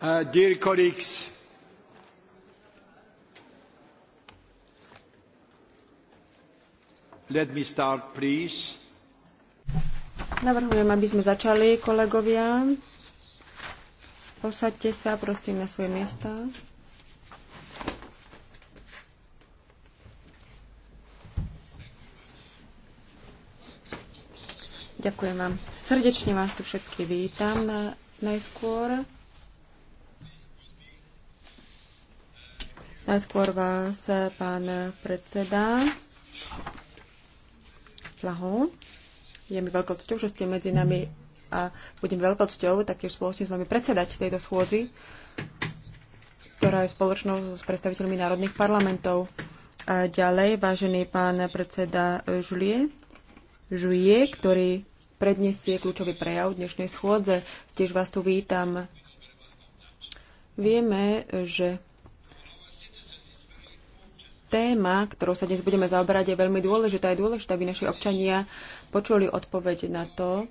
Uh, dear colleagues, let me start, please. Navrhujem, aby sme začali, kolegovia. Posaďte sa, prosím, na svoje miesta. Ďakujem vám. Srdečne vás tu všetky vítam na, eh, najskôr. Najskôr vás pán predseda Lahol. Je mi veľkou cťou, že ste medzi nami a budem veľkou cťou taktiež spoločne s vami predsedať tejto schôdzi, ktorá je spoločnou s predstaviteľmi národných parlamentov. A ďalej, vážený pán predseda Žulie, Žuje, ktorý predniesie kľúčový prejav dnešnej schôdze. Tiež vás tu vítam. Vieme, že téma, ktorou sa dnes budeme zaoberať, je veľmi dôležitá. Je dôležité, aby naši občania počuli odpoveď na to,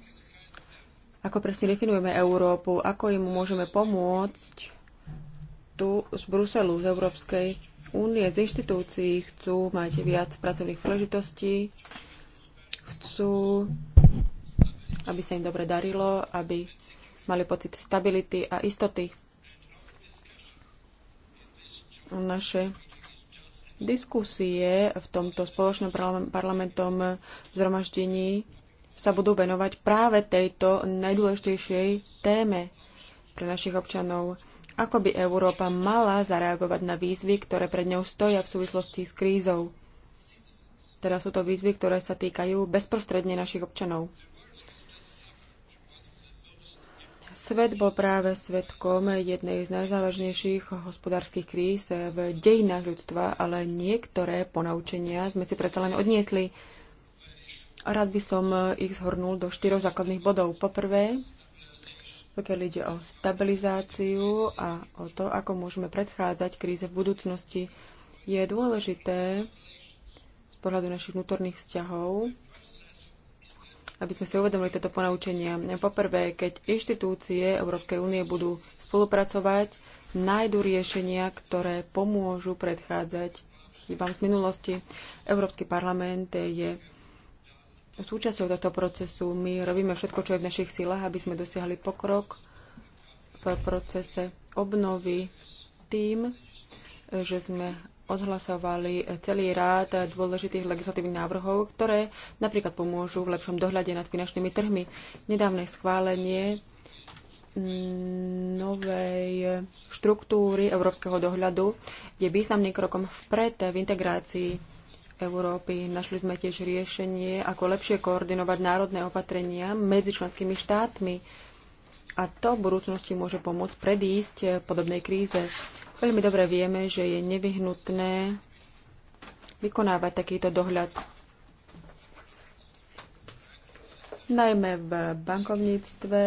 ako presne definujeme Európu, ako im môžeme pomôcť tu z Bruselu, z Európskej únie, z inštitúcií. Chcú mať viac pracovných príležitostí, chcú, aby sa im dobre darilo, aby mali pocit stability a istoty. Naše Diskusie v tomto spoločnom parlamentom zhromaždení sa budú venovať práve tejto najdôležitejšej téme pre našich občanov. Ako by Európa mala zareagovať na výzvy, ktoré pred ňou stoja v súvislosti s krízou? Teda sú to výzvy, ktoré sa týkajú bezprostredne našich občanov. Svet bol práve svetkom jednej z najzávažnejších hospodárskych kríz v dejinách ľudstva, ale niektoré ponaučenia sme si predsa len odniesli. Rád by som ich zhrnul do štyroch základných bodov. Poprvé, pokiaľ ide o stabilizáciu a o to, ako môžeme predchádzať kríze v budúcnosti, je dôležité z pohľadu našich vnútorných vzťahov aby sme si uvedomili toto ponaučenie. Poprvé, keď inštitúcie Európskej únie budú spolupracovať, nájdu riešenia, ktoré pomôžu predchádzať chybám z minulosti. Európsky parlament je súčasťou tohto procesu. My robíme všetko, čo je v našich silách, aby sme dosiahli pokrok v procese obnovy tým, že sme odhlasovali celý rád dôležitých legislatívnych návrhov, ktoré napríklad pomôžu v lepšom dohľade nad finančnými trhmi. Nedávne schválenie novej štruktúry európskeho dohľadu je významným krokom vpred v integrácii Európy. Našli sme tiež riešenie, ako lepšie koordinovať národné opatrenia medzi členskými štátmi a to v budúcnosti môže pomôcť predísť eh, podobnej kríze. Veľmi dobre vieme, že je nevyhnutné vykonávať takýto dohľad. Najmä v bankovníctve,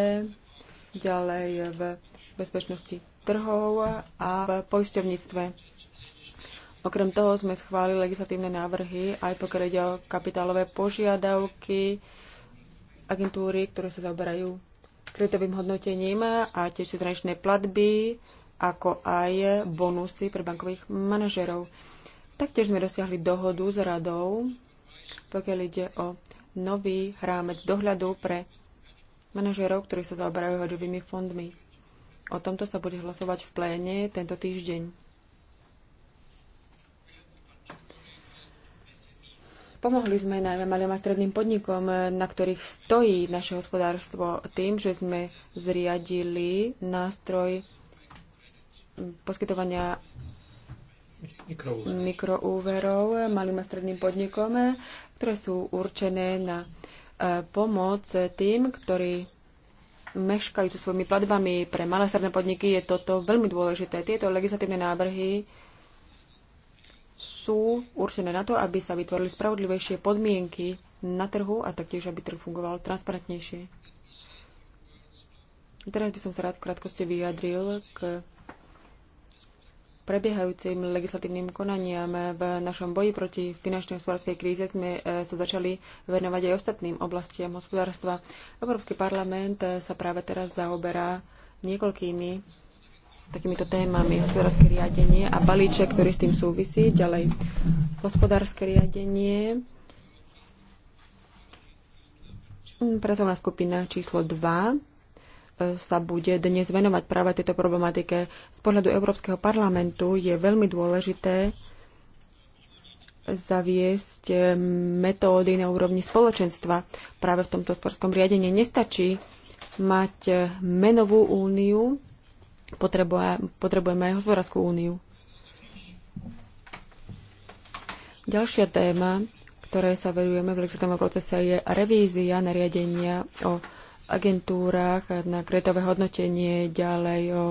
ďalej v bezpečnosti trhov a v poisťovníctve. Okrem toho sme schválili legislatívne návrhy, aj pokiaľ ide o kapitálové požiadavky agentúry, ktoré sa zaoberajú kreditovým hodnotením a tiež cezhraničné platby, ako aj bonusy pre bankových manažerov. Taktiež sme dosiahli dohodu s radou, pokiaľ ide o nový rámec dohľadu pre manažerov, ktorí sa zaoberajú hodžovými fondmi. O tomto sa bude hlasovať v pléne tento týždeň. Pomohli sme najmä malým a stredným podnikom, na ktorých stojí naše hospodárstvo tým, že sme zriadili nástroj poskytovania mikroúverov malým a stredným podnikom, ktoré sú určené na e, pomoc tým, ktorí meškajú so svojimi platbami pre malé stredné podniky. Je toto veľmi dôležité. Tieto legislatívne návrhy sú určené na to, aby sa vytvorili spravodlivejšie podmienky na trhu a taktiež, aby trh fungoval transparentnejšie. Teraz by som sa rád v krátkosti vyjadril k prebiehajúcim legislatívnym konaniam v našom boji proti finančnej hospodárskej kríze sme e, sa začali venovať aj ostatným oblastiam hospodárstva. Európsky parlament sa práve teraz zaoberá niekoľkými takýmito témami hospodárske riadenie a balíček, ktorý s tým súvisí. Ďalej hospodárske riadenie. Pracovná skupina číslo 2 e, sa bude dnes venovať práve tejto problematike. Z pohľadu Európskeho parlamentu je veľmi dôležité zaviesť e, metódy na úrovni spoločenstva práve v tomto sporskom riadení. Nestačí mať e, menovú úniu, potrebujeme aj hospodárskú úniu. Ďalšia téma, ktoré sa verujeme v legislatívnom procese, je revízia nariadenia o agentúrach na kreditové hodnotenie, ďalej o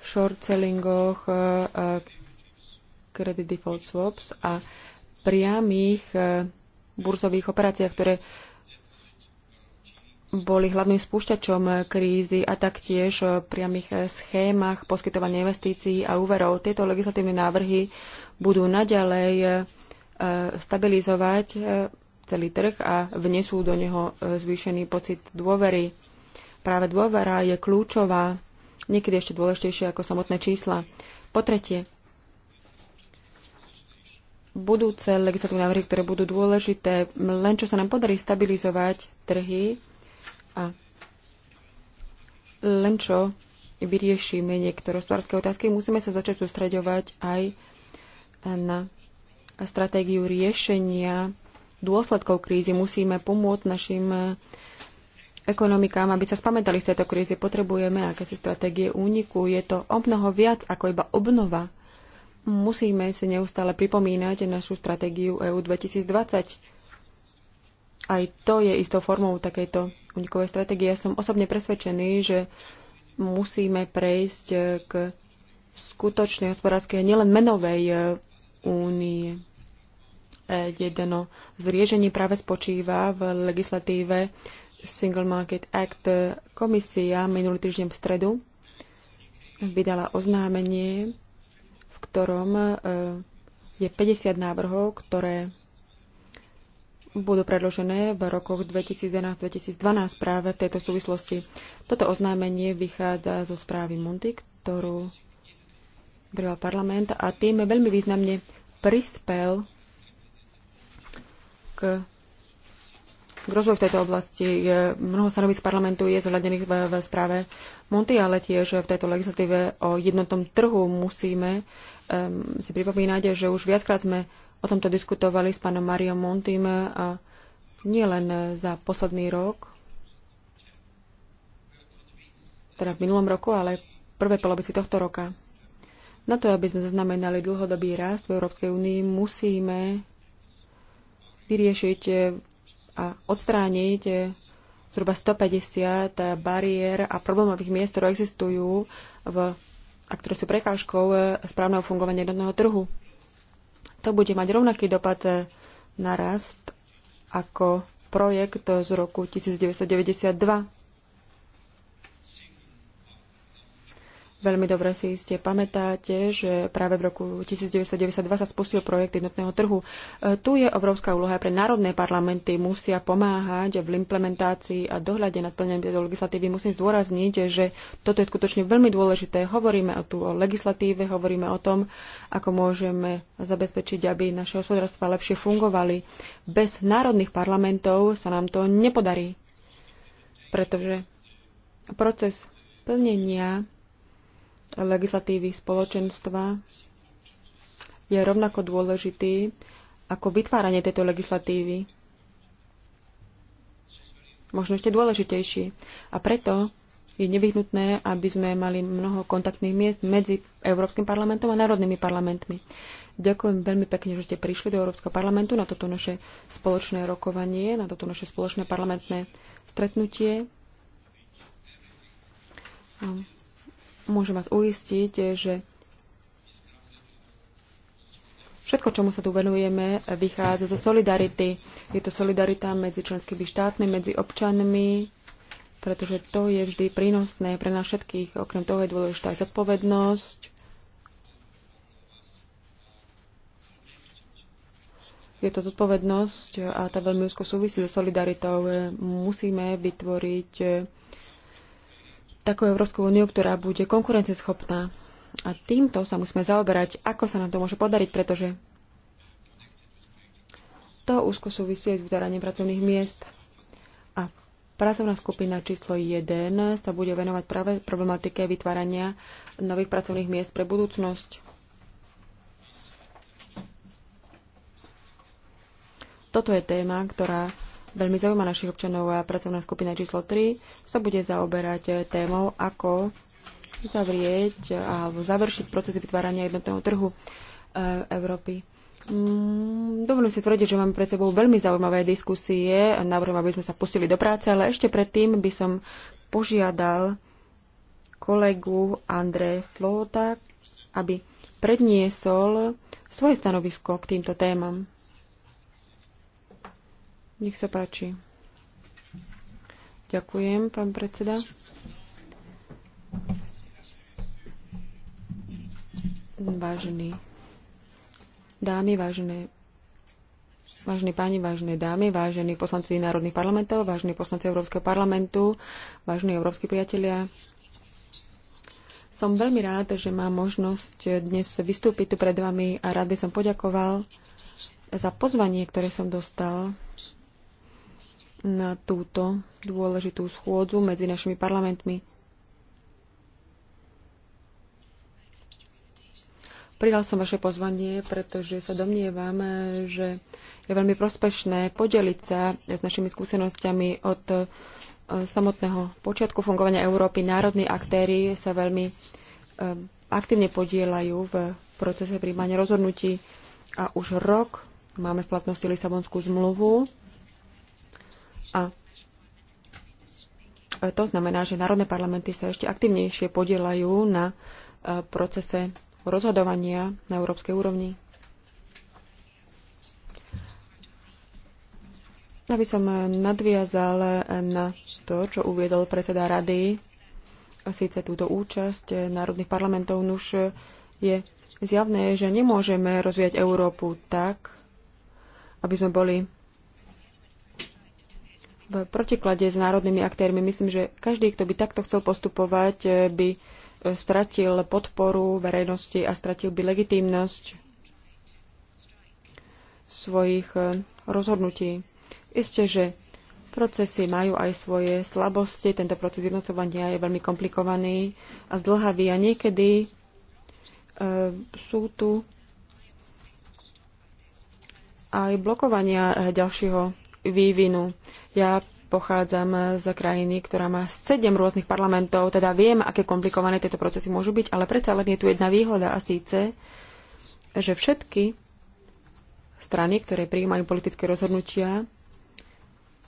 short sellingoch, e, e, credit default swaps a priamých e, burzových operáciách, ktoré boli hlavným spúšťačom krízy a taktiež priamých schémach poskytovania investícií a úverov. Tieto legislatívne návrhy budú naďalej e, stabilizovať e, celý trh a vnesú do neho e, zvýšený pocit dôvery. Práve dôvera je kľúčová, niekedy ešte dôležitejšia ako samotné čísla. Po tretie, budúce legislatívne návrhy, ktoré budú dôležité, len čo sa nám podarí stabilizovať trhy, a len čo vyriešime niektoré hospodárske otázky, musíme sa začať sústreďovať aj na stratégiu riešenia dôsledkov krízy. Musíme pomôcť našim ekonomikám, aby sa spamätali z tejto krízy, potrebujeme akési stratégie úniku. Je to o mnoho viac ako iba obnova. Musíme si neustále pripomínať našu stratégiu EU 2020. Aj to je istou formou takejto unikovej stratégie. Ja som osobne presvedčený, že musíme prejsť k skutočnej hospodárskej, nielen menovej e, únie. Jedno z riešení práve spočíva v legislatíve Single Market Act. Komisia minulý týždeň v stredu vydala oznámenie, v ktorom e, je 50 návrhov, ktoré budú predložené v rokoch 2011-2012 práve v tejto súvislosti. Toto oznámenie vychádza zo správy Monty, ktorú prijal parlament a tým veľmi významne prispel k, k rozvoju v tejto oblasti. Mnoho stanovisk parlamentu je zohľadených v, v správe Monty, ale tiež v tejto legislatíve o jednotnom trhu musíme um, si pripomínať, že už viackrát sme O tomto diskutovali s pánom Mariom Montim a nie len za posledný rok, teda v minulom roku, ale v prvé polovici tohto roka. Na to, aby sme zaznamenali dlhodobý rast v Európskej únii, musíme vyriešiť a odstrániť zhruba 150 bariér a problémových miest, ktoré existujú v, a ktoré sú prekážkou správneho fungovania jednotného trhu to bude mať rovnaký dopad na rast ako projekt z roku 1992. Veľmi dobre si ste pamätáte, že práve v roku 1992 sa spustil projekt jednotného trhu. E, tu je obrovská úloha pre národné parlamenty, musia pomáhať v implementácii a dohľade nad plnením tejto legislatívy. Musím zdôrazniť, že toto je skutočne veľmi dôležité. Hovoríme tu o legislatíve, hovoríme o tom, ako môžeme zabezpečiť, aby naše hospodárstva lepšie fungovali. Bez národných parlamentov sa nám to nepodarí, pretože proces plnenia legislatívy spoločenstva je rovnako dôležitý ako vytváranie tejto legislatívy. Možno ešte dôležitejší. A preto je nevyhnutné, aby sme mali mnoho kontaktných miest medzi Európskym parlamentom a národnými parlamentmi. Ďakujem veľmi pekne, že ste prišli do Európskeho parlamentu na toto naše spoločné rokovanie, na toto naše spoločné parlamentné stretnutie. Môžem vás uistiť, že všetko, čomu sa tu venujeme, vychádza zo solidarity. Je to solidarita medzi členskými štátmi, medzi občanmi, pretože to je vždy prínosné pre nás všetkých. Okrem toho je dôležitá aj zodpovednosť. Je to zodpovednosť a tá veľmi úzko súvisí so solidaritou. Musíme vytvoriť takú Európsku úniu, ktorá bude konkurenceschopná. A týmto sa musíme zaoberať, ako sa nám to môže podariť, pretože to úzko súvisí s vytváraním pracovných miest. A pracovná skupina číslo 1 sa bude venovať práve problematike vytvárania nových pracovných miest pre budúcnosť. Toto je téma, ktorá veľmi zaujíma našich občanov a pracovná skupina číslo 3 sa bude zaoberať témou, ako zavrieť alebo završiť proces vytvárania jednotného trhu e, Európy. Mm, dovolím si tvrdiť, že máme pred sebou veľmi zaujímavé diskusie. Navrhujem, aby sme sa pustili do práce, ale ešte predtým by som požiadal kolegu André Flóta, aby predniesol svoje stanovisko k týmto témam. Nech sa páči. Ďakujem, pán predseda. Vážený dámy, vážené Vážení páni, vážené dámy, vážení poslanci národných parlamentov, vážení poslanci Európskeho parlamentu, vážení európsky priatelia, som veľmi rád, že mám možnosť dnes vystúpiť tu pred vami a rád by som poďakoval za pozvanie, ktoré som dostal na túto dôležitú schôdzu medzi našimi parlamentmi. Prijal som vaše pozvanie, pretože sa domnievam, že je veľmi prospešné podeliť sa s našimi skúsenosťami od e, samotného počiatku fungovania Európy. Národní aktéry sa veľmi e, aktívne podielajú v procese príjmania rozhodnutí a už rok máme v platnosti Lisabonskú zmluvu a to znamená, že národné parlamenty sa ešte aktivnejšie podielajú na e, procese rozhodovania na európskej úrovni. Aby som nadviazal na to, čo uviedol predseda rady, síce túto účasť národných parlamentov, už je zjavné, že nemôžeme rozvíjať Európu tak, aby sme boli v protiklade s národnými aktérmi. Myslím, že každý, kto by takto chcel postupovať, eh, by eh, stratil podporu verejnosti a stratil by legitímnosť svojich eh, rozhodnutí. Isté, že procesy majú aj svoje slabosti, tento proces jednocovania je veľmi komplikovaný a zdlhavý a niekedy e, sú tu aj blokovania ďalšieho vývinu. Ja pochádzam z krajiny, ktorá má sedem rôznych parlamentov, teda viem, aké komplikované tieto procesy môžu byť, ale predsa len je tu jedna výhoda a síce, že všetky strany, ktoré prijímajú politické rozhodnutia,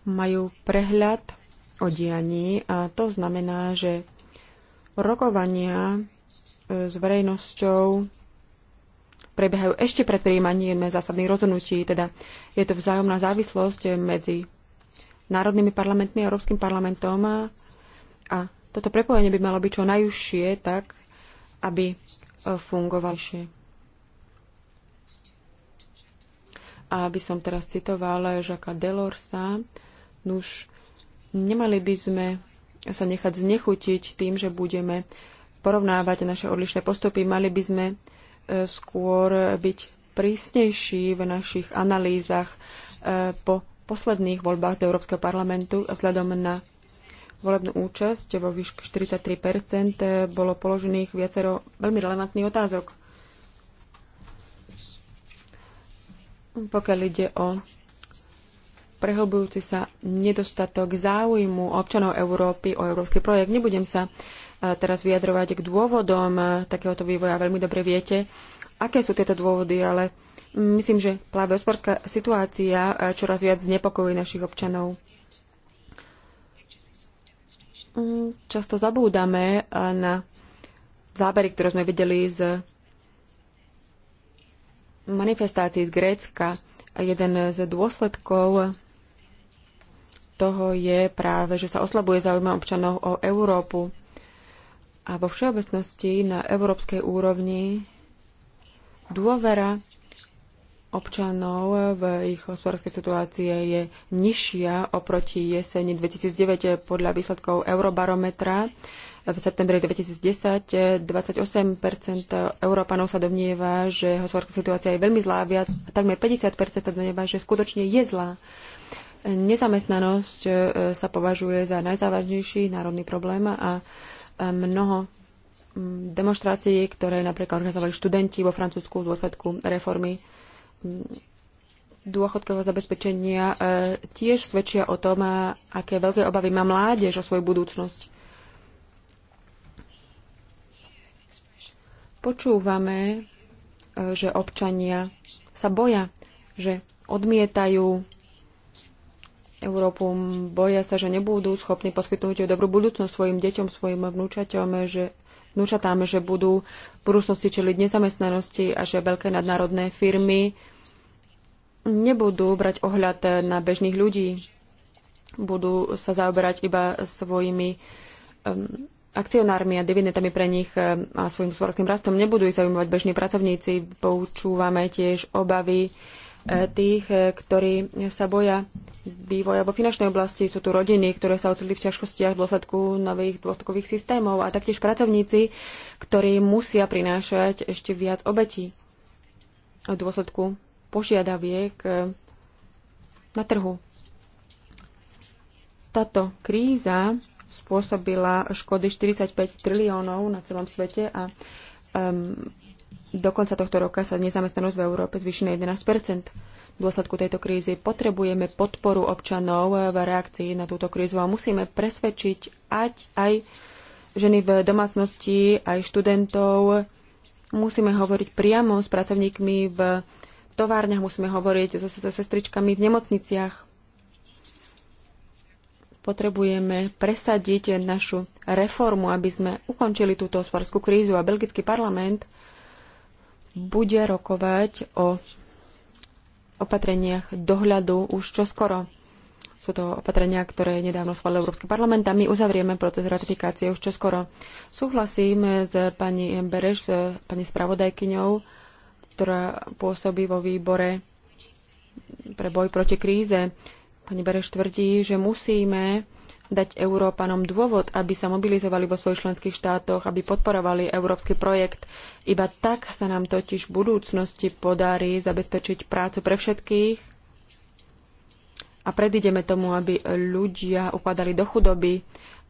majú prehľad o dianí a to znamená, že rokovania s verejnosťou prebiehajú ešte pred príjmaním zásadných rozhodnutí. Teda je to vzájomná závislosť medzi národnými parlamentmi a Európskym parlamentom a toto prepojenie by malo byť čo najúžšie, tak aby e, fungovalšie. A aby som teraz citoval Žaka Delorsa, nuž nemali by sme sa nechať znechutiť tým, že budeme porovnávať naše odlišné postupy, mali by sme skôr byť prísnejší v našich analýzach e, po posledných voľbách do Európskeho parlamentu vzhľadom na volebnú účasť vo výške 43 bolo položených viacero veľmi relevantných otázok. Pokiaľ ide o prehlbujúci sa nedostatok záujmu občanov Európy o európsky projekt, nebudem sa teraz vyjadrovať k dôvodom e, takéhoto vývoja. Veľmi dobre viete, aké sú tieto dôvody, ale myslím, že práve osporská situácia e, čoraz viac znepokojí našich občanov. Mm, často zabúdame e, na zábery, ktoré sme videli z manifestácií z Grécka. Jeden z dôsledkov toho je práve, že sa oslabuje záujem občanov o Európu a vo všeobecnosti na európskej úrovni dôvera občanov v ich hospodárskej situácii je nižšia oproti jeseni 2009 podľa výsledkov Eurobarometra. V septembri 2010 28 Európanov sa domnieva, že hospodárska situácia je veľmi zlá, a takmer 50 sa domnieva, že skutočne je zlá. Nezamestnanosť e, sa považuje za najzávažnejší národný problém a mnoho mm, demonstrácií, ktoré napríklad organizovali študenti vo Francúzsku v dôsledku reformy mm, dôchodkového zabezpečenia e, tiež svedčia o tom, e, aké veľké obavy má mládež o svoju budúcnosť. Počúvame, e, že občania sa boja, že odmietajú Európu, boja sa, že nebudú schopní poskytnúť dobrú budúcnosť svojim deťom, svojim vnúčaťom, že vnúčatám, že budú v budúcnosti čeliť nezamestnanosti a že veľké nadnárodné firmy nebudú brať ohľad na bežných ľudí. Budú sa zaoberať iba svojimi um, akcionármi a dividendami pre nich um, a svojim hospodárským rastom. Nebudú ich zaujímať bežní pracovníci. Poučúvame tiež obavy E, tých, e, ktorí sa boja vývoja vo finančnej oblasti. Sú tu rodiny, ktoré sa ocitli v ťažkostiach v dôsledku nových dôchodkových systémov a taktiež pracovníci, ktorí musia prinášať ešte viac obetí v dôsledku požiadaviek e, na trhu. Táto kríza spôsobila škody 45 triliónov na celom svete a um, do konca tohto roka sa nezamestnanosť v Európe zvýši na 11 v dôsledku tejto krízy. Potrebujeme podporu občanov v reakcii na túto krízu a musíme presvedčiť ať aj ženy v domácnosti, aj študentov. Musíme hovoriť priamo s pracovníkmi v továrniach, musíme hovoriť so, so sestričkami v nemocniciach. Potrebujeme presadiť našu reformu, aby sme ukončili túto hospodárskú krízu a belgický parlament bude rokovať o opatreniach dohľadu už čoskoro. Sú to opatrenia, ktoré nedávno schválil Európsky parlament a my uzavrieme proces ratifikácie už čoskoro. Súhlasím s pani Bereš, s pani spravodajkyňou, ktorá pôsobí vo výbore pre boj proti kríze. Pani Bereš tvrdí, že musíme dať Európanom dôvod, aby sa mobilizovali vo svojich členských štátoch, aby podporovali európsky projekt. Iba tak sa nám totiž v budúcnosti podarí zabezpečiť prácu pre všetkých a predídeme tomu, aby ľudia upadali do chudoby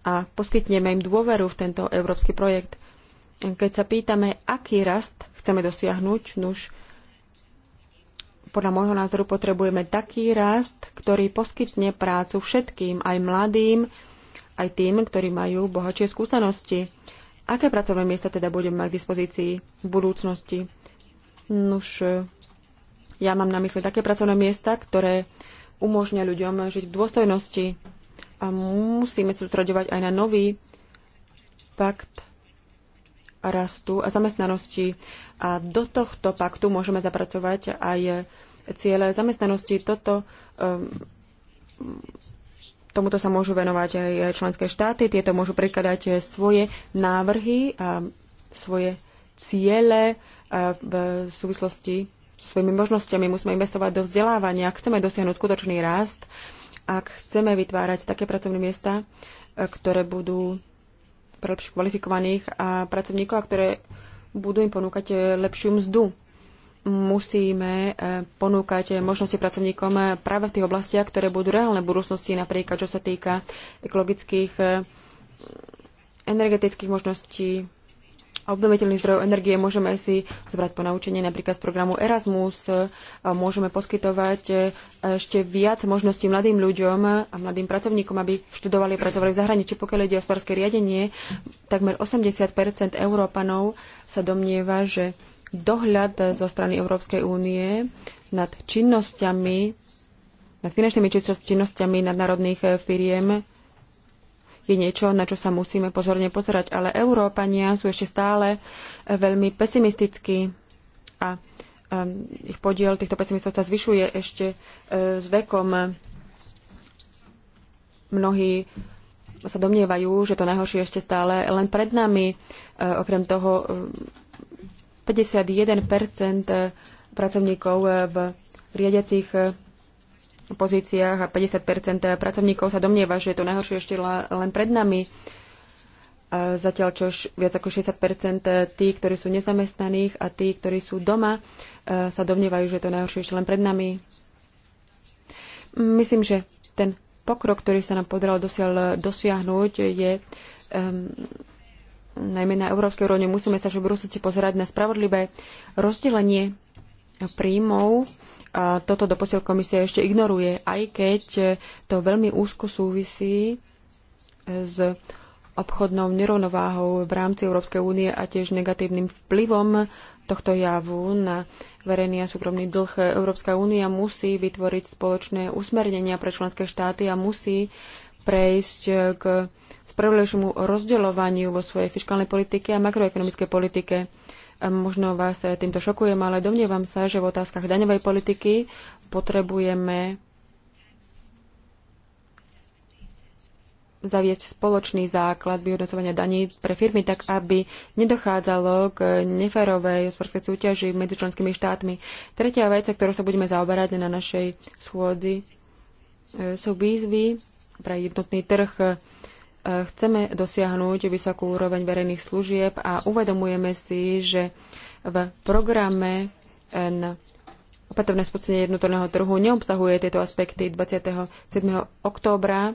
a poskytneme im dôveru v tento európsky projekt. Keď sa pýtame, aký rast chceme dosiahnuť, nuž podľa môjho názoru potrebujeme taký rast, ktorý poskytne prácu všetkým, aj mladým, aj tým, ktorí majú bohatšie skúsenosti. Aké pracovné miesta teda budeme mať k dispozícii v budúcnosti? Nuž, ja mám na mysli také pracovné miesta, ktoré umožňa ľuďom žiť v dôstojnosti. A musíme sústraďovať aj na nový pakt rastu a zamestnanosti. A do tohto paktu môžeme zapracovať aj ciele zamestnanosti. Toto, ehm, tomuto sa môžu venovať aj členské štáty. Tieto môžu prikladať svoje návrhy a svoje ciele e, v súvislosti s svojimi možnosťami. Musíme investovať do vzdelávania. Ak chceme dosiahnuť skutočný rast, ak chceme vytvárať také pracovné miesta, e, ktoré budú pre lepšie kvalifikovaných a pracovníkov, a ktoré budú im ponúkať e, lepšiu mzdu. Musíme e, ponúkať e, možnosti pracovníkom práve v tých oblastiach, ktoré budú reálne v budúcnosti, napríklad čo sa týka ekologických, energetických možností, a obnoviteľných zdrojov energie môžeme si zobrať ponaučenie napríklad z programu Erasmus. Môžeme poskytovať e, ešte viac možností mladým ľuďom a mladým pracovníkom, aby študovali a pracovali v zahraničí. Pokiaľ ide o hospodárske riadenie, takmer 80 Európanov sa domnieva, že dohľad zo strany Európskej únie nad činnosťami nad finančnými činnosťami nadnárodných e, firiem je niečo, na čo sa musíme pozorne pozerať. Ale Európania sú ešte stále e, veľmi pesimistickí a e, ich podiel týchto pesimistov sa zvyšuje ešte e, s vekom. Mnohí sa domnievajú, že to najhoršie ešte stále len pred nami. Okrem toho 51 pracovníkov v riadiacich pozíciách a 50 pracovníkov sa domnieva, že je to najhoršie ešte len pred nami. Zatiaľ čo viac ako 60 tí, ktorí sú nezamestnaných a tí, ktorí sú doma, sa domnievajú, že je to najhoršie ešte len pred nami. Myslím, že ten pokrok, ktorý sa nám podarilo dosiaľ, dosiahnuť, je um, najmä na európskej úrovni. Musíme sa v budúcnosti pozerať na spravodlivé rozdelenie príjmov a toto doposiaľ komisia ešte ignoruje, aj keď to veľmi úzko súvisí s obchodnou nerovnováhou v rámci Európskej únie a tiež negatívnym vplyvom tohto javu na verejný a súkromný dlh. Európska únia musí vytvoriť spoločné usmernenia pre členské štáty a musí prejsť k spravodlivejšiemu rozdeľovaniu vo svojej fiskálnej politike a makroekonomickej politike. Možno vás týmto šokujem, ale domnievam sa, že v otázkach daňovej politiky potrebujeme zaviesť spoločný základ vyhodnocovania daní pre firmy, tak aby nedochádzalo k neférovej hospodárskej súťaži medzi členskými štátmi. Tretia vec, ktorú sa budeme zaoberať na našej schôdzi, e, sú výzvy pre jednotný trh Chceme dosiahnuť vysokú úroveň verejných služieb a uvedomujeme si, že v programe eh, na opätovné spustenie jednotného trhu neobsahuje tieto aspekty. 27. októbra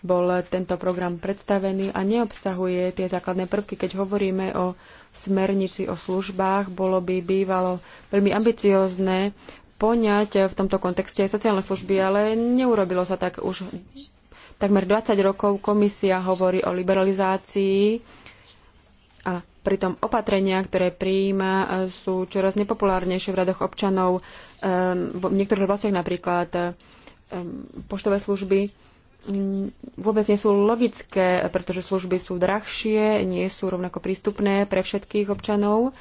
bol tento program predstavený a neobsahuje tie základné prvky. Keď hovoríme o smernici o službách, bolo by bývalo veľmi ambiciozne poňať v tomto kontexte aj sociálne služby, ale neurobilo sa tak už Takmer 20 rokov komisia hovorí o liberalizácii a pritom opatrenia, ktoré prijíma, e, sú čoraz nepopulárnejšie v radoch občanov. E, v niektorých oblastiach napríklad e, poštové služby mm, vôbec nie sú logické, pretože služby sú drahšie, nie sú rovnako prístupné pre všetkých občanov.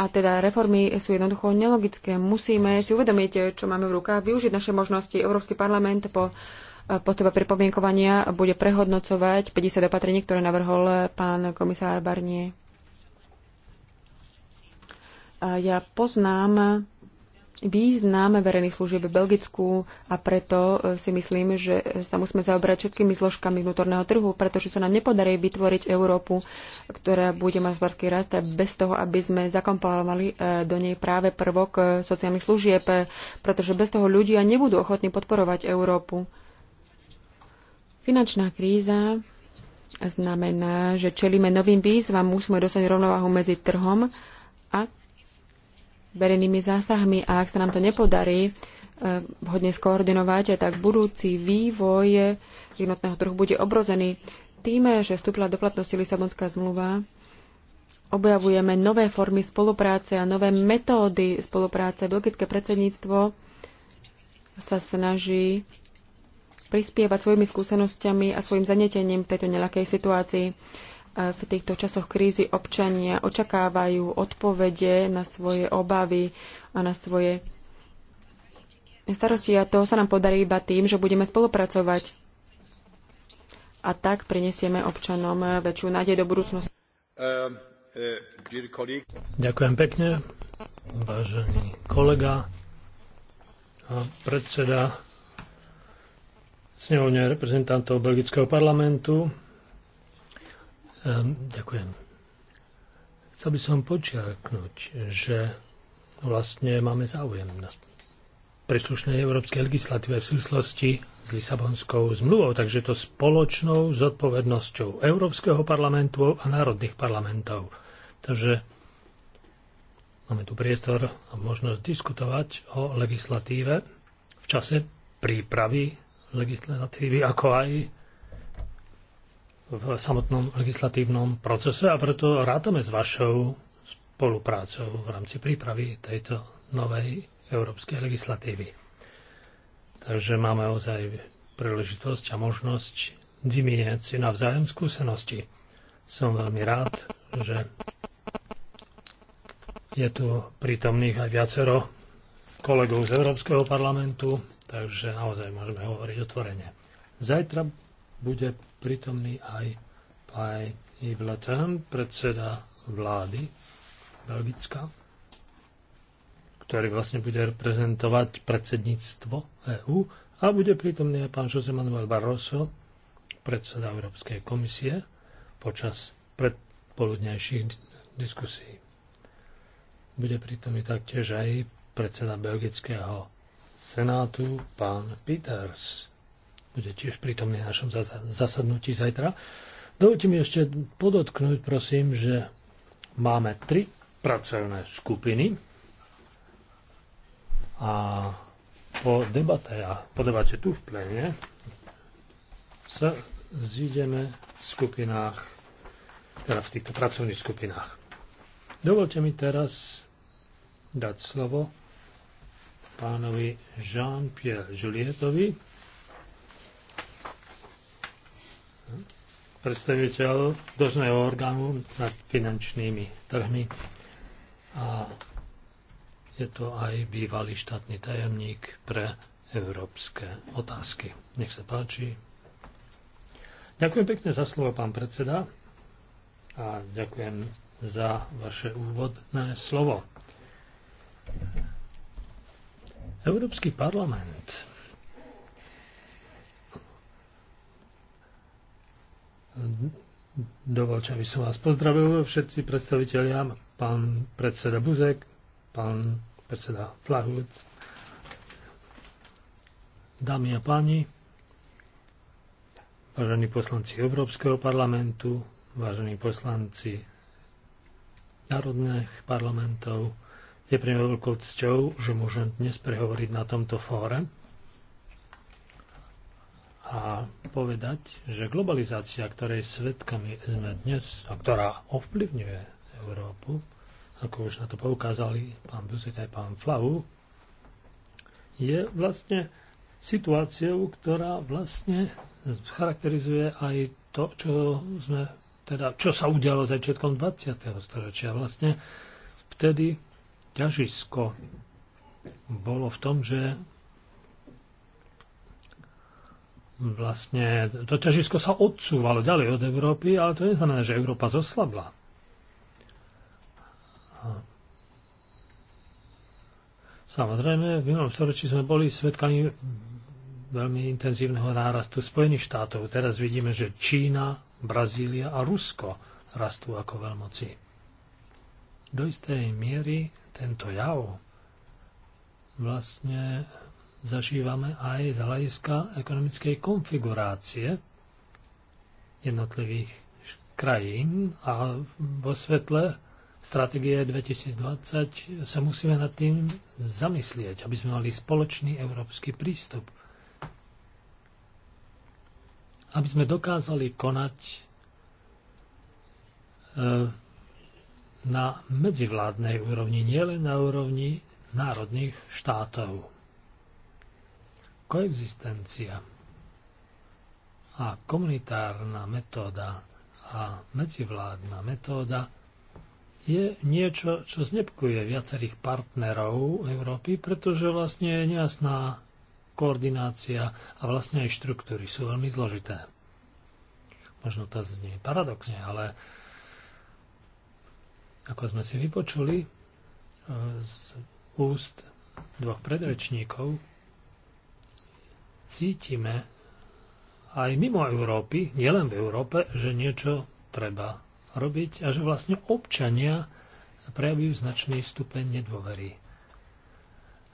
A teda reformy sú jednoducho nelogické. Musíme si uvedomiť, čo máme v rukách, využiť naše možnosti. Európsky parlament po potreba pripomienkovania bude prehodnocovať 50 opatrení, ktoré navrhol pán komisár Barnier. Ja poznám význam verejných služieb v Belgicku a preto e, si myslím, že e, sa musíme zaoberať všetkými zložkami vnútorného trhu, pretože sa nám nepodarí vytvoriť Európu, ktorá bude mať hospodársky rast bez toho, aby sme zakomponovali e, do nej práve prvok sociálnych služieb, pretože bez toho ľudia nebudú ochotní podporovať Európu. Finančná kríza znamená, že čelíme novým výzvam, musíme dosať rovnováhu medzi trhom verejnými zásahmi a ak sa nám to nepodarí eh, vhodne skoordinovať, tak budúci vývoj jednotného trhu bude obrozený. Tým, že vstúpila do platnosti Lisabonská zmluva, objavujeme nové formy spolupráce a nové metódy spolupráce. Belgické predsedníctvo sa snaží prispievať svojimi skúsenosťami a svojim zanetením v tejto nelakej situácii v týchto časoch krízy občania očakávajú odpovede na svoje obavy a na svoje starosti a to sa nám podarí iba tým, že budeme spolupracovať a tak prinesieme občanom väčšiu nádej do budúcnosti. Ďakujem pekne, vážený kolega a predseda snehovne reprezentantov Belgického parlamentu. Ehm, ďakujem. Chcel by som počiarknúť, že vlastne máme záujem na príslušnej európskej legislatíve v súvislosti s Lisabonskou zmluvou, takže to spoločnou zodpovednosťou Európskeho parlamentu a národných parlamentov. Takže máme tu priestor a možnosť diskutovať o legislatíve v čase prípravy legislatívy, ako aj v samotnom legislatívnom procese a preto rátame s vašou spoluprácou v rámci prípravy tejto novej európskej legislatívy. Takže máme ozaj príležitosť a možnosť vymieňať si navzájom skúsenosti. Som veľmi rád, že je tu prítomných aj viacero kolegov z Európskeho parlamentu, takže naozaj môžeme hovoriť otvorene. Zajtra bude pritomný aj aj Yves Leterm, predseda vlády Belgická, ktorý vlastne bude reprezentovať predsedníctvo EÚ a bude prítomný aj pán Jose Manuel Barroso, predseda Európskej komisie, počas predpoludnejších diskusí. Bude prítomný taktiež aj predseda Belgického senátu, pán Peters bude tiež prítomný na našom zasadnutí zajtra. Dovolte mi ešte podotknúť, prosím, že máme tri pracovné skupiny a po debate a po debate tu v plene sa zídeme v skupinách, teda v týchto pracovných skupinách. Dovolte mi teraz dať slovo pánovi Jean-Pierre Julietovi, predstaviteľ dožného orgánu nad finančnými trhmi a je to aj bývalý štátny tajomník pre európske otázky. Nech sa páči. Ďakujem pekne za slovo, pán predseda, a ďakujem za vaše úvodné slovo. Európsky parlament Dovolte, aby som vás pozdravil všetci predstaviteľia, pán predseda Buzek, pán predseda Flahut, dámy a páni, vážení poslanci Európskeho parlamentu, vážení poslanci národných parlamentov, je pre mňa veľkou cťou, že môžem dnes prehovoriť na tomto fóre a povedať, že globalizácia, ktorej svetkami sme dnes a ktorá ovplyvňuje Európu, ako už na to poukázali pán Busek aj pán Flau, je vlastne situáciou, ktorá vlastne charakterizuje aj to, čo sme teda, čo sa udialo začiatkom 20. storočia. Vlastne vtedy ťažisko bolo v tom, že vlastne to ťažisko sa odsúvalo ďalej od Európy, ale to neznamená, že Európa zoslabla. Samozrejme, v minulom storočí sme boli svetkami veľmi intenzívneho nárastu Spojených štátov. Teraz vidíme, že Čína, Brazília a Rusko rastú ako veľmoci. Do istej miery tento jav vlastne zažívame aj z hľadiska ekonomickej konfigurácie jednotlivých krajín a vo svetle stratégie 2020 sa musíme nad tým zamyslieť, aby sme mali spoločný európsky prístup. Aby sme dokázali konať e, na medzivládnej úrovni, nielen na úrovni národných štátov koexistencia a komunitárna metóda a medzivládna metóda je niečo, čo znepkuje viacerých partnerov Európy, pretože vlastne je nejasná koordinácia a vlastne aj štruktúry sú veľmi zložité. Možno to znie paradoxne, ale ako sme si vypočuli e, z úst dvoch predrečníkov, cítime aj mimo Európy, nielen v Európe, že niečo treba robiť a že vlastne občania prejavujú značný stupeň nedôvery.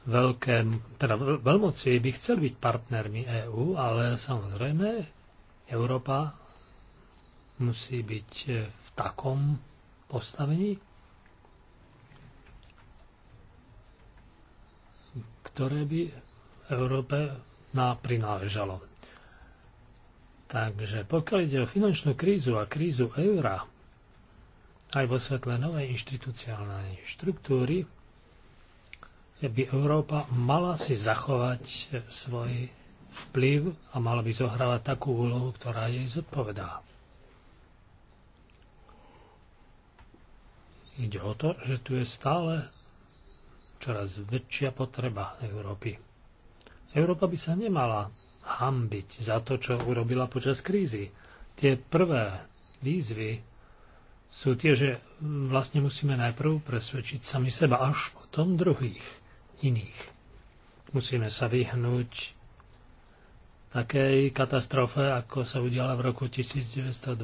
Veľké, teda veľmoci by chceli byť partnermi EÚ, ale samozrejme Európa musí byť v takom postavení, ktoré by Európe na prináležalo. Takže pokiaľ ide o finančnú krízu a krízu eura, aj vo svetle novej inštitucionálnej štruktúry, by Európa mala si zachovať svoj vplyv a mala by zohrávať takú úlohu, ktorá jej zodpovedá. Ide o to, že tu je stále čoraz väčšia potreba Európy. Európa by sa nemala hambiť za to, čo urobila počas krízy. Tie prvé výzvy sú tie, že vlastne musíme najprv presvedčiť sami seba, až potom druhých, iných. Musíme sa vyhnúť takej katastrofe, ako sa udiala v roku 1929.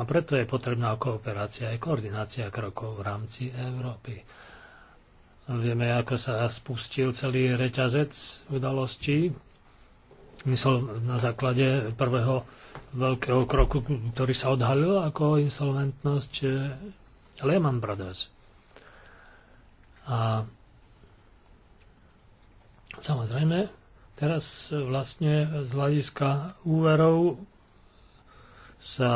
A preto je potrebná kooperácia aj koordinácia krokov v rámci Európy. Vieme, ako sa spustil celý reťazec udalostí. Myslel na základe prvého veľkého kroku, ktorý sa odhalil ako insolventnosť eh, Lehman Brothers. A samozrejme, teraz vlastne z hľadiska úverov sa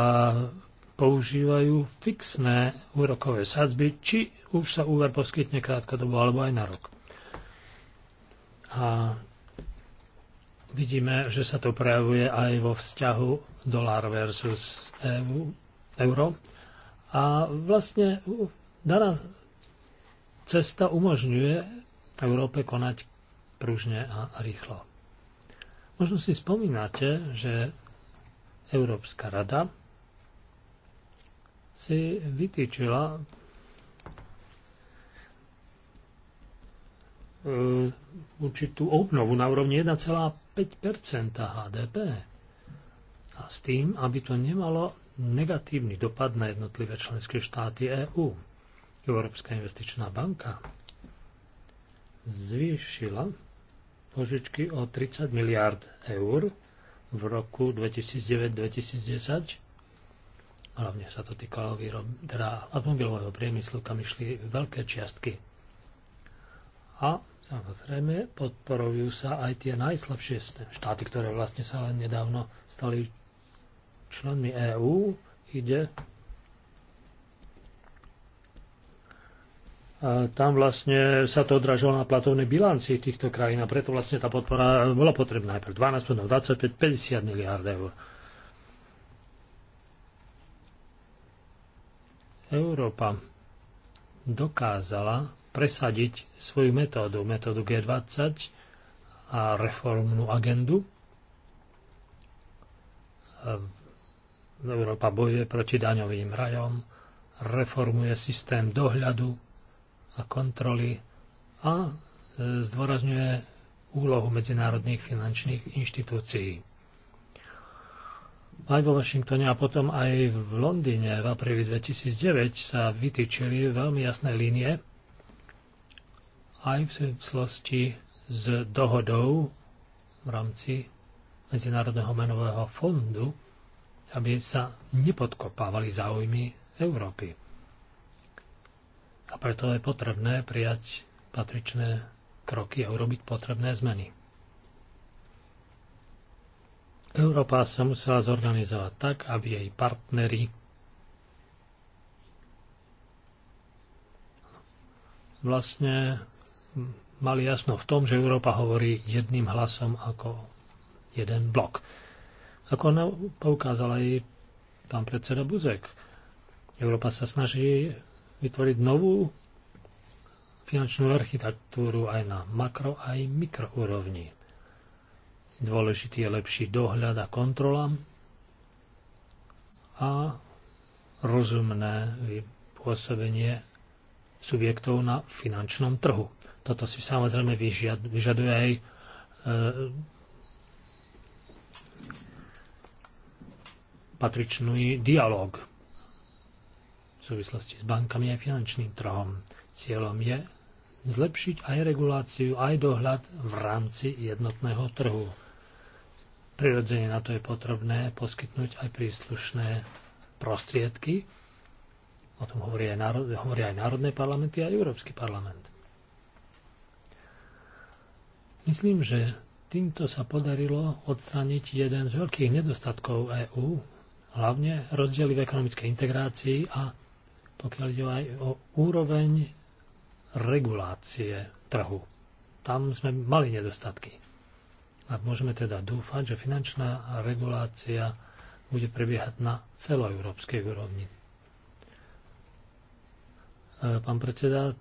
používajú fixné úrokové sadzby, či už sa úver poskytne krátkodobo alebo aj na rok. A vidíme, že sa to prejavuje aj vo vzťahu dolár versus EU, euro. A vlastne daná cesta umožňuje Európe konať pružne a rýchlo. Možno si spomínate, že Európska rada si vytýčila E, určitú obnovu na úrovni 1,5 HDP. A s tým, aby to nemalo negatívny dopad na jednotlivé členské štáty EÚ. Európska investičná banka zvýšila požičky o 30 miliard eur v roku 2009-2010. Hlavne sa to týkalo výrob, teda automobilového priemyslu, kam išli veľké čiastky. A Samozrejme, podporujú sa aj tie najslabšie štáty, ktoré vlastne sa len nedávno stali členmi EÚ. Ide A tam vlastne sa to odražilo na platovnej bilanci týchto krajín a preto vlastne tá podpora bola potrebná najprv 12, 25, 50 miliard eur. Európa dokázala presadiť svoju metódu, metódu G20 a reformnú agendu. Európa bojuje proti daňovým rajom, reformuje systém dohľadu a kontroly a e, zdôrazňuje úlohu medzinárodných finančných inštitúcií. Aj vo Washingtone a potom aj v Londýne v apríli 2009 sa vytýčili veľmi jasné línie aj v súvislosti s dohodou v rámci Medzinárodného menového fondu, aby sa nepodkopávali záujmy Európy. A preto je potrebné prijať patričné kroky a urobiť potrebné zmeny. Európa sa musela zorganizovať tak, aby jej partnery vlastne mali jasno v tom, že Európa hovorí jedným hlasom ako jeden blok. Ako poukázal aj pán predseda Buzek, Európa sa snaží vytvoriť novú finančnú architektúru aj na makro, aj mikroúrovni. Dôležitý je lepší dohľad a kontrola a rozumné pôsobenie subjektov na finančnom trhu. Toto si samozrejme vyžaduje aj e, patričný dialog v súvislosti s bankami a finančným trhom. Cieľom je zlepšiť aj reguláciu, aj dohľad v rámci jednotného trhu. Prirodzene na to je potrebné poskytnúť aj príslušné prostriedky, O tom hovoria aj, národ, hovoria aj národné parlamenty a Európsky parlament. Myslím, že týmto sa podarilo odstrániť jeden z veľkých nedostatkov EÚ, hlavne rozdiely v ekonomickej integrácii a pokiaľ ide aj o úroveň regulácie trhu. Tam sme mali nedostatky. A môžeme teda dúfať, že finančná regulácia bude prebiehať na celoeurópskej úrovni E, pán predseda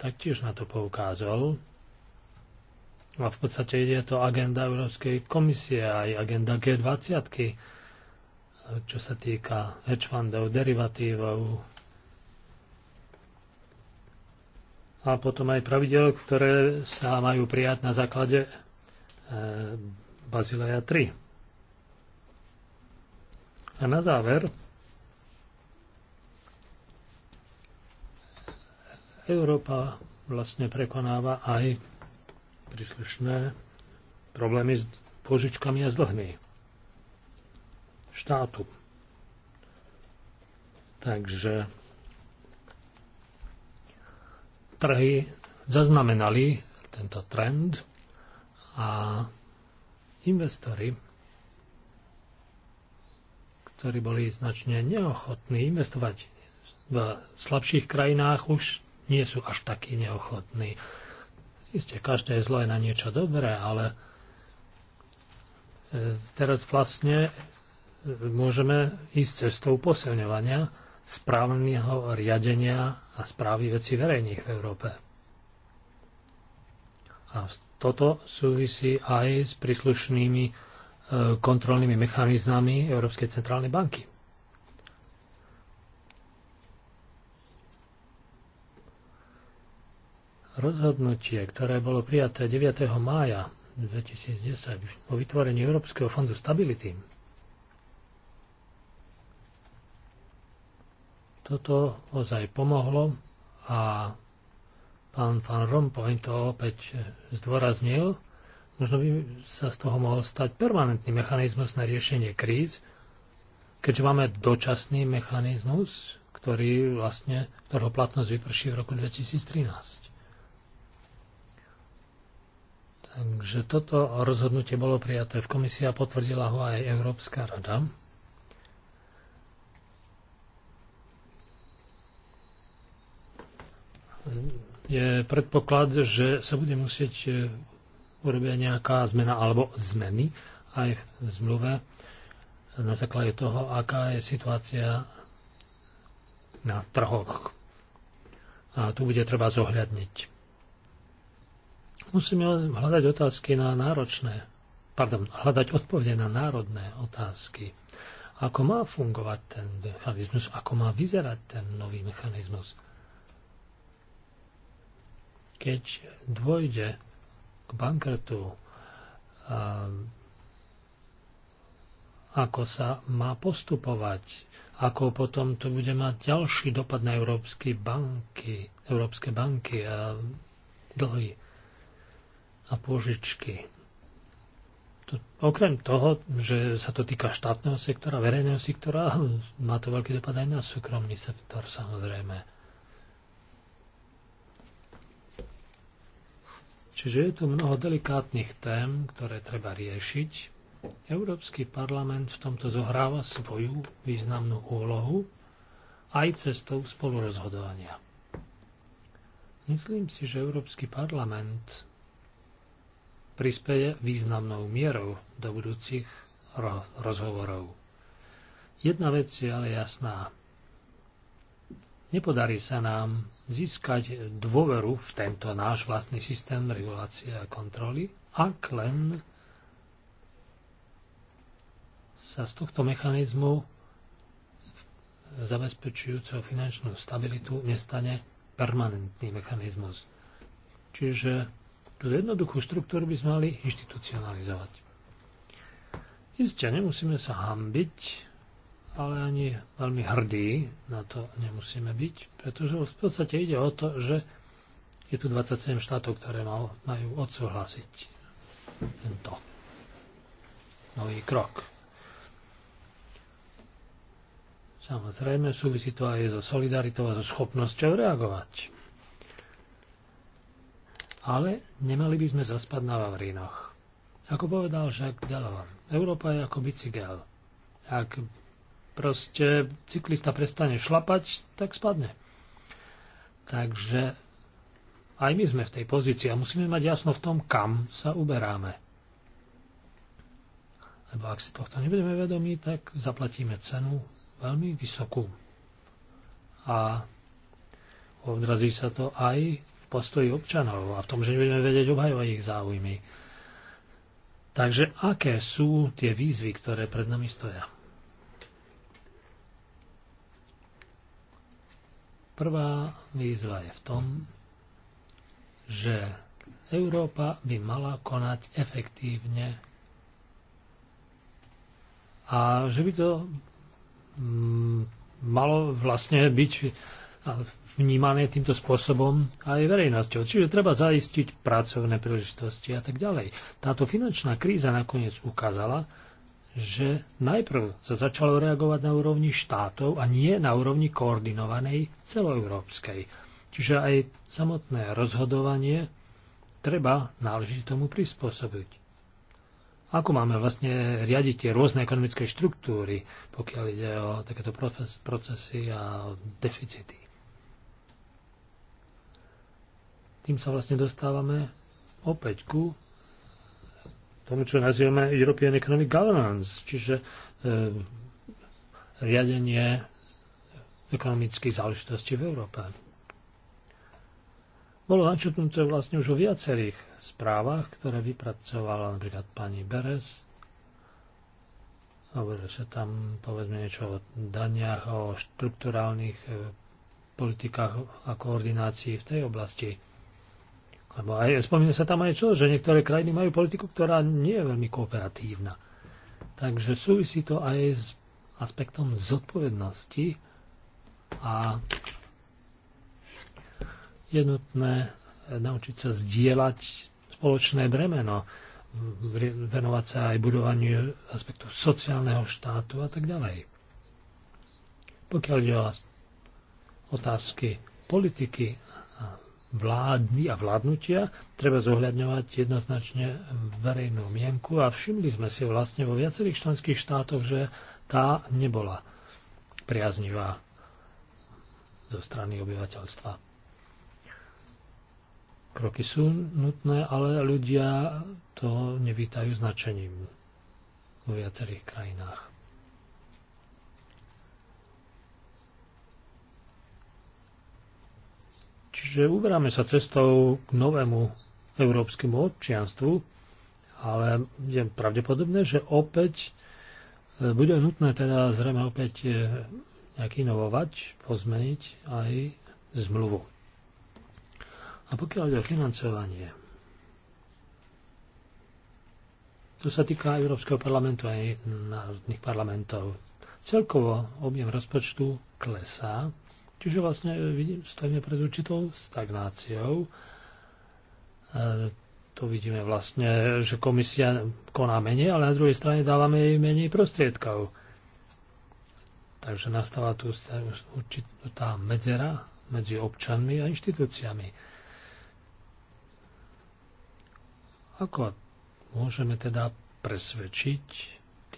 taktiež na to poukázal. A v podstate je to agenda Európskej komisie, aj agenda G20, e, čo sa týka hedge fundov, derivatívov a potom aj pravidel, ktoré sa majú prijať na základe e, Bazileja 3. A na záver Európa vlastne prekonáva aj príslušné problémy s požičkami a s dlhmi štátu. Takže trhy zaznamenali tento trend a investori, ktorí boli značne neochotní investovať v slabších krajinách, už nie sú až takí neochotní. Isté, každé je zlo je na niečo dobré, ale e, teraz vlastne e, môžeme ísť cestou posilňovania správneho riadenia a správy veci verejných v Európe. A toto súvisí aj s príslušnými e, kontrolnými mechanizmami Európskej centrálnej banky. Rozhodnutie, ktoré bolo prijaté 9. mája 2010 o vytvorení Európskeho fondu stability, toto ozaj pomohlo a pán Van Rompuy to opäť zdôraznil, možno by sa z toho mohol stať permanentný mechanizmus na riešenie kríz, keďže máme dočasný mechanizmus, ktorý vlastne, ktorého platnosť vyprší v roku 2013. Takže toto rozhodnutie bolo prijaté v komisii a potvrdila ho aj Európska rada. Je predpoklad, že sa bude musieť e, urobiť nejaká zmena alebo zmeny aj v zmluve na základe toho, aká je situácia na trhoch. A tu bude treba zohľadniť Musíme hľadať otázky na náročné, pardon, hľadať odpovede na národné otázky. Ako má fungovať ten mechanizmus, ako má vyzerať ten nový mechanizmus. Keď dôjde k bankrotu, ehm, ako sa má postupovať, ako potom to bude mať ďalší dopad na európske banky, európske banky a dlhy a pôžičky. To, okrem toho, že sa to týka štátneho sektora, verejného sektora, má to veľký dopad aj na súkromný sektor samozrejme. Čiže je tu mnoho delikátnych tém, ktoré treba riešiť. Európsky parlament v tomto zohráva svoju významnú úlohu aj cestou spolurozhodovania. Myslím si, že Európsky parlament prispeje významnou mierou do budúcich rozhovorov. Jedna vec je ale jasná. Nepodarí sa nám získať dôveru v tento náš vlastný systém regulácie a kontroly, ak len sa z tohto mechanizmu zabezpečujúceho finančnú stabilitu nestane permanentný mechanizmus. Čiže Tú jednoduchú štruktúru by sme mali inštitucionalizovať. Isté, nemusíme sa hambiť, ale ani veľmi hrdí na to nemusíme byť, pretože v podstate ide o to, že je tu 27 štátov, ktoré majú odsúhlasiť tento nový krok. Samozrejme, súvisí to aj so solidaritou a so schopnosťou reagovať ale nemali by sme zaspať na Vavrinoch. Ako povedal Jacques Delors, Európa je ako bicykel. Ak proste cyklista prestane šlapať, tak spadne. Takže aj my sme v tej pozícii a musíme mať jasno v tom, kam sa uberáme. Lebo ak si tohto nebudeme vedomí, tak zaplatíme cenu veľmi vysokú. A odrazí sa to aj postoji občanov a v tom, že nebudeme vedieť obhajovať ich záujmy. Takže aké sú tie výzvy, ktoré pred nami stoja? Prvá výzva je v tom, že Európa by mala konať efektívne a že by to mm, malo vlastne byť a vnímané týmto spôsobom aj verejnosťou. Čiže treba zaistiť pracovné príležitosti a tak ďalej. Táto finančná kríza nakoniec ukázala, že najprv sa začalo reagovať na úrovni štátov a nie na úrovni koordinovanej celoeurópskej. Čiže aj samotné rozhodovanie treba náležite tomu prispôsobiť. Ako máme vlastne riadiť tie rôzne ekonomické štruktúry, pokiaľ ide o takéto procesy a deficity? Tým sa vlastne dostávame opäť ku tomu, čo nazývame European Economic Governance, čiže e, riadenie ekonomických záležitostí v Európe. Bolo načutnuté vlastne už o viacerých správach, ktoré vypracovala napríklad pani Beres. Hovorí sa tam povedzme niečo o daniach, o štruktúrálnych e, politikách a koordinácii v tej oblasti. Lebo aj, spomína sa tam aj čo, že niektoré krajiny majú politiku, ktorá nie je veľmi kooperatívna. Takže súvisí to aj s aspektom zodpovednosti a je nutné eh, naučiť sa zdieľať spoločné bremeno, venovať sa aj budovaniu aspektu sociálneho štátu a tak ďalej. Pokiaľ ide o otázky politiky vlády a vládnutia, treba zohľadňovať jednoznačne verejnú mienku a všimli sme si vlastne vo viacerých členských štátoch, že tá nebola priaznivá zo strany obyvateľstva. Kroky sú nutné, ale ľudia to nevítajú značením vo viacerých krajinách. Čiže uberáme sa cestou k novému európskemu občianstvu, ale je pravdepodobné, že opäť e, bude nutné teda zrejme opäť e, nejak inovovať, pozmeniť aj zmluvu. A pokiaľ ide o financovanie, to sa týka Európskeho parlamentu aj národných parlamentov. Celkovo objem rozpočtu klesá Čiže vlastne e, vidím, stojíme pred určitou stagnáciou. E, to vidíme vlastne, že komisia koná menej, ale na druhej strane dávame jej menej prostriedkov. Takže nastáva tu určitá medzera medzi občanmi a inštitúciami. Ako môžeme teda presvedčiť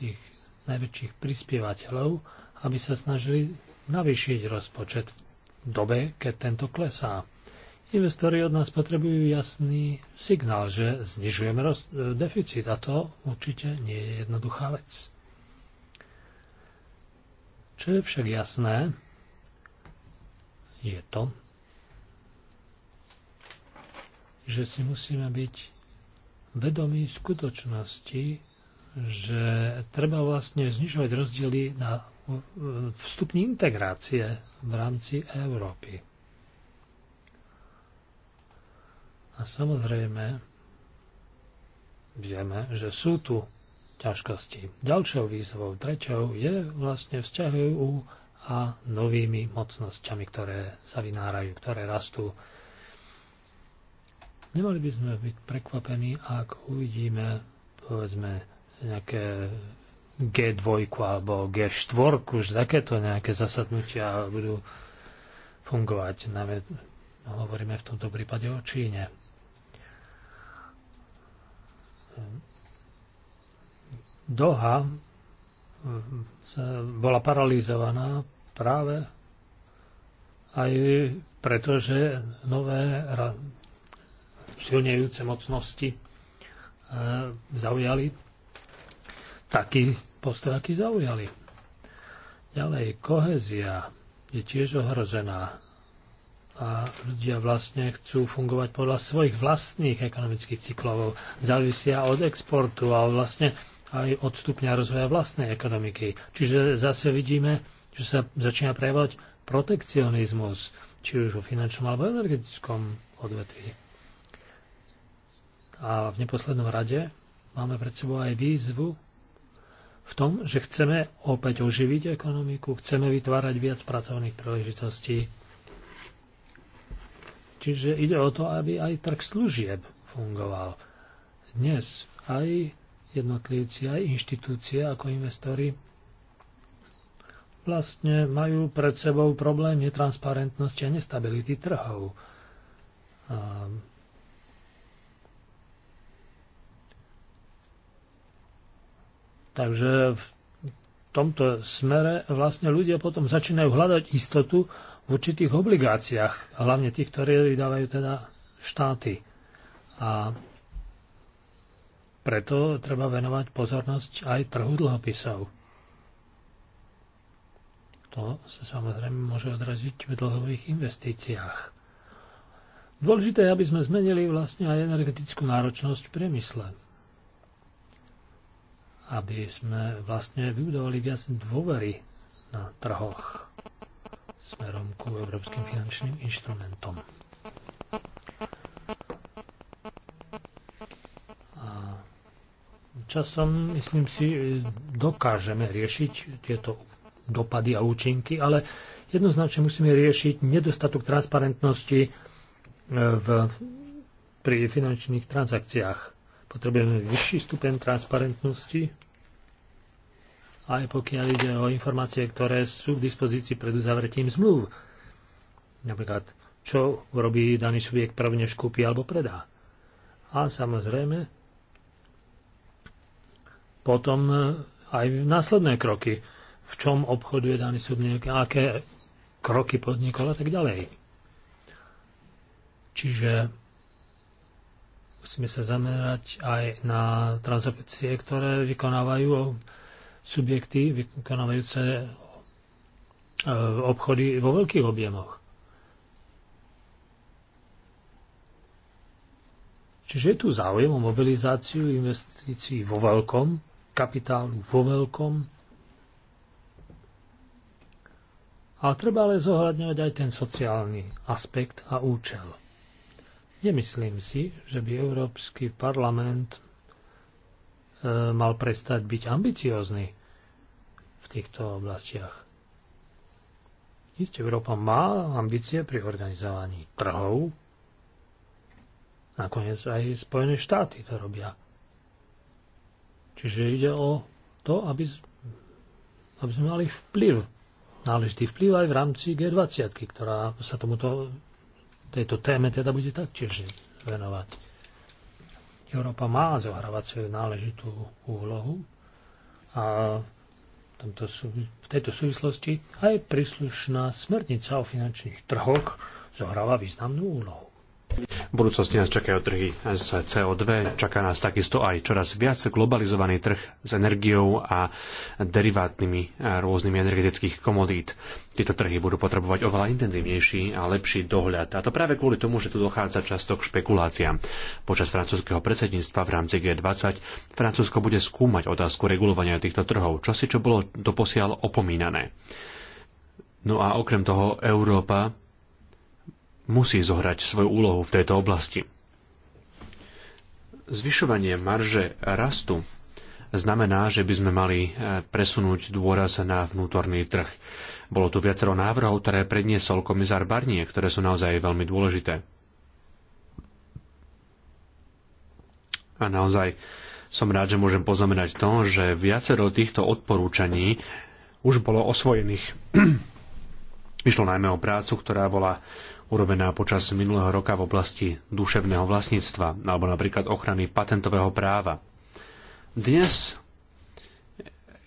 tých najväčších prispievateľov, aby sa snažili navýšiť rozpočet v dobe, keď tento klesá. Investori od nás potrebujú jasný signál, že znižujeme roz- e, deficit a to určite nie je jednoduchá vec. Čo je však jasné, je to, že si musíme byť vedomí skutočnosti, že treba vlastne znižovať rozdiely na vstupní integrácie v rámci Európy. A samozrejme, vieme, že sú tu ťažkosti. Ďalšou výzvou, treťou, je vlastne vzťah EU a novými mocnosťami, ktoré sa vynárajú, ktoré rastú. Nemali by sme byť prekvapení, ak uvidíme, povedzme, nejaké G2 alebo G4, už takéto nejaké zasadnutia budú fungovať. Najmä hovoríme v tomto prípade o Číne. Doha mm, bola paralizovaná práve aj preto, že nové silnejúce mocnosti e, zaujali taký postráky zaujali. Ďalej, kohezia je tiež ohrozená a ľudia vlastne chcú fungovať podľa svojich vlastných ekonomických cyklov, závisia od exportu a vlastne aj od stupňa rozvoja vlastnej ekonomiky. Čiže zase vidíme, že sa začína prejavovať protekcionizmus, či už vo finančnom alebo energetickom odvetví. A v neposlednom rade máme pred sebou aj výzvu v tom, že chceme opäť oživiť ekonomiku, chceme vytvárať viac pracovných príležitostí. Čiže ide o to, aby aj trh služieb fungoval. Dnes aj jednotlivci, aj inštitúcie ako investori vlastne majú pred sebou problém netransparentnosti a nestability trhov. Takže v tomto smere vlastne ľudia potom začínajú hľadať istotu v určitých obligáciách, hlavne tých, ktoré vydávajú teda štáty. A preto treba venovať pozornosť aj trhu dlhopisov. To sa samozrejme môže odraziť v dlhových investíciách. Dôležité je, aby sme zmenili vlastne aj energetickú náročnosť v priemysle aby sme vlastne vybudovali viac dôvery na trhoch smerom ku európskym finančným inštrumentom. A časom, myslím si, dokážeme riešiť tieto dopady a účinky, ale jednoznačne musíme riešiť nedostatok transparentnosti e, v, pri finančných transakciách. Potrebujeme vyšší stupeň transparentnosti, aj pokiaľ ide o informácie, ktoré sú k dispozícii pred uzavretím zmluv. Napríklad, čo urobí daný subjekt prvne kúpi alebo predá. A samozrejme, potom aj následné kroky, v čom obchoduje daný subjekt, aké kroky podnikol a tak ďalej. Čiže Musíme sa zamerať aj na transakcie, ktoré vykonávajú subjekty, vykonávajúce obchody vo veľkých objemoch. Čiže je tu záujem o mobilizáciu investícií vo veľkom, kapitálu vo veľkom. A treba ale zohľadňovať aj ten sociálny aspekt a účel. Nemyslím si, že by Európsky parlament e, mal prestať byť ambiciózny v týchto oblastiach. Isté Európa má ambície pri organizovaní trhov. Nakoniec aj Spojené štáty to robia. Čiže ide o to, aby, aby sme mali vplyv, náležitý vplyv aj v rámci G20, ktorá sa tomuto tejto téme teda bude taktiež venovať. Európa má zohrávať svoju náležitú úlohu a tomto, v tejto súvislosti aj príslušná smernica o finančných trhoch zohráva významnú úlohu. V budúcnosti nás čakajú trhy z CO2, čaká nás takisto aj čoraz viac globalizovaný trh s energiou a derivátnymi eh, rôznymi energetických komodít. Tieto trhy budú potrebovať oveľa intenzívnejší a lepší dohľad. A to práve kvôli tomu, že tu dochádza často k špekuláciám. Počas francúzského predsedníctva v rámci G20 Francúzsko bude skúmať otázku regulovania týchto trhov, čo si čo bolo doposiaľ opomínané. No a okrem toho Európa musí zohrať svoju úlohu v tejto oblasti. Zvyšovanie marže rastu znamená, že by sme mali e, presunúť dôraz na vnútorný trh. Bolo tu viacero návrhov, ktoré predniesol komisár Barnie, ktoré sú naozaj veľmi dôležité. A naozaj som rád, že môžem poznamenať to, že viacero týchto odporúčaní už bolo osvojených. Išlo najmä o prácu, ktorá bola urobená počas minulého roka v oblasti duševného vlastníctva alebo napríklad ochrany patentového práva. Dnes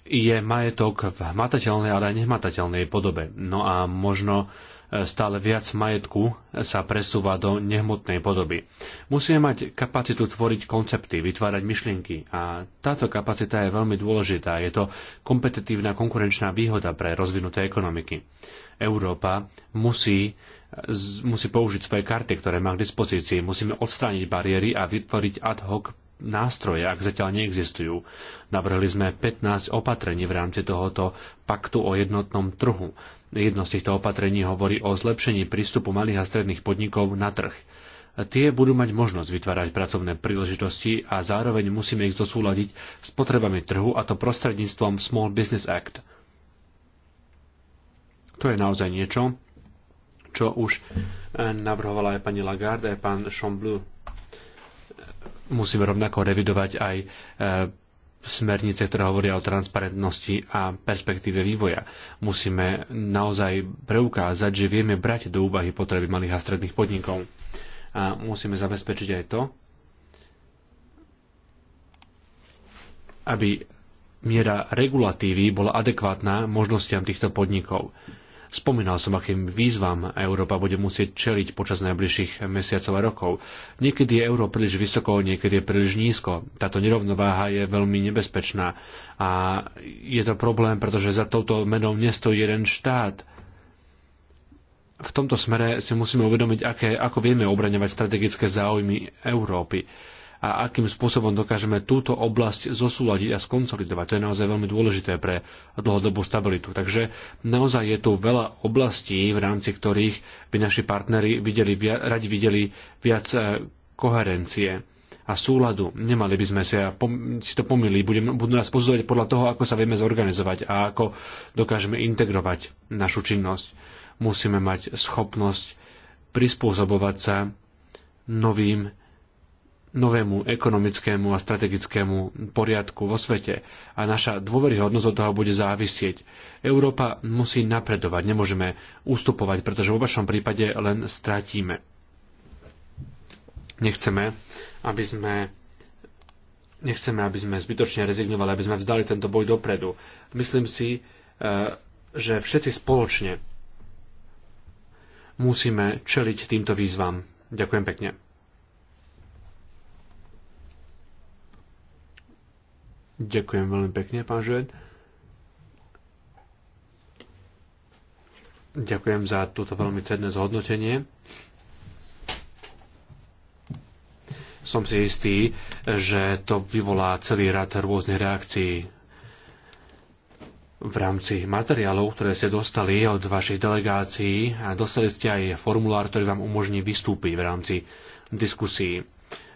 je majetok v hmatateľnej, ale aj nehmatateľnej podobe. No a možno e, stále viac majetku sa presúva do nehmotnej podoby. Musíme mať kapacitu tvoriť koncepty, vytvárať myšlienky a táto kapacita je veľmi dôležitá. Je to kompetitívna konkurenčná výhoda pre rozvinuté ekonomiky. Európa musí musí použiť svoje karty, ktoré má k dispozícii. Musíme odstrániť bariéry a vytvoriť ad hoc nástroje, ak zatiaľ neexistujú. Navrhli sme 15 opatrení v rámci tohoto paktu o jednotnom trhu. Jedno z týchto opatrení hovorí o zlepšení prístupu malých a stredných podnikov na trh. Tie budú mať možnosť vytvárať pracovné príležitosti a zároveň musíme ich zosúľadiť s potrebami trhu a to prostredníctvom Small Business Act. To je naozaj niečo, čo už eh, navrhovala aj pani Lagarde, aj pán Chamblou. Musíme rovnako revidovať aj eh, smernice, ktoré hovoria o transparentnosti a perspektíve vývoja. Musíme naozaj preukázať, že vieme brať do úvahy potreby malých a stredných podnikov. A musíme zabezpečiť aj to, aby miera regulatívy bola adekvátna možnostiam týchto podnikov. Spomínal som, akým výzvam Európa bude musieť čeliť počas najbližších mesiacov a rokov. Niekedy je euro príliš vysoko, niekedy je príliš nízko. Táto nerovnováha je veľmi nebezpečná a je to problém, pretože za touto menou nestojí jeden štát v tomto smere si musíme uvedomiť, aké, ako vieme obraňovať strategické záujmy Európy a akým spôsobom dokážeme túto oblasť zosúľadiť a skonsolidovať. To je naozaj veľmi dôležité pre dlhodobú stabilitu. Takže naozaj je tu veľa oblastí, v rámci ktorých by naši partneri videli, radi videli viac eh, koherencie a súladu. Nemali by sme sa, eh, si to pomýli, budem, budú nás pozorovať podľa toho, ako sa vieme zorganizovať a ako dokážeme integrovať našu činnosť. Musíme mať schopnosť prispôsobovať sa novým novému ekonomickému a strategickému poriadku vo svete a naša dôveryhodnosť od toho bude závisieť. Európa musí napredovať, nemôžeme ustupovať, pretože v vašom prípade len stratíme. Nechceme, aby sme nechceme, aby sme zbytočne rezignovali, aby sme vzdali tento boj dopredu. Myslím si, eh, že všetci spoločne musíme čeliť týmto výzvam. Ďakujem pekne. Ďakujem veľmi pekne, pán Žed. Ďakujem za toto veľmi cenné zhodnotenie. Som si istý, že to vyvolá celý rad rôznych reakcií v rámci materiálov, ktoré ste dostali od vašich delegácií a dostali ste aj formulár, ktorý vám umožní vystúpiť v rámci diskusí.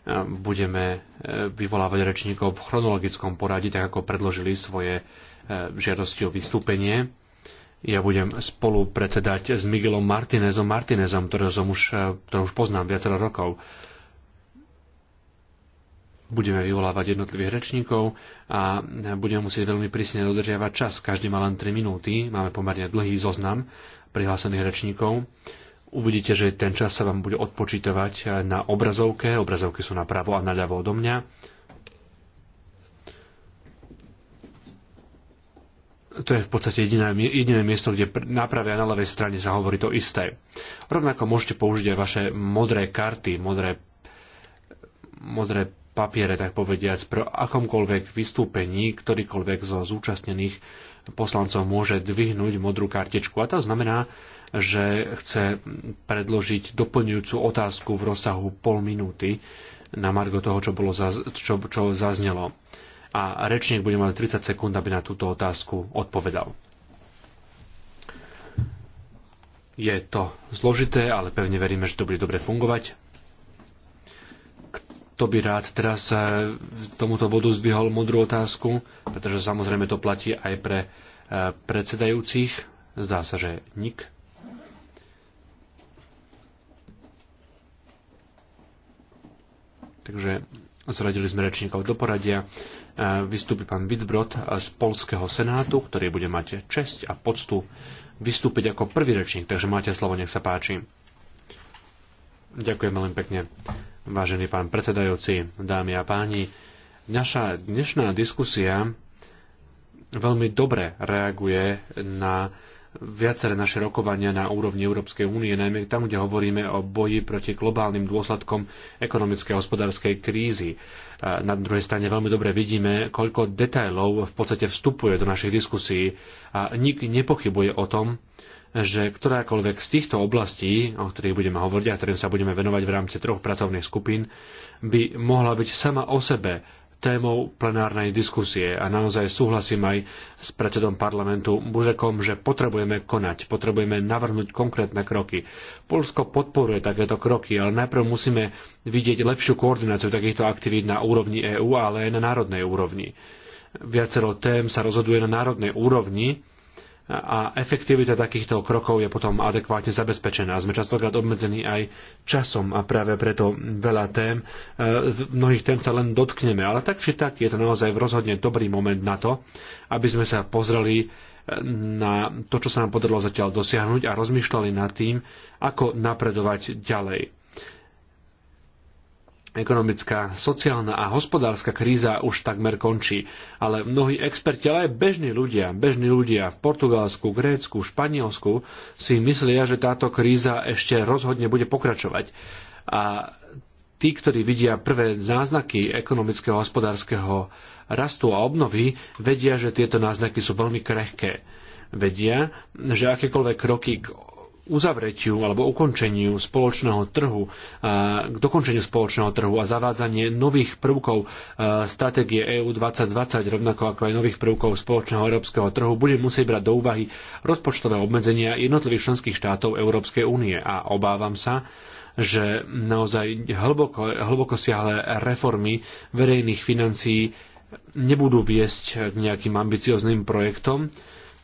Ehm, budeme ehm, vyvolávať rečníkov v chronologickom poradí, tak ako predložili svoje ehm, žiadosti o vystúpenie. Ja budem spolu predsedať s Miguelom Martinezom Martinezom, ktorého, som už, ktorého už poznám viacero rokov. Budeme vyvolávať jednotlivých rečníkov a budeme musieť veľmi prísne dodržiavať čas. Každý má len 3 minúty, máme pomerne dlhý zoznam prihlásených rečníkov uvidíte, že ten čas sa vám bude odpočítavať na obrazovke. Obrazovky sú napravo a naľavo odo mňa. to je v podstate jediné, jediné miesto, kde na pravej a na ľavej strane sa hovorí to isté. Rovnako môžete použiť aj vaše modré karty, modré, modré papiere, tak povediac, pre akomkoľvek vystúpení, ktorýkoľvek zo zúčastnených poslancov môže dvihnúť modrú kartičku. A to znamená, že chce predložiť doplňujúcu otázku v rozsahu pol minúty na margo toho, čo, bolo, čo, čo zaznelo. A rečník bude mať 30 sekúnd, aby na túto otázku odpovedal. Je to zložité, ale pevne veríme, že to bude dobre fungovať. Kto by rád teraz eh, tomuto bodu zdvihol modrú otázku, pretože samozrejme to platí aj pre eh, predsedajúcich. Zdá sa, že nik. Takže zradili sme rečníkov do poradia. E, vystúpi pán Vidbrod z Polského senátu, ktorý bude mať česť a poctu vystúpiť ako prvý rečník. Takže máte slovo, nech sa páči. Ďakujem veľmi pekne, vážený pán predsedajúci, dámy a páni. Naša dnešná diskusia veľmi dobre reaguje na viaceré naše rokovania na úrovni Európskej únie, najmä tam, kde hovoríme o boji proti globálnym dôsledkom ekonomickej a hospodárskej krízy. Na druhej strane veľmi dobre vidíme, koľko detajlov v podstate vstupuje do našich diskusí a nik nepochybuje o tom, že ktorákoľvek z týchto oblastí, o ktorých budeme hovoriť a ktorým sa budeme venovať v rámci troch pracovných skupín, by mohla byť sama o sebe témou plenárnej diskusie a naozaj súhlasím aj s predsedom parlamentu Buzekom, že potrebujeme konať, potrebujeme navrhnúť konkrétne kroky. Polsko podporuje takéto kroky, ale najprv musíme vidieť lepšiu koordináciu takýchto aktivít na úrovni EÚ, ale aj na národnej úrovni. Viacero tém sa rozhoduje na národnej úrovni, a efektivita takýchto krokov je potom adekvátne zabezpečená. Sme častokrát obmedzení aj časom a práve preto veľa tém, e, mnohých tém sa len dotkneme, ale tak či tak je to naozaj rozhodne dobrý moment na to, aby sme sa pozreli e, na to, čo sa nám podarilo zatiaľ dosiahnuť a rozmýšľali nad tým, ako napredovať ďalej. Ekonomická, sociálna a hospodárska kríza už takmer končí, ale mnohí experti, ale aj bežní ľudia, bežní ľudia v Portugalsku, Grécku, Španielsku si myslia, že táto kríza ešte rozhodne bude pokračovať. A tí, ktorí vidia prvé náznaky ekonomického a hospodárskeho rastu a obnovy, vedia, že tieto náznaky sú veľmi krehké. Vedia, že akékoľvek kroky k uzavretiu alebo ukončeniu spoločného trhu, k dokončeniu spoločného trhu a zavádzanie nových prvkov stratégie EU 2020, rovnako ako aj nových prvkov spoločného európskeho trhu, bude musieť brať do úvahy rozpočtové obmedzenia jednotlivých členských štátov Európskej únie a obávam sa, že naozaj hlboko, hlboko siahle reformy verejných financií nebudú viesť k nejakým ambiciozným projektom,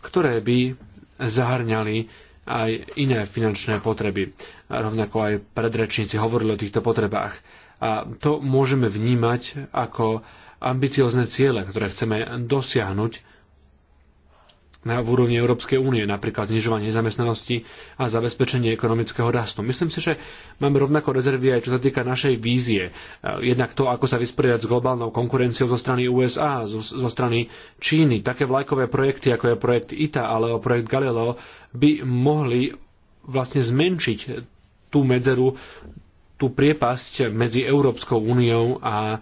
ktoré by zahrňali aj iné finančné potreby. A rovnako aj predrečníci hovorili o týchto potrebách. A to môžeme vnímať ako ambiciozne ciele, ktoré chceme dosiahnuť na v úrovni Európskej únie, napríklad znižovanie nezamestnanosti a zabezpečenie ekonomického rastu. Myslím si, že máme rovnako rezervy aj čo sa týka našej vízie. E, jednak to, ako sa vysporiadať s globálnou konkurenciou zo strany USA, zo, zo strany Číny. Také vlajkové projekty, ako je projekt ITA alebo projekt Galileo, by mohli vlastne zmenšiť tú medzeru, tú priepasť medzi Európskou úniou a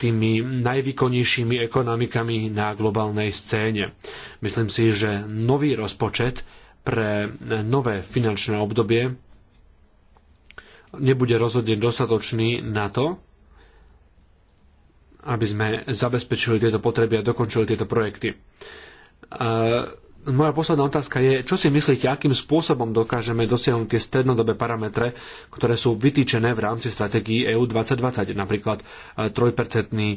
tými najvýkonnejšími ekonomikami na globálnej scéne. Myslím si, že nový rozpočet pre nové finančné obdobie nebude rozhodne dostatočný na to, aby sme zabezpečili tieto potreby a dokončili tieto projekty. Moja posledná otázka je, čo si myslíte, akým spôsobom dokážeme dosiahnuť tie strednodobé parametre, ktoré sú vytýčené v rámci stratégií EU 2020, napríklad 3%, e,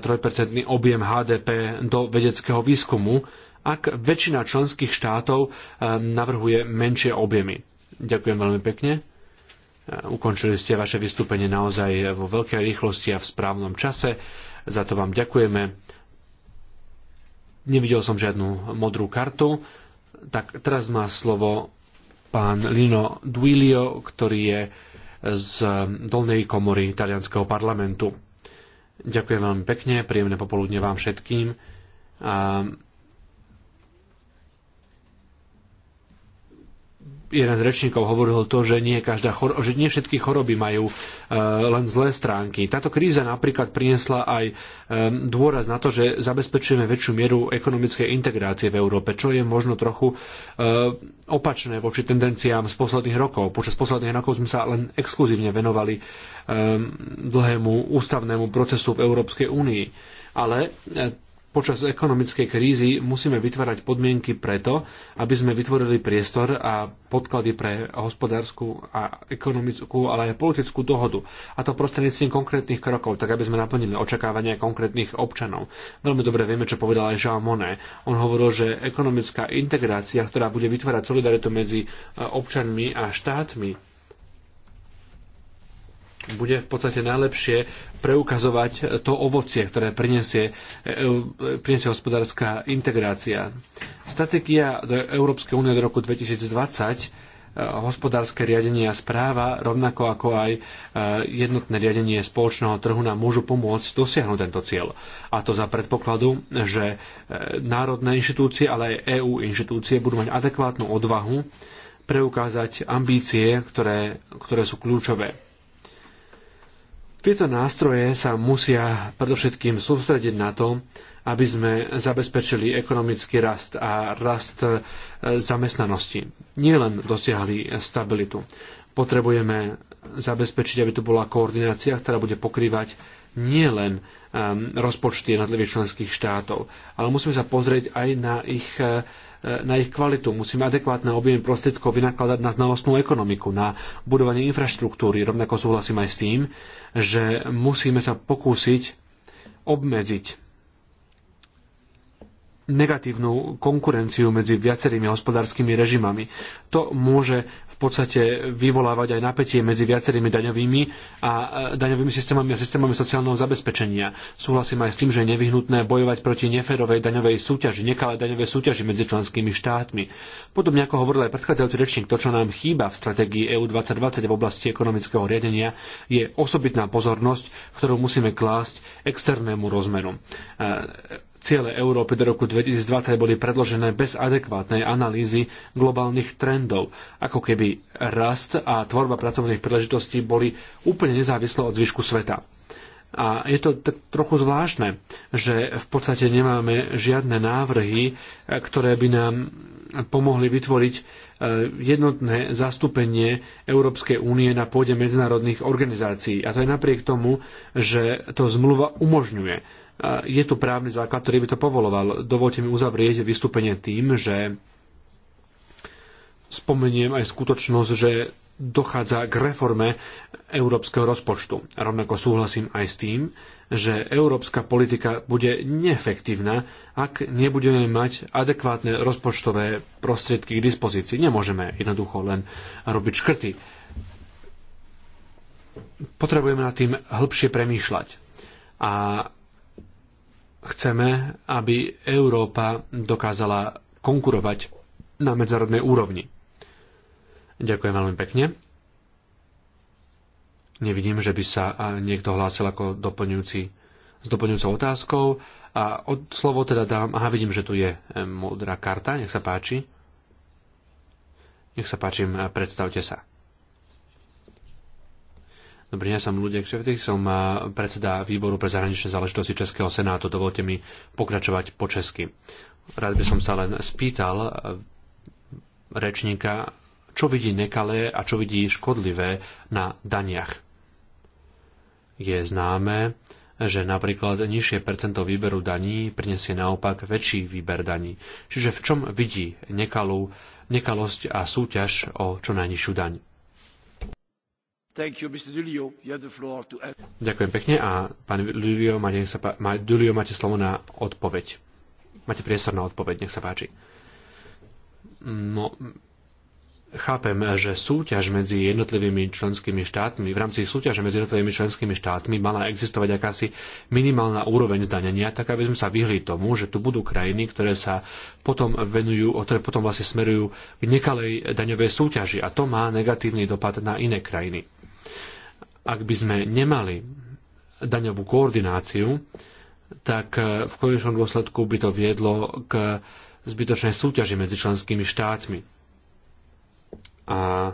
3% e, objem HDP do vedeckého výskumu, ak väčšina členských štátov e, navrhuje menšie objemy. Ďakujem veľmi pekne. Ukončili ste vaše vystúpenie naozaj vo veľkej rýchlosti a v správnom čase. Za to vám ďakujeme. Nevidel som žiadnu modrú kartu. Tak teraz má slovo pán Lino Duilio, ktorý je z dolnej komory talianského parlamentu. Ďakujem vám pekne, príjemné popoludne vám všetkým. A jeden z rečníkov hovoril to, že nie, každá chor- že nie všetky choroby majú e, len zlé stránky. Táto kríza napríklad priniesla aj e, dôraz na to, že zabezpečujeme väčšiu mieru ekonomickej integrácie v Európe, čo je možno trochu e, opačné voči tendenciám z posledných rokov. Počas posledných rokov sme sa len exkluzívne venovali e, dlhému ústavnému procesu v Európskej únii. Ale e, počas ekonomickej krízy musíme vytvárať podmienky preto, aby sme vytvorili priestor a podklady pre hospodárskú a ekonomickú, ale aj politickú dohodu. A to prostredníctvom konkrétnych krokov, tak aby sme naplnili očakávania konkrétnych občanov. Veľmi dobre vieme, čo povedal aj Jean Monnet. On hovoril, že ekonomická integrácia, ktorá bude vytvárať solidaritu medzi e, občanmi a štátmi, bude v podstate najlepšie preukazovať to ovocie, ktoré prinesie, e, e, prinesie hospodárska integrácia. Stratégia do Európskej únie do roku 2020 e, hospodárske riadenie a správa, rovnako ako aj jednotné riadenie spoločného trhu nám môžu pomôcť dosiahnuť tento cieľ. A to za predpokladu, že národné inštitúcie, ale aj EÚ inštitúcie budú mať adekvátnu odvahu preukázať ambície, ktoré, ktoré sú kľúčové tieto nástroje sa musia predovšetkým sústrediť na to, aby sme zabezpečili ekonomický rast a rast e, zamestnanosti. Nie len dosiahli stabilitu. Potrebujeme zabezpečiť, aby tu bola koordinácia, ktorá bude pokrývať nie len e, rozpočty jednotlivých členských štátov, ale musíme sa pozrieť aj na ich e, E, na ich kvalitu. Musíme adekvátne objem prostriedkov vynakladať na znalostnú ekonomiku, na budovanie infraštruktúry. Rovnako súhlasím aj s tým, že musíme sa pokúsiť obmedziť negatívnu konkurenciu medzi viacerými hospodárskymi režimami. To môže v podstate vyvolávať aj napätie medzi viacerými daňovými a e, daňovými systémami a systémami sociálneho zabezpečenia. Súhlasím aj s tým, že je nevyhnutné bojovať proti neférovej daňovej súťaži, nekalej daňovej súťaži medzi členskými štátmi. Podobne ako hovoril aj predchádzajúci rečník, to, čo nám chýba v stratégii EU 2020 v oblasti ekonomického riadenia, je osobitná pozornosť, ktorú musíme klásť externému rozmeru e, Ciele Európy do roku 2020 boli predložené bez adekvátnej analýzy globálnych trendov, ako keby rast a tvorba pracovných príležitostí boli úplne nezávislé od zvyšku sveta. A je to tak trochu zvláštne, že v podstate nemáme žiadne návrhy, ktoré by nám pomohli vytvoriť e, jednotné zastúpenie Európskej únie na pôde medzinárodných organizácií. A to je napriek tomu, že to zmluva umožňuje je tu právny základ, ktorý by to povoloval. Dovolte mi uzavrieť vystúpenie tým, že spomeniem aj skutočnosť, že dochádza k reforme európskeho rozpočtu. Rovnako súhlasím aj s tým, že európska politika bude neefektívna, ak nebudeme mať adekvátne rozpočtové prostriedky k dispozícii. Nemôžeme jednoducho len robiť škrty. Potrebujeme nad tým hĺbšie premýšľať. A Chceme, aby Európa dokázala konkurovať na medzárodnej úrovni. Ďakujem veľmi pekne. Nevidím, že by sa niekto hlásil ako doplňujúci s doplňujúcou otázkou. A od slovo teda dám... Aha, vidím, že tu je e, modrá karta. Nech sa páči. Nech sa páči, predstavte sa. Dobrý deň, som Ludek Šeftych, som predseda výboru pre zahraničné záležitosti Českého senátu. Dovolte mi pokračovať po česky. Rád by som sa len spýtal e, rečníka, čo vidí nekalé a čo vidí škodlivé na daniach. Je známe, že napríklad nižšie percento výberu daní prinesie naopak väčší výber daní. Čiže v čom vidí nekalú, nekalosť a súťaž o čo najnižšiu daň? Ďakujem pekne a pán Dulio, máte, sa, Dulio, máte slovo na odpoveď. Máte priestor na odpoveď, nech sa páči. No, chápem, že súťaž medzi jednotlivými členskými štátmi, v rámci súťaže medzi jednotlivými členskými štátmi mala existovať akási minimálna úroveň zdanenia, tak aby sme sa vyhli tomu, že tu budú krajiny, ktoré sa potom venujú, ktoré potom vlastne smerujú k nekalej daňovej súťaži a to má negatívny dopad na iné krajiny ak by sme nemali daňovú koordináciu, tak eh, v konečnom dôsledku by to viedlo k zbytočnej súťaži medzi členskými štátmi. A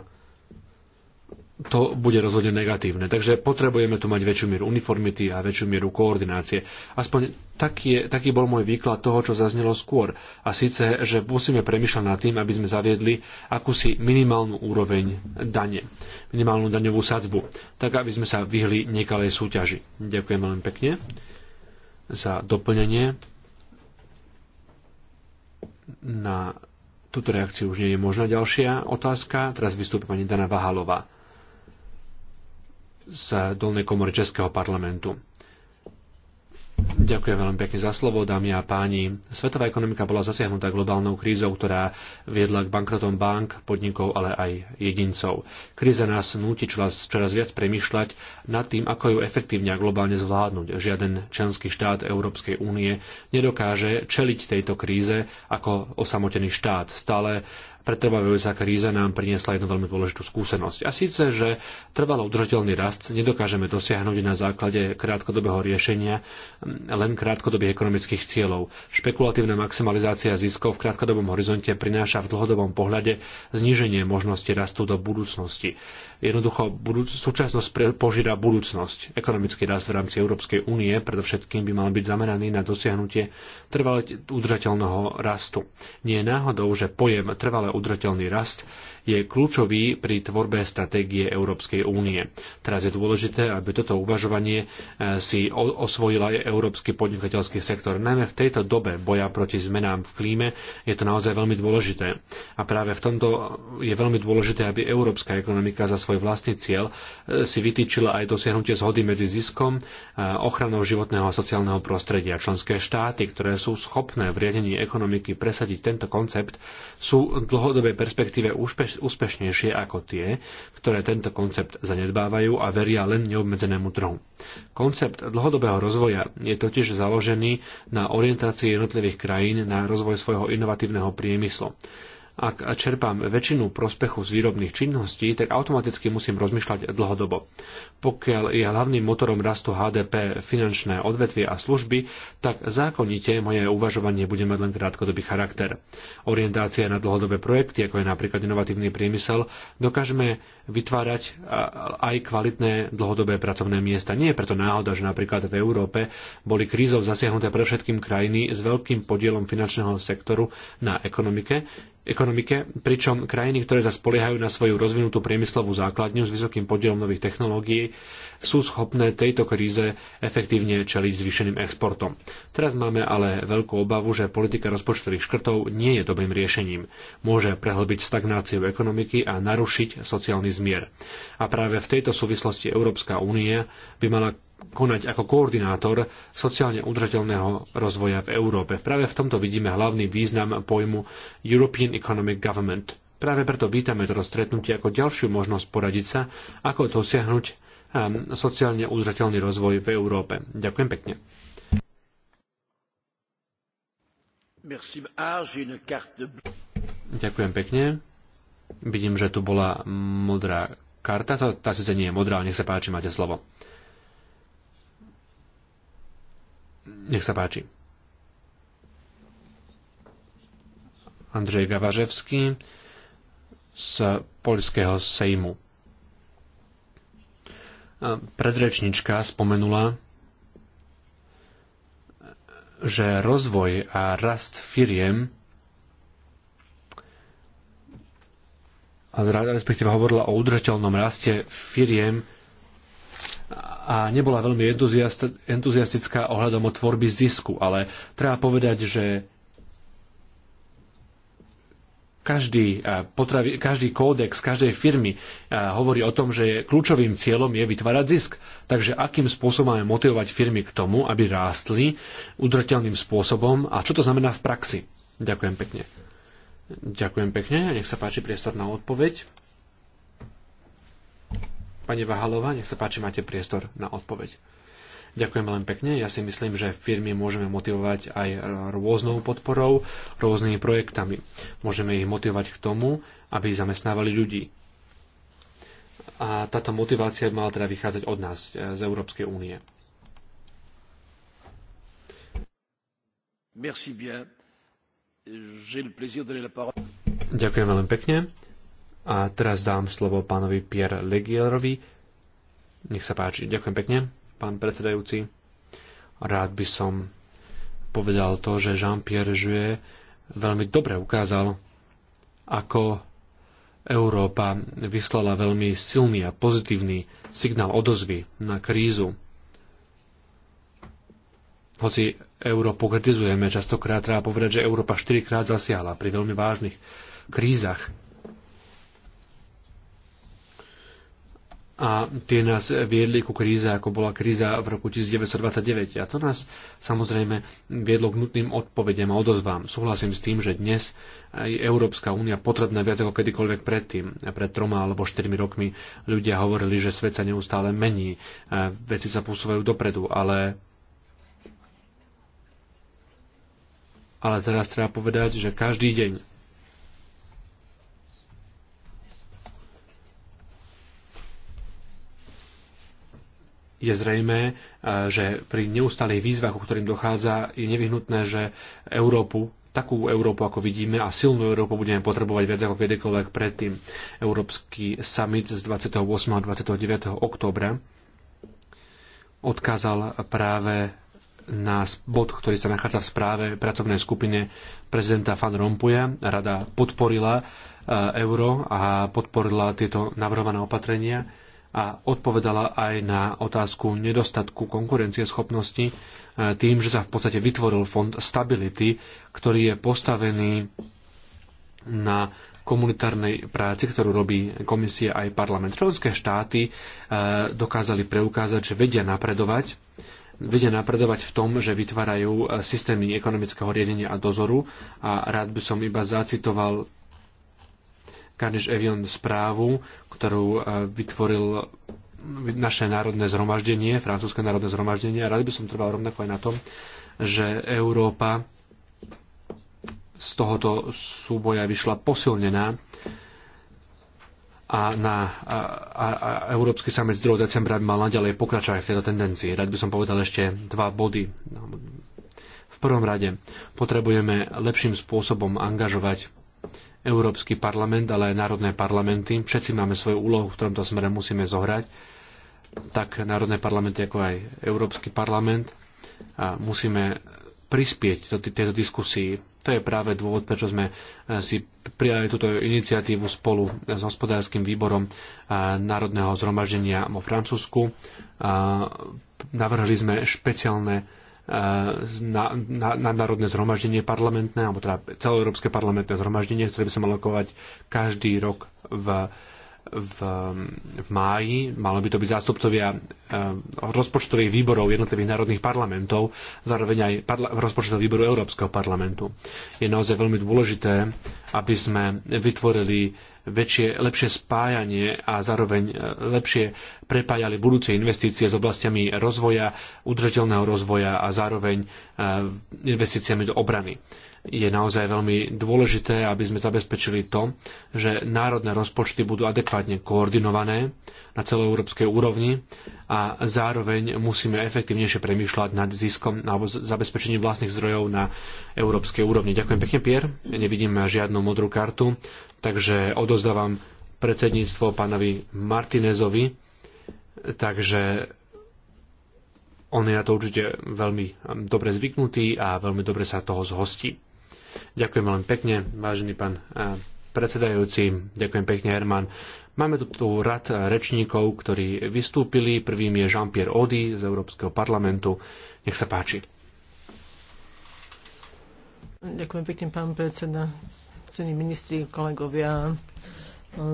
to bude rozhodne negatívne. Takže potrebujeme tu mať väčšiu mieru uniformity a väčšiu mieru koordinácie. Aspoň taký, je, taký bol môj výklad toho, čo zaznelo skôr. A síce, že musíme premyšľať nad tým, aby sme zaviedli akúsi minimálnu úroveň dane, minimálnu daňovú sadzbu, tak aby sme sa vyhli nekalej súťaži. Ďakujem veľmi pekne za doplnenie. Na túto reakciu už nie je možná ďalšia otázka. Teraz vystúpi pani Dana Vahalová z Dolnej komory Českého parlamentu. Ďakujem veľmi pekne za slovo, dámy a páni. Svetová ekonomika bola zasiahnutá globálnou krízou, ktorá viedla k bankrotom bank, podnikov, ale aj jedincov. Kríza nás núti čoraz, čoraz viac premyšľať nad tým, ako ju efektívne a globálne zvládnuť. Žiaden členský štát Európskej únie nedokáže čeliť tejto kríze ako osamotený štát. Stále pretrvávajúca kríza nám priniesla jednu veľmi dôležitú skúsenosť. A síce, že trvalo udržateľný rast nedokážeme dosiahnuť na základe krátkodobého riešenia len krátkodobých ekonomických cieľov. Špekulatívna maximalizácia ziskov v krátkodobom horizonte prináša v dlhodobom pohľade zníženie možnosti rastu do budúcnosti. Jednoducho budúc, súčasnosť požiada budúcnosť. Ekonomický rast v rámci Európskej únie predovšetkým by mal byť zameraný na dosiahnutie trvale udržateľného rastu. Nie je náhodou, že pojem trvale udržateľný rast je kľúčový pri tvorbe stratégie Európskej únie. Teraz je dôležité, aby toto uvažovanie e, si osvojila aj európsky podnikateľský sektor. Najmä v tejto dobe boja proti zmenám v klíme je to naozaj veľmi dôležité. A práve v tomto je veľmi dôležité, aby európska ekonomika za svoj vlastný cieľ, e, si vytýčila aj dosiahnutie zhody medzi ziskom a ochranou životného a sociálneho prostredia. Členské štáty, ktoré sú schopné v riadení ekonomiky presadiť tento koncept, sú v dlhodobej perspektíve úspeš, úspešnejšie ako tie, ktoré tento koncept zanedbávajú a veria len neobmedzenému trhu. Koncept dlhodobého rozvoja je totiž založený na orientácii jednotlivých krajín na rozvoj svojho inovatívneho priemyslu ak čerpám väčšinu prospechu z výrobných činností, tak automaticky musím rozmýšľať dlhodobo. Pokiaľ je hlavným motorom rastu HDP finančné odvetvie a služby, tak zákonite moje uvažovanie bude mať len krátkodobý charakter. Orientácia na dlhodobé projekty, ako je napríklad inovatívny priemysel, dokážeme vytvárať aj kvalitné dlhodobé pracovné miesta. Nie je preto náhoda, že napríklad v Európe boli krízov zasiahnuté pre všetkým krajiny s veľkým podielom finančného sektoru na ekonomike, ekonomike, pričom krajiny, ktoré sa spoliehajú na svoju rozvinutú priemyslovú základňu s vysokým podielom nových technológií, sú schopné tejto kríze efektívne čeliť zvýšeným exportom. Teraz máme ale veľkú obavu, že politika rozpočtových škrtov nie je dobrým riešením. Môže prehlbiť stagnáciu ekonomiky a narušiť sociálny zmier. A práve v tejto súvislosti Európska únia by mala konať ako koordinátor sociálne udržateľného rozvoja v Európe. Práve v tomto vidíme hlavný význam pojmu European Economic Government. Práve preto vítame toto stretnutie ako ďalšiu možnosť poradiť sa, ako dosiahnuť um, sociálne udržateľný rozvoj v Európe. Ďakujem pekne. Ah, Ďakujem pekne. Vidím, že tu bola modrá karta. Tá, tá síce nie je modrá, nech sa páči, máte slovo. Nech sa páči. Andrzej Gavaževský z Polského Sejmu. Predrečnička spomenula, že rozvoj a rast firiem respektíve hovorila o udržateľnom raste firiem a nebola veľmi entuziastická ohľadom o tvorby zisku, ale treba povedať, že každý, potravi, každý kódex každej firmy hovorí o tom, že kľúčovým cieľom je vytvárať zisk. Takže akým spôsobom máme motivovať firmy k tomu, aby rástli udržateľným spôsobom a čo to znamená v praxi? Ďakujem pekne. Ďakujem pekne a nech sa páči priestor na odpoveď. Pani Vahalová, nech sa páči, máte priestor na odpoveď. Ďakujem veľmi pekne. Ja si myslím, že firmy môžeme motivovať aj rôznou podporou, rôznymi projektami. Môžeme ich motivovať k tomu, aby zamestnávali ľudí. A táto motivácia by mala teda vychádzať od nás, z Európskej únie. Merci bien. J'ai le plaisir de la parole. Ďakujem veľmi pekne. A teraz dám slovo pánovi Pierre Legierovi. Nech sa páči. Ďakujem pekne, pán predsedajúci. Rád by som povedal to, že Jean-Pierre Jouet veľmi dobre ukázal, ako Európa vyslala veľmi silný a pozitívny signál odozvy na krízu. Hoci Európu kritizujeme, častokrát treba povedať, že Európa štyrikrát zasiahla pri veľmi vážnych krízach a tie nás viedli ku kríze, ako bola kríza v roku 1929. A to nás samozrejme viedlo k nutným odpovediam a odozvám. Súhlasím s tým, že dnes aj Európska únia potrebná viac ako kedykoľvek predtým. Pred troma alebo štyrmi rokmi ľudia hovorili, že svet sa neustále mení, e, veci sa posúvajú dopredu, ale ale teraz treba povedať, že každý deň je zrejmé, e, že pri neustálých výzvach, o ktorým dochádza, je nevyhnutné, že Európu takú Európu, ako vidíme, a silnú Európu budeme potrebovať viac ako kedykoľvek predtým. Európsky summit z 28. a 29. októbra odkázal práve na bod, ktorý sa nachádza v správe pracovnej skupine prezidenta Van Rompuya. Rada podporila e, euro a podporila tieto navrhované opatrenia a odpovedala aj na otázku nedostatku konkurencieschopnosti e, tým, že sa v podstate vytvoril fond stability, ktorý je postavený na komunitárnej práci, ktorú robí komisie aj parlament. Členské štáty e, dokázali preukázať, že vedia napredovať vedia napredovať v tom, že vytvárajú e, systémy ekonomického riadenia a dozoru a rád by som iba zacitoval Carnegie Evion správu, ktorú e, vytvoril naše národné zhromaždenie, francúzske národné zhromaždenie. A rád by som trval rovnako aj na tom, že Európa z tohoto súboja vyšla posilnená a, na, a, a, a Európsky samec 2. decembra by mal naďalej pokračovať v tejto tendencii. Rád by som povedal ešte dva body. No, v prvom rade potrebujeme lepším spôsobom angažovať Európsky parlament, ale aj národné parlamenty. Všetci máme svoju úlohu, v tomto smere musíme zohrať. Tak národné parlamenty, ako aj Európsky parlament. A musíme prispieť do tejto diskusii. To je práve dôvod, prečo sme e, si prijali túto iniciatívu spolu s hospodárskym výborom e, Národného zhromaždenia vo Francúzsku. A navrhli sme špeciálne nadnárodné zhromaždenie parlamentné, alebo teda celoeurópske parlamentné zhromaždenie, ktoré by sa malo kovať každý rok v v, v máji, malo by to byť zástupcovia eh, rozpočtových výborov jednotlivých národných parlamentov, zároveň aj parla- rozpočtového výboru Európskeho parlamentu. Je naozaj veľmi dôležité, aby sme vytvorili väčšie, lepšie spájanie a zároveň e, lepšie prepájali budúce investície s oblastiami rozvoja, udržateľného rozvoja a zároveň e, investíciami do obrany je naozaj veľmi dôležité, aby sme zabezpečili to, že národné rozpočty budú adekvátne koordinované na celoeurópskej úrovni a zároveň musíme efektívnejšie premýšľať nad ziskom alebo zabezpečením vlastných zdrojov na európskej úrovni. Ďakujem pekne, Pier. Nevidím žiadnu modrú kartu, takže odozdávam predsedníctvo pánovi Martinezovi. Takže on je na to určite veľmi dobre zvyknutý a veľmi dobre sa toho zhostí. Ďakujem veľmi pekne, vážený pán eh, predsedajúci. Ďakujem pekne, Herman. Máme tu, tu rad eh, rečníkov, ktorí vystúpili. Prvým je Jean-Pierre Audi z Európskeho parlamentu. Nech sa páči. Ďakujem pekne, pán predseda, cení ministri, kolegovia. Eh,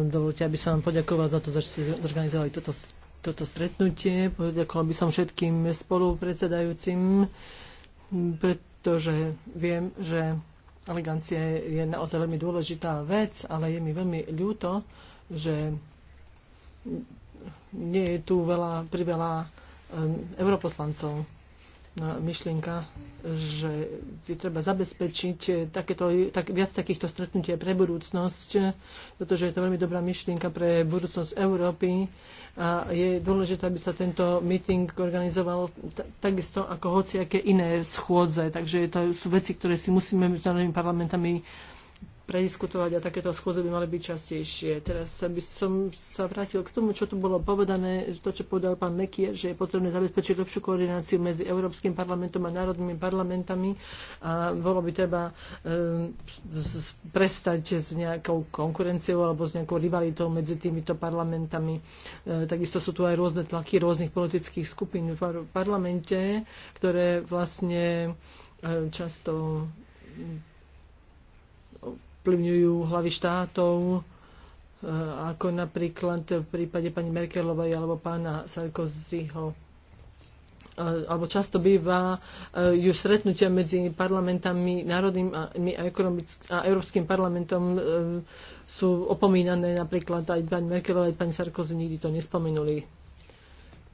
dovolte, aby sa vám poďakovať za to, že ste organizovali toto, toto stretnutie. Poďakoval by som všetkým spolupredsedajúcim, pretože viem, že Elegancia je naozaj veľmi dôležitá vec, ale je mi veľmi ľúto, že nie je tu veľa, priveľa um, europoslancov. No, myšlienka, že je treba zabezpečiť takéto, tak, viac takýchto stretnutí pre budúcnosť, pretože je to veľmi dobrá myšlienka pre budúcnosť Európy a je dôležité, aby sa tento meeting organizoval takisto ako hociaké iné schôdze. Takže to sú veci, ktoré si musíme s parlamentami prediskutovať a takéto schôze by mali byť častejšie. Teraz by som sa vrátil k tomu, čo tu bolo povedané, to, čo povedal pán Mekie, že je potrebné zabezpečiť lepšiu koordináciu medzi Európskym parlamentom a národnými parlamentami a bolo by treba ehm, prestať s nejakou konkurenciou alebo s nejakou rivalitou medzi týmito parlamentami. Ehm, takisto sú tu aj rôzne tlaky rôznych politických skupín v parlamente, ktoré vlastne ehm, často ovplyvňujú hlavy štátov, e, ako napríklad v prípade pani Merkelovej alebo pána Sarkozyho. E, alebo často býva e, ju stretnutia medzi parlamentami národným a, a európskym parlamentom sú opomínané napríklad aj pani Merkelová, aj pani Sarkozy nikdy to nespomenuli.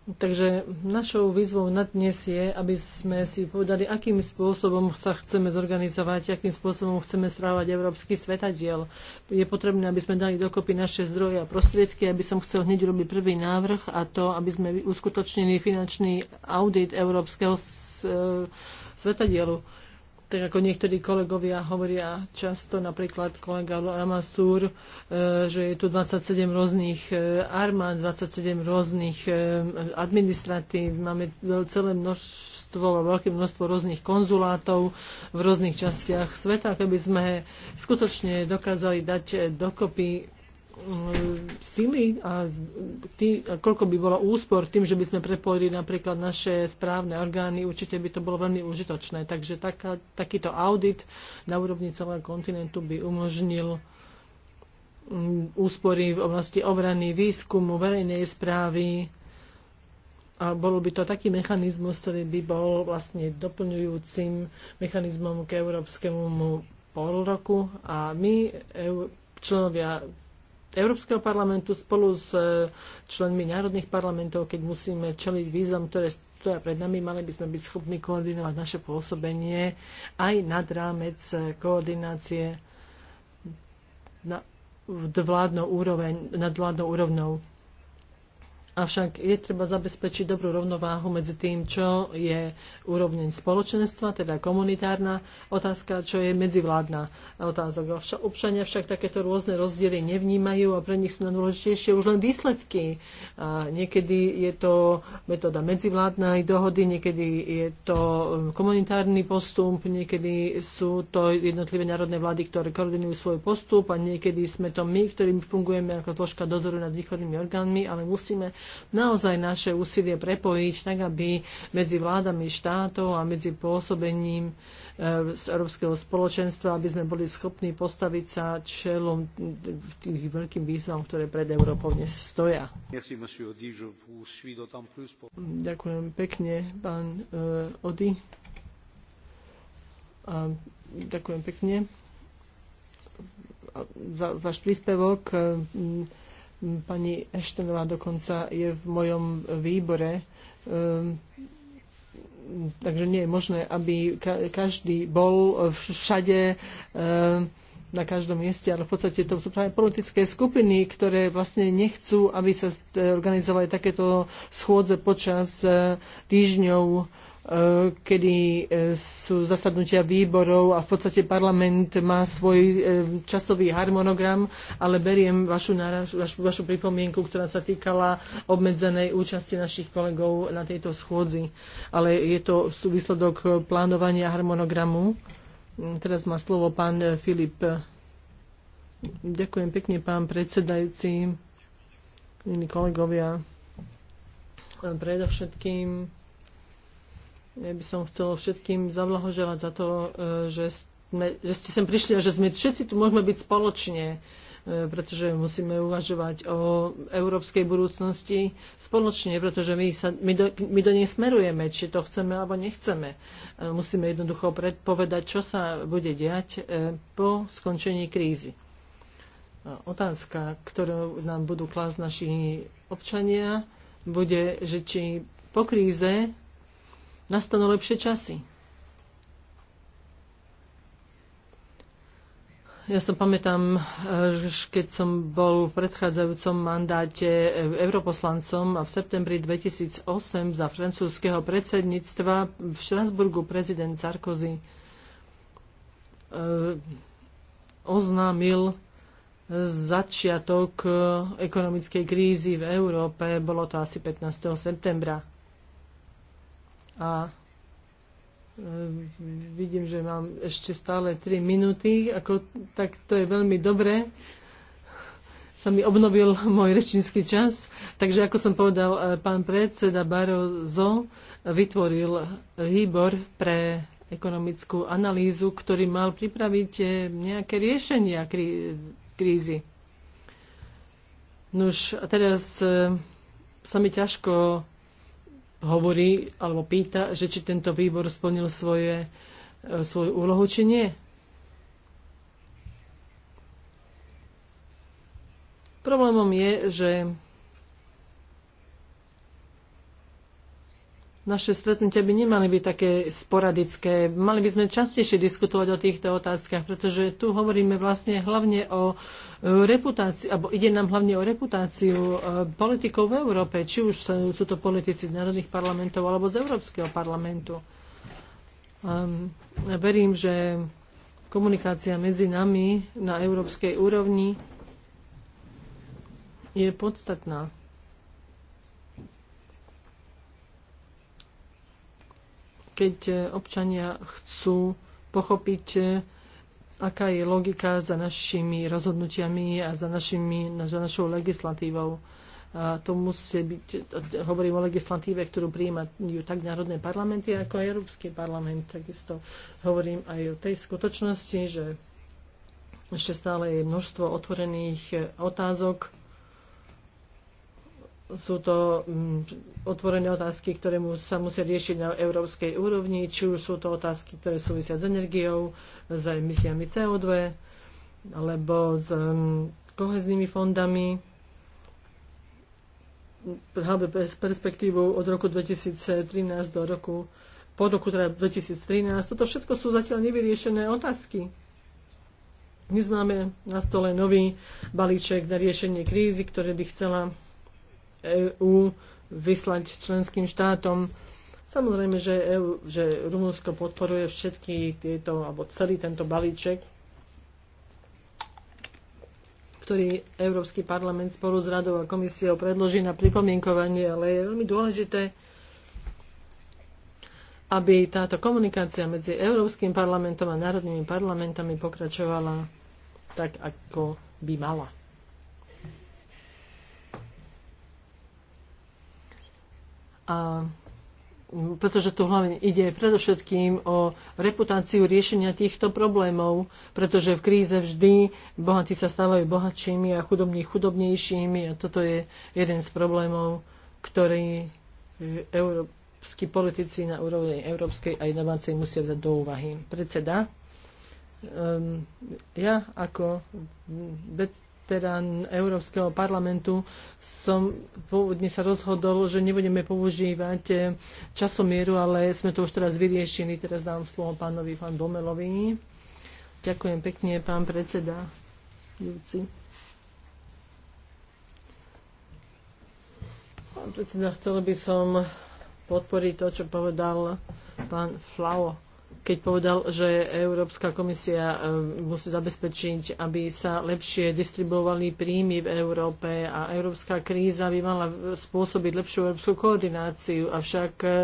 Takže našou výzvou na dnes je, aby sme si povedali, akým spôsobom sa chceme zorganizovať, akým spôsobom chceme správať európsky svetadiel. Je potrebné, aby sme dali dokopy naše zdroje a prostriedky, aby som chcel hneď urobiť prvý návrh a to, aby sme uskutočnili finančný audit európskeho e, svetadielu tak ako niektorí kolegovia hovoria často, napríklad kolega Ramasur, e, že je tu 27 rôznych e, armád, 27 rôznych e, administratív, máme celé množstvo a veľké množstvo rôznych konzulátov v rôznych častiach sveta, keby sme skutočne dokázali dať dokopy sily a tý, koľko by bolo úspor tým, že by sme prepojili napríklad naše správne orgány, určite by to bolo veľmi užitočné. Takže taká, takýto audit na úrovni celého kontinentu by umožnil mm, úspory v oblasti obrany, výskumu, verejnej správy. A bolo by to taký mechanizmus, ktorý by bol vlastne doplňujúcim mechanizmom k európskemu polroku. A my, členovia Európskeho parlamentu spolu s e, členmi národných parlamentov, keď musíme čeliť výzvam, ktoré stoja pred nami, mali by sme byť schopní koordinovať naše pôsobenie aj nad rámec e, koordinácie na vládnou úroveň, nad vládnou úrovnou. Avšak je treba zabezpečiť dobrú rovnováhu medzi tým, čo je úrovneň spoločenstva, teda komunitárna otázka, čo je medzivládna otázka. Občania však takéto rôzne rozdiely nevnímajú a pre nich sú najdôležitejšie už len výsledky. A niekedy je to metóda medzivládnej dohody, niekedy je to um, komunitárny postup, niekedy sú to jednotlivé národné vlády, ktoré koordinujú svoj postup a niekedy sme to my, ktorým fungujeme ako zložka dozoru nad východnými orgánmi, ale musíme naozaj naše úsilie prepojiť, tak aby medzi vládami štátov a medzi pôsobením e, z Európskeho spoločenstva, aby sme boli schopní postaviť sa čelom tých veľkým výzvam, ktoré pred Európou dnes stoja. Ďakujem pekne, pán Ody. E, a ďakujem pekne za váš príspevok. E, Mm, pani Eštenová dokonca je v mojom výbore, ehm, takže nie je možné, aby každý bol všade ehm, na každom mieste, ale v podstate to sú práve politické skupiny, ktoré vlastne nechcú, aby sa organizovali takéto schôdze počas e, týždňov E, kedy e, sú zasadnutia výborov a v podstate parlament má svoj e, časový harmonogram, ale beriem vašu, naraž, vašu, vašu pripomienku, ktorá sa týkala obmedzenej účasti našich kolegov na tejto schôdzi. Ale je to výsledok plánovania harmonogramu. Teraz má slovo pán Filip. Ďakujem pekne, pán predsedajúci, kolegovia. Predovšetkým ja by som chcel všetkým zablahoželať za to, e, že, sme, že ste sem prišli a že sme všetci tu môžeme byť spoločne, e, pretože musíme uvažovať o európskej budúcnosti spoločne, pretože my, sa, my, do, my do nej smerujeme, či to chceme alebo nechceme. E, musíme jednoducho predpovedať, čo sa bude diať po skončení krízy. Otázka, ktorú nám budú klásť naši občania, bude, že či po kríze nastanú lepšie časy. Ja sa pamätám, e, keď som bol v predchádzajúcom mandáte e, europoslancom a v septembri 2008 za francúzského predsedníctva v Štrasburgu prezident Sarkozy e, oznámil začiatok ekonomickej krízy v Európe. Bolo to asi 15. septembra a e, vidím, že mám ešte stále 3 minúty, ako, tak to je veľmi dobré. Sa mi obnovil môj rečnícky čas. Takže ako som povedal, e, pán predseda Barozo vytvoril výbor pre ekonomickú analýzu, ktorý mal pripraviť e, nejaké riešenia krí- krízy. Nož, a teraz sa mi ťažko hovorí alebo pýta, že či tento výbor splnil svoje, e, svoju úlohu, či nie. Problémom je, že naše stretnutia by nemali byť také sporadické. Mali by sme častejšie diskutovať o týchto otázkach, pretože tu hovoríme vlastne hlavne o e, reputácii, alebo ide nám hlavne o reputáciu e, politikov v Európe, či už sú to politici z národných parlamentov alebo z Európskeho parlamentu. Um, verím, že komunikácia medzi nami na európskej úrovni je podstatná. keď e, občania chcú pochopiť, e, aká je logika za našimi rozhodnutiami a za, našimi, za našou legislatívou. A to musí byť, hovorím o legislatíve, ktorú prijímajú tak národné parlamenty, ako aj Európsky parlament. Takisto hovorím aj o tej skutočnosti, že ešte stále je množstvo otvorených e, otázok, sú to mm, otvorené otázky, ktoré sa musia riešiť na európskej úrovni, či už sú to otázky, ktoré súvisia s energiou, s emisiami CO2, alebo s mm, koheznými fondami, z perspektívu od roku 2013 do roku, po roku teda 2013. Toto všetko sú zatiaľ nevyriešené otázky. Dnes máme na stole nový balíček na riešenie krízy, ktoré by chcela EÚ vyslať členským štátom. Samozrejme, že, EU, že Rumunsko podporuje všetky tieto, alebo celý tento balíček, ktorý Európsky parlament spolu s Radou a komisiou predloží na pripomienkovanie, ale je veľmi dôležité, aby táto komunikácia medzi Európskym parlamentom a národnými parlamentami pokračovala tak, ako by mala. a pretože tu hlavne ide predovšetkým o reputáciu riešenia týchto problémov, pretože v kríze vždy bohatí sa stávajú bohatšími a chudobní chudobnejšími a toto je jeden z problémov, ktorý európsky politici na úrovni európskej aj domácej musia vzať do úvahy. Predseda, um, ja ako teda Európskeho parlamentu som pôvodne sa rozhodol, že nebudeme používať eh, časomieru, ale sme to už teraz vyriešili. Teraz dám slovo pánovi pán Domelovi. Ďakujem pekne, pán predseda. Júci. Pán predseda, chcel by som podporiť to, čo povedal pán Flao keď povedal, že Európska komisia e, musí zabezpečiť, aby sa lepšie distribuovali príjmy v Európe a európska kríza by mala spôsobiť lepšiu európsku koordináciu. Avšak e, e,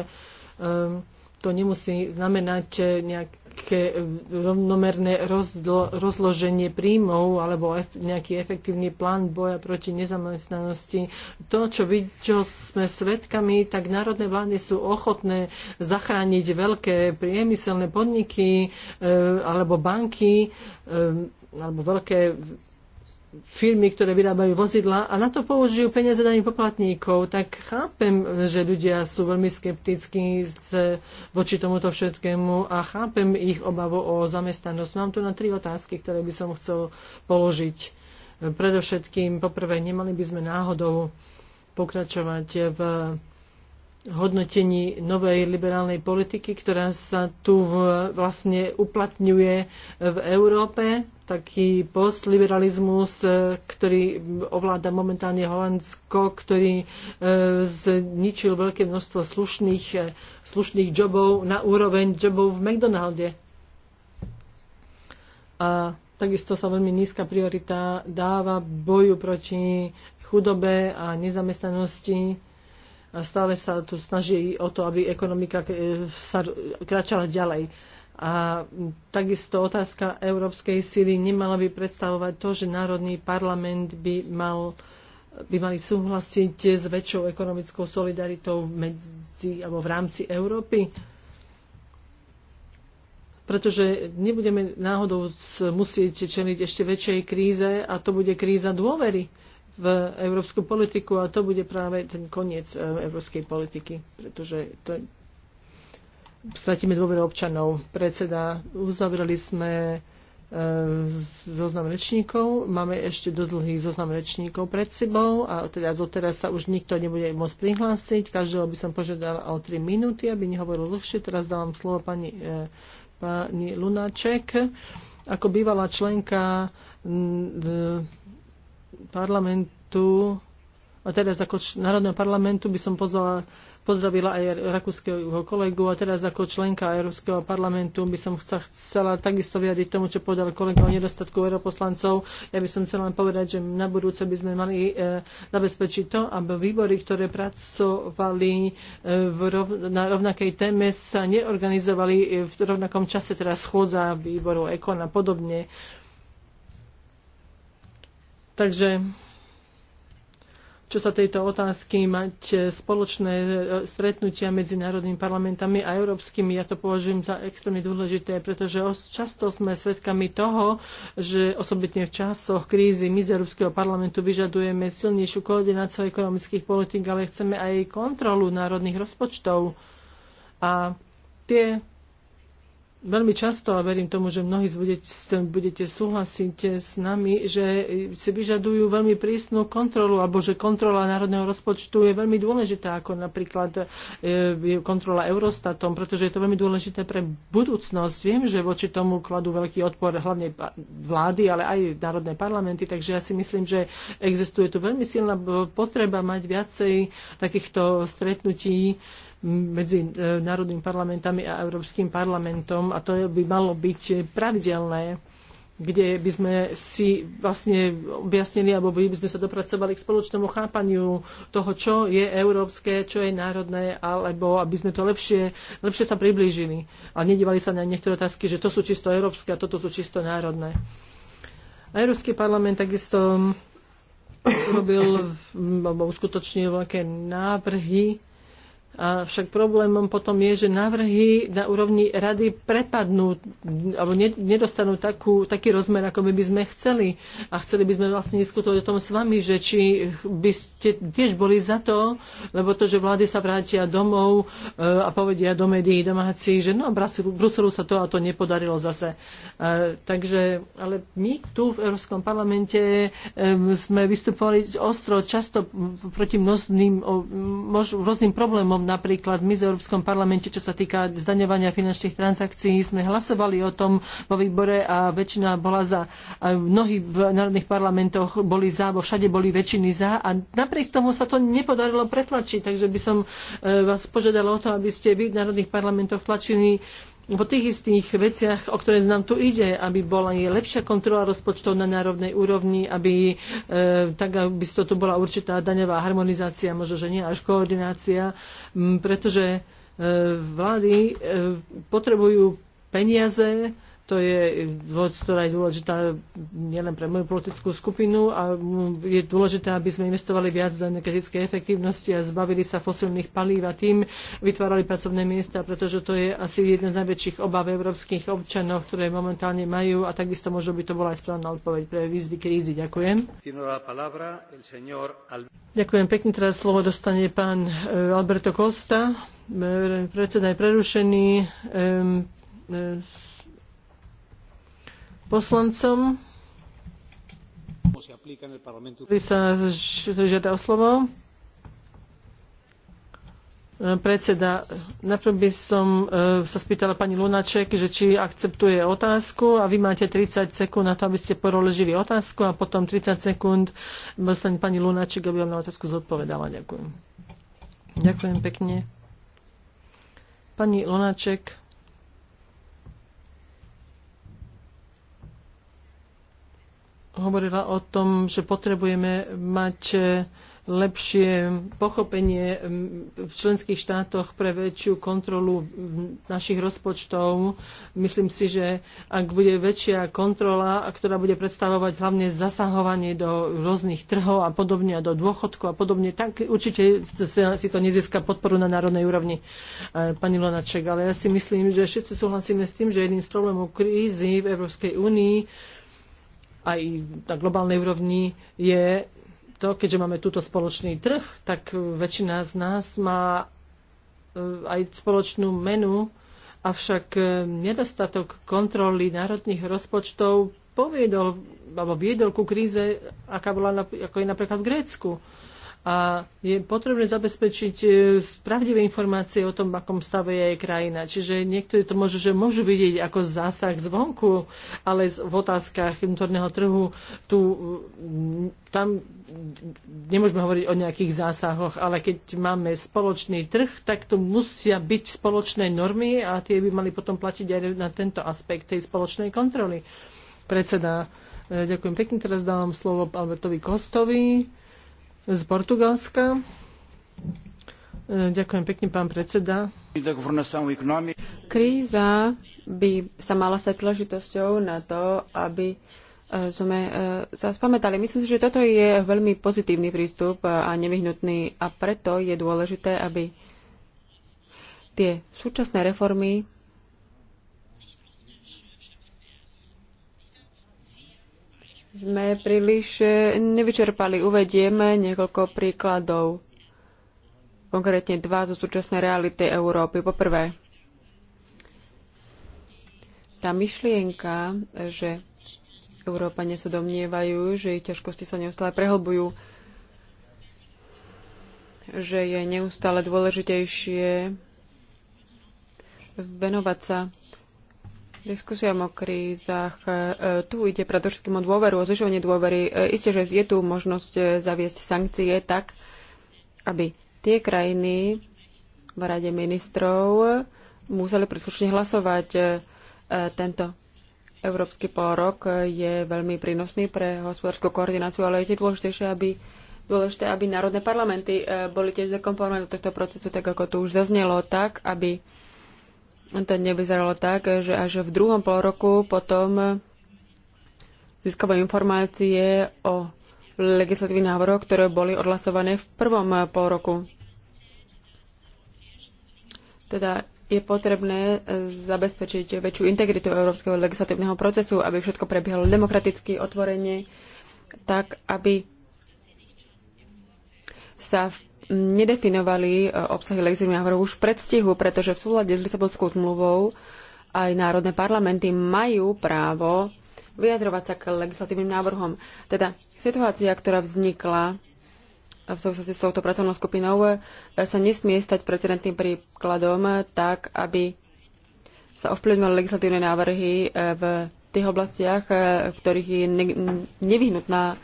to nemusí znamenať nejak rovnaké, eh, rovnomerné rozlo, rozloženie príjmov alebo ef, nejaký efektívny plán boja proti nezamestnanosti. To, čo, vy, čo sme svedkami, tak národné vlády sú ochotné zachrániť veľké priemyselné podniky e, alebo banky e, alebo veľké firmy, ktoré vyrábajú vozidla a na to použijú peniaze daných poplatníkov, tak chápem, že ľudia sú veľmi skeptickí voči tomuto všetkému a chápem ich obavu o zamestnanosť. Mám tu na tri otázky, ktoré by som chcel položiť. Predovšetkým, poprvé, nemali by sme náhodou pokračovať v hodnotení novej liberálnej politiky, ktorá sa tu vlastne uplatňuje v Európe taký postliberalizmus, e, ktorý ovláda momentálne Holandsko, ktorý e, zničil veľké množstvo slušných, e, slušných jobov na úroveň jobov v McDonalde. A takisto sa veľmi nízka priorita dáva boju proti chudobe a nezamestnanosti. A stále sa tu snaží o to, aby ekonomika sa kračala ďalej a takisto otázka európskej síly nemala by predstavovať to, že Národný parlament by mal by mali súhlasiť s väčšou ekonomickou solidaritou medzi, alebo v rámci Európy pretože nebudeme náhodou musieť čeliť ešte väčšej kríze a to bude kríza dôvery v európsku politiku a to bude práve ten koniec e, európskej politiky, pretože to, stratíme dôveru občanov. Predseda, uzavreli sme e, zoznam rečníkov. Máme ešte dosť dlhý zoznam rečníkov pred sebou a teda zoteraz sa už nikto nebude môcť prihlásiť. Každého by som požiadal o 3 minúty, aby nehovoril dlhšie. Teraz dávam slovo pani, e, pani Lunáček. Ako bývalá členka parlamentu a teraz ako Národného parlamentu by som pozvala pozdravila aj rakúskeho kolegu a teraz ako členka Európskeho parlamentu by som sa chcela takisto vyjadriť tomu, čo povedal kolega o nedostatku europoslancov. Ja by som chcela len povedať, že na budúce by sme mali e, zabezpečiť to, aby výbory, ktoré pracovali e, v rov, na rovnakej téme, sa neorganizovali e, v rovnakom čase, teda schôdza výboru ekon a podobne. Takže čo sa tejto otázky mať e, spoločné e, stretnutia medzi národnými parlamentami a európskymi. Ja to považujem za extrémne dôležité, pretože často sme svedkami toho, že osobitne v časoch krízy my z Európskeho parlamentu vyžadujeme silnejšiu koordináciu ekonomických politik, ale chceme aj kontrolu národných rozpočtov. A tie veľmi často, a verím tomu, že mnohí budete, budete súhlasiť s nami, že si vyžadujú veľmi prísnu kontrolu, alebo že kontrola národného rozpočtu je veľmi dôležitá, ako napríklad e, kontrola Eurostatom, pretože je to veľmi dôležité pre budúcnosť. Viem, že voči tomu kladú veľký odpor hlavne vlády, ale aj národné parlamenty, takže ja si myslím, že existuje tu veľmi silná potreba mať viacej takýchto stretnutí medzi e, národnými parlamentami a Európskym parlamentom a to by malo byť pravidelné kde by sme si vlastne objasnili, alebo by sme sa dopracovali k spoločnému chápaniu toho, čo je európske, čo je národné, alebo aby sme to lepšie, lepšie sa priblížili. A nedívali sa na niektoré otázky, že to sú čisto európske a toto sú čisto národné. A Európsky parlament takisto robil, alebo uskutočnil veľké návrhy Avšak problémom potom je, že návrhy na úrovni rady prepadnú alebo nedostanú takú, taký rozmer, ako my by sme chceli. A chceli by sme vlastne diskutovať o tom s vami, že či by ste tiež boli za to, lebo to, že vlády sa vrátia domov e, a povedia do médií domáci, že no Bruselu sa to a to nepodarilo zase. E, takže, ale my tu v Európskom parlamente e, sme vystupovali ostro, často proti mnozným, rôznym problémom napríklad my v Európskom parlamente, čo sa týka zdaňovania finančných transakcií, sme hlasovali o tom vo výbore a väčšina bola za. A mnohí v národných parlamentoch boli za, bo všade boli väčšiny za a napriek tomu sa to nepodarilo pretlačiť. Takže by som e, vás požiadala o to, aby ste vy v národných parlamentoch tlačili po tých istých veciach, o ktoré nám tu ide, aby bola je lepšia kontrola rozpočtov na národnej úrovni, aby e, tak, aby to tu bola určitá daňová harmonizácia, možno, že nie až koordinácia, m, pretože e, vlády e, potrebujú peniaze, to je vec, ktorá je dôležitá nielen pre moju politickú skupinu a je dôležité, aby sme investovali viac do energetickej efektívnosti a zbavili sa fosilných palív a tým vytvárali pracovné miesta, pretože to je asi jedna z najväčších obav európskych občanov, ktoré momentálne majú a takisto možno by to bola aj správna odpoveď pre výzvy krízy. Ďakujem. Ďakujem pekne. Teraz slovo dostane pán eh, Alberto Costa. Eh, predseda je prerušený eh, poslancom, ktorý sa žiada o slovo. E, predseda, najprv by som e, sa spýtala pani Lunaček, že či akceptuje otázku a vy máte 30 sekúnd na to, aby ste poroležili otázku a potom 30 sekúnd dostane pani Lunaček, aby vám na otázku zodpovedala. Ďakujem. Ďakujem pekne. Pani Lunaček. hovorila o tom, že potrebujeme mať e, lepšie pochopenie v členských štátoch pre väčšiu kontrolu našich rozpočtov. Myslím si, že ak bude väčšia kontrola, ktorá bude predstavovať hlavne zasahovanie do rôznych trhov a podobne, a do dôchodku a podobne, tak určite si to nezíska podporu na národnej úrovni, e, pani Lonaček. Ale ja si myslím, že všetci súhlasíme s tým, že jedným z problémov krízy v Európskej únii aj na globálnej úrovni je to, keďže máme túto spoločný trh, tak väčšina z nás má e, aj spoločnú menu, avšak e, nedostatok kontroly národných rozpočtov poviedol, alebo viedol ku kríze, aká bola, ako je napríklad v Grécku a je potrebné zabezpečiť spravdivé e, informácie o tom, v akom stave je krajina. Čiže niektorí to môžu, že môžu vidieť ako zásah zvonku, ale v otázkach vnútorného trhu tu, mm, tam nemôžeme hovoriť o nejakých zásahoch, ale keď máme spoločný trh, tak tu musia byť spoločné normy a tie by mali potom platiť aj na tento aspekt tej spoločnej kontroly. Predseda, e, ďakujem pekne, teraz dávam slovo Albertovi Kostovi z Portugalska. E, ďakujem pekne, pán predseda. Kríza by sa mala stať príležitosťou na to, aby e, sme e, sa spamätali. Myslím si, že toto je veľmi pozitívny prístup a nevyhnutný a preto je dôležité, aby tie súčasné reformy sme príliš e, nevyčerpali. Uvedieme niekoľko príkladov, konkrétne dva zo súčasnej reality Európy. Poprvé, tá myšlienka, že Európania sa domnievajú, že ich ťažkosti sa neustále prehlbujú, že je neustále dôležitejšie venovať sa diskusiám o krízach. E, tu ide predovšetkým o dôveru, o zvyšovanie dôvery. E, Isté, že je tu možnosť e, zaviesť sankcie tak, aby tie krajiny v Rade ministrov museli príslušne hlasovať. Tento európsky polrok je veľmi prínosný pre hospodárskú koordináciu, ale je tiež dôležitejšie, aby dôležité, aby národné parlamenty boli tiež zakomponované do tohto procesu, tak ako to už zaznelo, tak, aby to nevyzeralo tak, že až v druhom roku potom získava informácie o legislatívnych návrhoch, ktoré boli odhlasované v prvom roku. Teda je potrebné zabezpečiť väčšiu integritu európskeho legislatívneho procesu, aby všetko prebiehalo demokraticky, otvorene, tak aby sa v nedefinovali e, obsahy legislatívnych návrhov už v predstihu, pretože v súlade s Lisabonskou zmluvou aj národné parlamenty majú právo vyjadrovať sa k legislatívnym návrhom. Teda situácia, ktorá vznikla v súvislosti s touto pracovnou skupinou, e, sa nesmie stať precedentným príkladom tak, aby sa ovplyvňovali legislatívne návrhy e, v tých oblastiach, v ktorých je nevyhnutná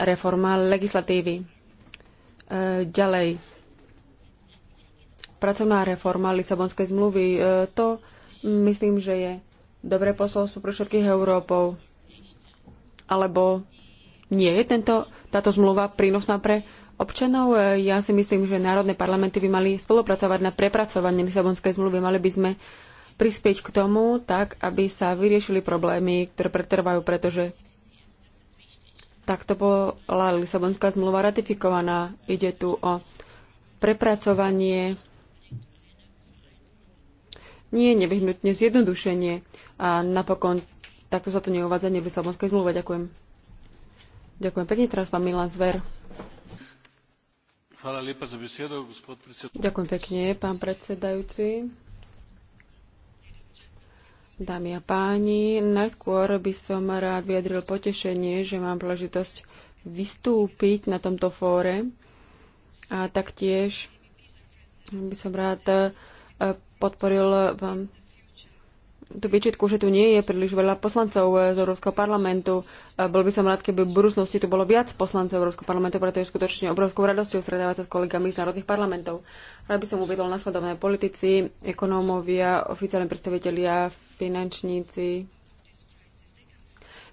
reforma legislatívy. E, ďalej, pracovná reforma Lisabonskej zmluvy, e, to myslím, že je dobré posolstvo pre všetkých Európov. Alebo nie je tento, táto zmluva prínosná pre občanov? E, ja si myslím, že národné parlamenty by mali spolupracovať na prepracovanie Lisabonskej zmluvy. Mali by sme prispieť k tomu, tak aby sa vyriešili problémy, ktoré pretrvajú, pretože Takto bola Lisabonská zmluva ratifikovaná. Ide tu o prepracovanie, nie nevyhnutne zjednodušenie a napokon takto sa to neuvádza v Lisabonskej zmluve. Ďakujem. Ďakujem pekne. Teraz pán Milan Zver. Ďakujem pekne, pán predsedajúci. Dámy a páni, najskôr by som rád vyjadril potešenie, že mám príležitosť vystúpiť na tomto fóre a taktiež by som rád eh, podporil vám eh, tú výčitku, že tu nie je príliš veľa poslancov eh, z Európskeho parlamentu. Eh, bol by som rád, keby v budúcnosti tu bolo viac poslancov Európskeho parlamentu, preto je skutočne obrovskou radosťou stretávať sa s kolegami z národných parlamentov. Rád by som uvedol nasledovné politici, ekonómovia, oficiálni predstavitelia, finančníci.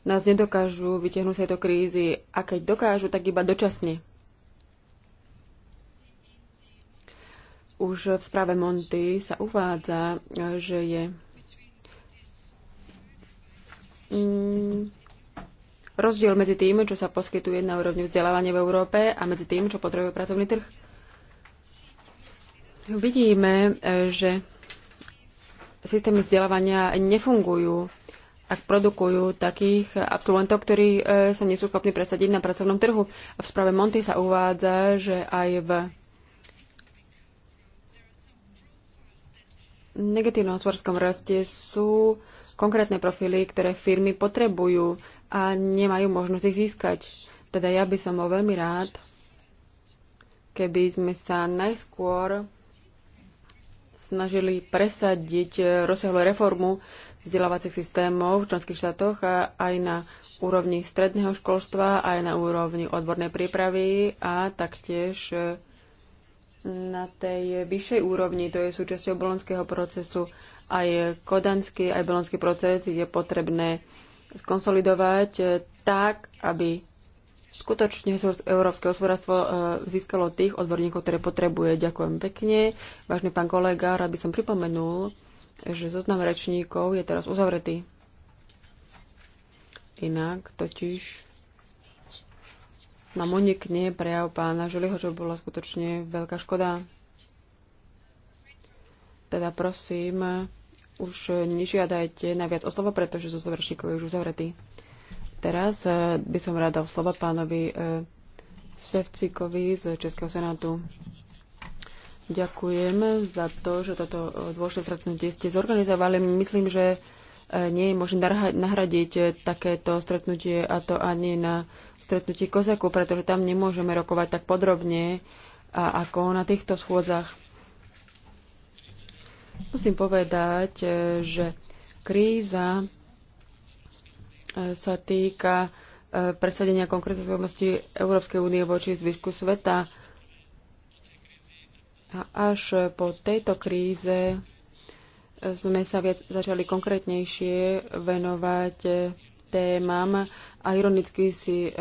Nás nedokážu vytiahnuť z tejto krízy a keď dokážu, tak iba dočasne. Už v správe Monty sa uvádza, eh, že je Mm, rozdiel medzi tým, čo sa poskytuje na úrovni vzdelávania v Európe a medzi tým, čo potrebuje pracovný trh. Vidíme, e, že systémy vzdelávania nefungujú, ak produkujú takých absolventov, ktorí e, sa nie sú schopní presadiť na pracovnom trhu. A v správe Monty sa uvádza, že aj v negatívnom hospodárskom raste sú konkrétne profily, ktoré firmy potrebujú a nemajú možnosť ich získať. Teda ja by som bol veľmi rád, keby sme sa najskôr snažili presadiť rozsiahlu reformu vzdelávacích systémov v členských štátoch a aj na úrovni stredného školstva, aj na úrovni odbornej prípravy a taktiež e, na tej vyššej úrovni, to je súčasťou bolonského procesu aj kodanský, aj bolonský proces je potrebné skonsolidovať tak, aby skutočne európske hospodárstvo e, získalo tých odborníkov, ktoré potrebuje. Ďakujem pekne. Vážny pán kolega, rád by som pripomenul, že zoznam rečníkov je teraz uzavretý. Inak totiž nám unikne prejav pána Žiliho, čo bola skutočne veľká škoda. Teda prosím, už nežiadajte naviac o slovo, pretože zo záverečníkov je už uzavretý. Teraz eh, by som rada o slovo pánovi Sevcikovi eh, z Českého senátu. Ďakujem za to, že toto eh, dôležité stretnutie ste zorganizovali. Myslím, že nie je možné nahradiť takéto stretnutie a to ani na stretnutí kozaku, pretože tam nemôžeme rokovať tak podrobne a ako na týchto schôdzach. Musím povedať, e, že kríza e, sa týka e, presadenia konkrétnej schopnosti Európskej únie voči zvyšku sveta. A až po tejto kríze sme sa viac začali konkrétnejšie venovať témam a ironicky si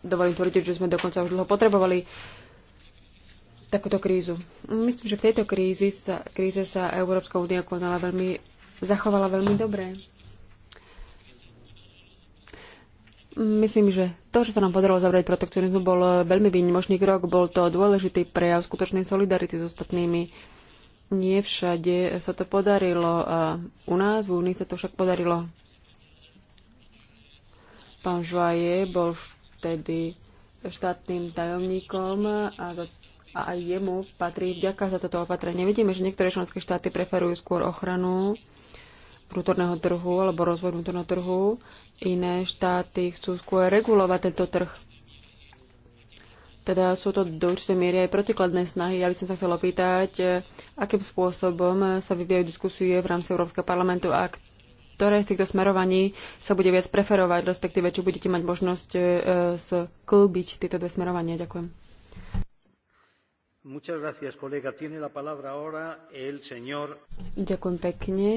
dovolím tvrdiť, že sme dokonca už dlho potrebovali takúto krízu. Myslím, že v tejto krízi sa, kríze sa Európska únia konala veľmi, zachovala veľmi dobre. Myslím, že to, že sa nám podarilo zavrať protekcionizmu, bol veľmi výnimočný krok. Bol to dôležitý prejav skutočnej solidarity s ostatnými. Nie všade sa to podarilo. U nás v Únii sa to však podarilo. Pán Joaie bol vtedy štátnym tajomníkom a a aj jemu patrí vďaka za toto opatrenie. Vidíme, že niektoré členské štáty preferujú skôr ochranu vnútorného trhu alebo rozvoj vnútorného trhu. Iné štáty chcú skôr regulovať tento trh. Teda sú to do určitej miery aj protikladné snahy. Ja by som sa chcela opýtať, e, akým spôsobom sa vyvíjajú diskusie v rámci Európskeho parlamentu a ktoré z týchto smerovaní sa bude viac preferovať, respektíve či budete mať možnosť e, e, sklbiť tieto dve smerovania. Ďakujem. Ďakujem pekne.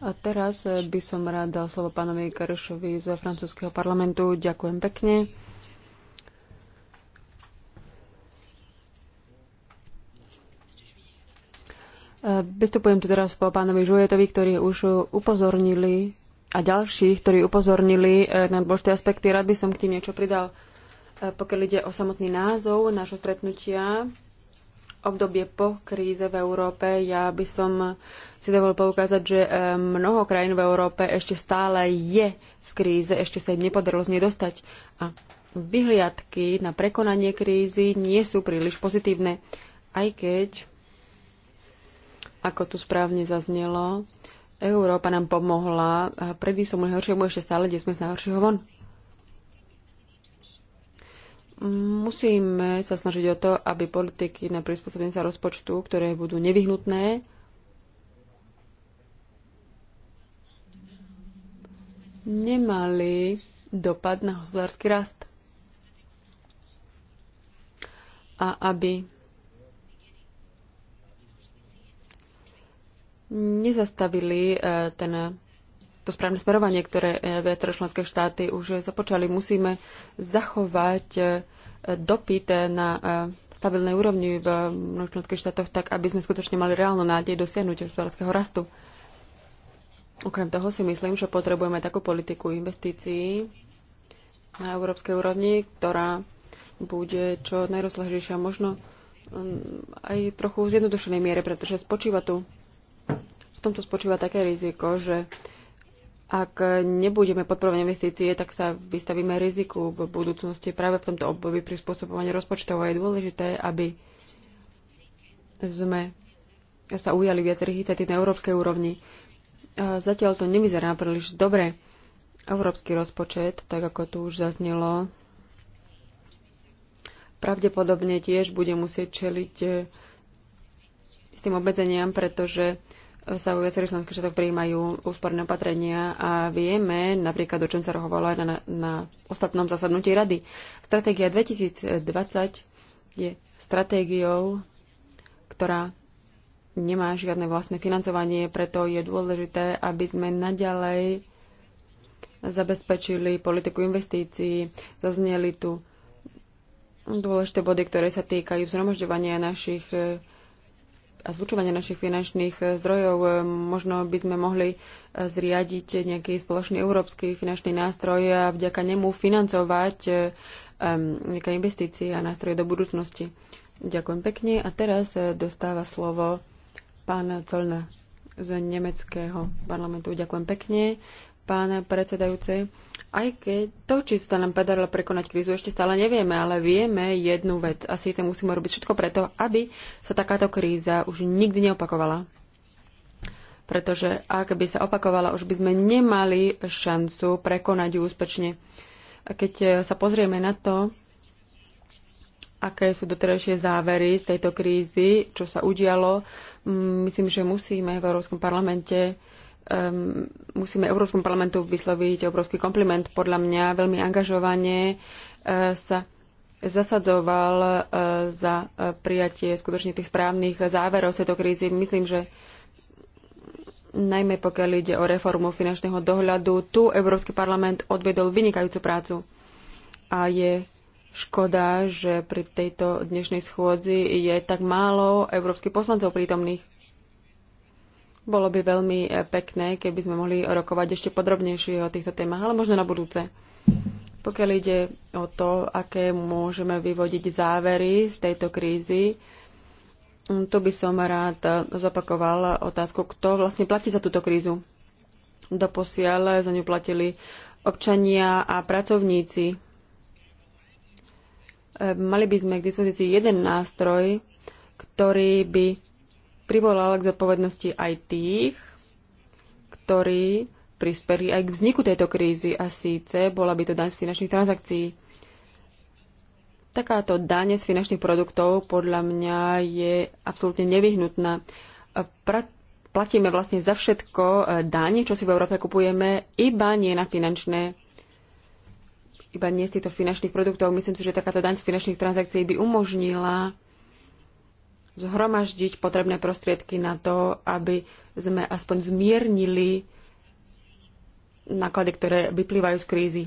A teraz eh, by som rád dal slovo pánovi Karešovi z francúzského parlamentu. Ďakujem pekne. Eh, vystupujem tu teraz po pánovi Žujetovi, ktorí už upozornili a ďalších, ktorí upozornili eh, na dôležité aspekty. Rád by som k tým niečo pridal. E, pokiaľ ide o samotný názov nášho stretnutia, obdobie po kríze v Európe, ja by som si dovolil poukázať, že e, mnoho krajín v Európe ešte stále je v kríze, ešte sa im nepodarilo z nej dostať. A vyhliadky na prekonanie krízy nie sú príliš pozitívne, aj keď, ako tu správne zaznelo, Európa nám pomohla som najhoršiemu ešte stále, kde sme z najhoršieho von. Musíme sa snažiť o to, aby politiky na prispôsobenie sa rozpočtu, ktoré budú nevyhnutné, nemali dopad na hospodársky rast. A aby nezastavili eh, ten to správne smerovanie, ktoré e, viaceré členské štáty už započali. Musíme zachovať e, dopyt na e, stabilnej úrovni v mnohých členských štátoch tak, aby sme skutočne mali reálnu nádej dosiahnuť hospodárskeho rastu. Okrem toho si myslím, že potrebujeme takú politiku investícií na európskej úrovni, ktorá bude čo najrozložnejšia, možno mm, aj trochu v zjednodušenej miere, pretože spočíva tu, v tomto spočíva také riziko, že ak nebudeme podporovať investície, tak sa vystavíme riziku v budúcnosti práve v tomto období prispôsobovania rozpočtov. A je dôležité, aby sme sa ujali viacerých iniciatív na európskej úrovni. Zatiaľ to nevyzerá príliš dobre. Európsky rozpočet, tak ako tu už zaznelo, pravdepodobne tiež bude musieť čeliť eh, s tým obmedzeniam, pretože sa vo viacerých členských štátoch prijímajú úsporné opatrenia a vieme napríklad, o čom sa rohovalo aj na, na ostatnom zasadnutí rady. Stratégia 2020 je stratégiou, ktorá nemá žiadne vlastné financovanie, preto je dôležité, aby sme naďalej zabezpečili politiku investícií. Zazneli tu dôležité body, ktoré sa týkajú zhromažďovania našich eh, a zlučovania našich finančných zdrojov. E, možno by sme mohli e, zriadiť nejaký spoločný európsky finančný nástroj a vďaka nemu financovať e, nejaké investície a nástroje do budúcnosti. Ďakujem pekne. A teraz dostáva slovo pán Colna z nemeckého parlamentu. Ďakujem pekne pána predsedajúcej. Aj keď to, či sa nám podarilo prekonať krízu, ešte stále nevieme, ale vieme jednu vec a síce musíme robiť všetko preto, aby sa takáto kríza už nikdy neopakovala. Pretože ak by sa opakovala, už by sme nemali šancu prekonať ju úspečne. A keď sa pozrieme na to, aké sú doterajšie závery z tejto krízy, čo sa udialo, mm, myslím, že musíme v Európskom parlamente um, musíme Európskom parlamentu vysloviť obrovský kompliment. Podľa mňa veľmi angažovane uh, sa zasadzoval uh, za uh, prijatie skutočne tých správnych záverov z tejto krízy. Myslím, že najmä pokiaľ ide o reformu finančného dohľadu, tu Európsky parlament odvedol vynikajúcu prácu. A je škoda, že pri tejto dnešnej schôdzi je tak málo európskych poslancov prítomných. Bolo by veľmi e, pekné, keby sme mohli rokovať ešte podrobnejšie o týchto témach, ale možno na budúce. Pokiaľ ide o to, aké môžeme vyvodiť závery z tejto krízy, mm, tu by som rád e, zopakoval otázku, kto vlastne platí za túto krízu. Doposiaľ za ňu platili občania a pracovníci. E, mali by sme k dispozícii jeden nástroj, ktorý by privolala k zodpovednosti aj tých, ktorí prispeli aj k vzniku tejto krízy a síce bola by to daň z finančných transakcií. Takáto daň z finančných produktov podľa mňa je absolútne nevyhnutná. Pra- platíme vlastne za všetko e, daň, čo si v Európe kupujeme, iba nie na finančné iba nie z týchto finančných produktov. Myslím si, že takáto daň z finančných transakcií by umožnila zhromaždiť potrebné prostriedky na to, aby sme aspoň zmiernili náklady, ktoré vyplývajú z krízy.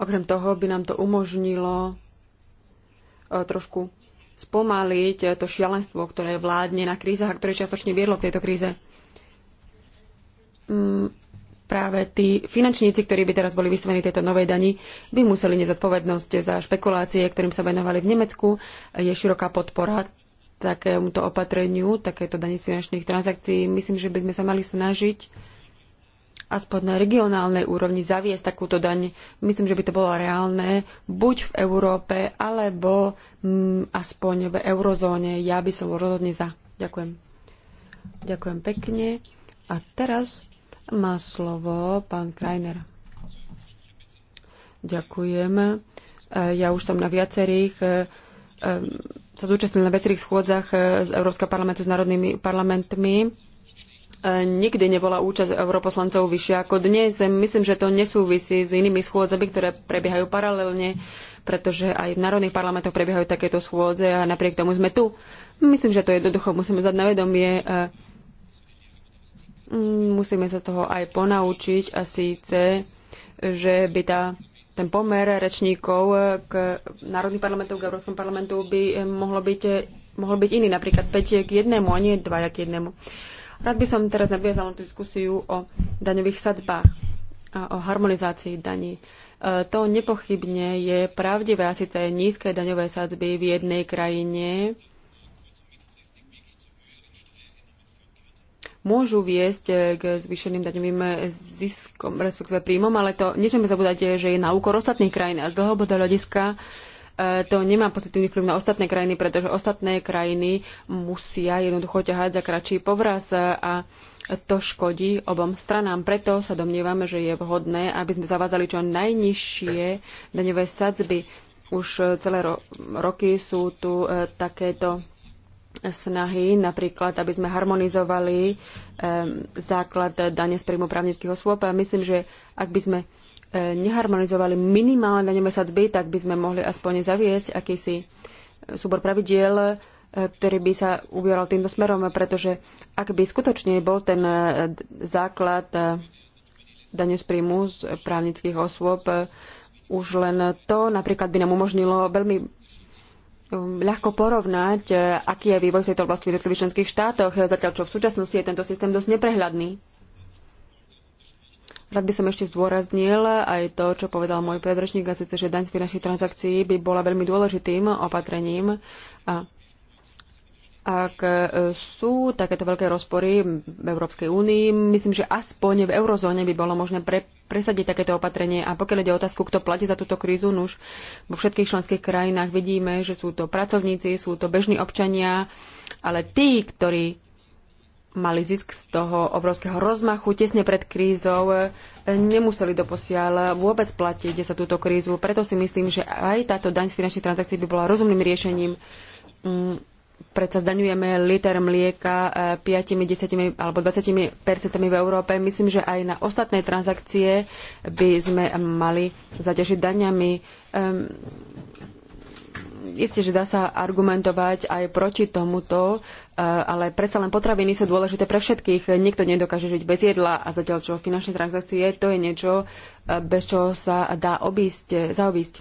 Okrem toho by nám to umožnilo e, trošku spomaliť to šialenstvo, ktoré vládne na krízach a ktoré čiastočne viedlo k tejto kríze mm, práve tí finančníci, ktorí by teraz boli vystavení tejto novej dani, by museli nezodpovednosť za špekulácie, ktorým sa venovali v Nemecku. Je široká podpora takémuto opatreniu, takéto dani z finančných transakcií. Myslím, že by sme sa mali snažiť aspoň na regionálnej úrovni zaviesť takúto daň. Myslím, že by to bolo reálne buď v Európe, alebo mm, aspoň v eurozóne. Ja by som rozhodne za. Ďakujem. Ďakujem pekne. A teraz má slovo pán Krajner. Ďakujem. E, ja už som na viacerých e, e, sa zúčastnil na viacerých schôdzach z Európskeho parlamentu s národnými parlamentmi. Nikdy nebola účasť europoslancov vyššia ako dnes. Myslím, že to nesúvisí s inými schôdzami, ktoré prebiehajú paralelne, pretože aj v národných parlamentoch prebiehajú takéto schôdze a napriek tomu sme tu. Myslím, že to jednoducho musíme zdať na vedomie musíme sa toho aj ponaučiť a síce, že by tá, ten pomer rečníkov k Národným parlamentu, k Európskom parlamentu by mohlo byť, mohol byť iný, napríklad 5 k jednému a nie 2 k jednému. Rád by som teraz nadviazal na tú diskusiu o daňových sadzbách a o harmonizácii daní. E, to nepochybne je pravdivé a síce nízke daňové sadzby v jednej krajine môžu viesť eh, k zvýšeným daňovým eh, ziskom, respektíve príjmom, ale to nesmieme zabúdať, eh, že je na úkor ostatných krajín a z dlhobodého hľadiska to nemá pozitívny vplyv na ostatné krajiny, pretože ostatné krajiny musia jednoducho ťahať za kratší povraz a to škodí obom stranám. Preto sa domnievame, že je vhodné, aby sme zavádzali čo najnižšie daňové sadzby. Už celé ro- roky sú tu takéto snahy, napríklad, aby sme harmonizovali základ dane z príjmu právnických osôb. A myslím, že ak by sme e, neharmonizovali minimálne daňové sadzby, tak by sme mohli aspoň zaviesť akýsi súbor pravidiel, e, ktorý by sa uvieral týmto smerom, pretože ak by skutočne bol ten e, základ dane z príjmu z právnických osôb, už len to napríklad by nám umožnilo veľmi Um, ľahko porovnať, e, aký je vývoj v tejto oblasti v jednotlivých členských štátoch, e, zatiaľ čo v súčasnosti je tento systém dosť neprehľadný. Rád by som ešte zdôraznil aj to, čo povedal môj predrečník, a sice, že daň z finančných transakcií by bola veľmi dôležitým opatrením a ak e, sú takéto veľké rozpory v Európskej únii, myslím, že aspoň v eurozóne by bolo možné pre, presadiť takéto opatrenie. A pokiaľ ide o otázku, kto platí za túto krízu, no už vo všetkých členských krajinách vidíme, že sú to pracovníci, sú to bežní občania, ale tí, ktorí mali zisk z toho obrovského rozmachu tesne pred krízou, e, nemuseli doposiaľ vôbec platiť za túto krízu. Preto si myslím, že aj táto daň z finančných transakcií by bola rozumným riešením mm, predsa zdaňujeme liter mlieka 5, eh, 10 alebo 20 percentami v Európe. Myslím, že aj na ostatné transakcie by sme mali zaťažiť daňami. Um, Isté, že dá sa argumentovať aj proti tomuto, eh, ale predsa len potraviny sú dôležité pre všetkých. Nikto nedokáže žiť bez jedla a zatiaľ čo finančné transakcie, to je niečo, eh, bez čoho sa dá obísť, zaobísť.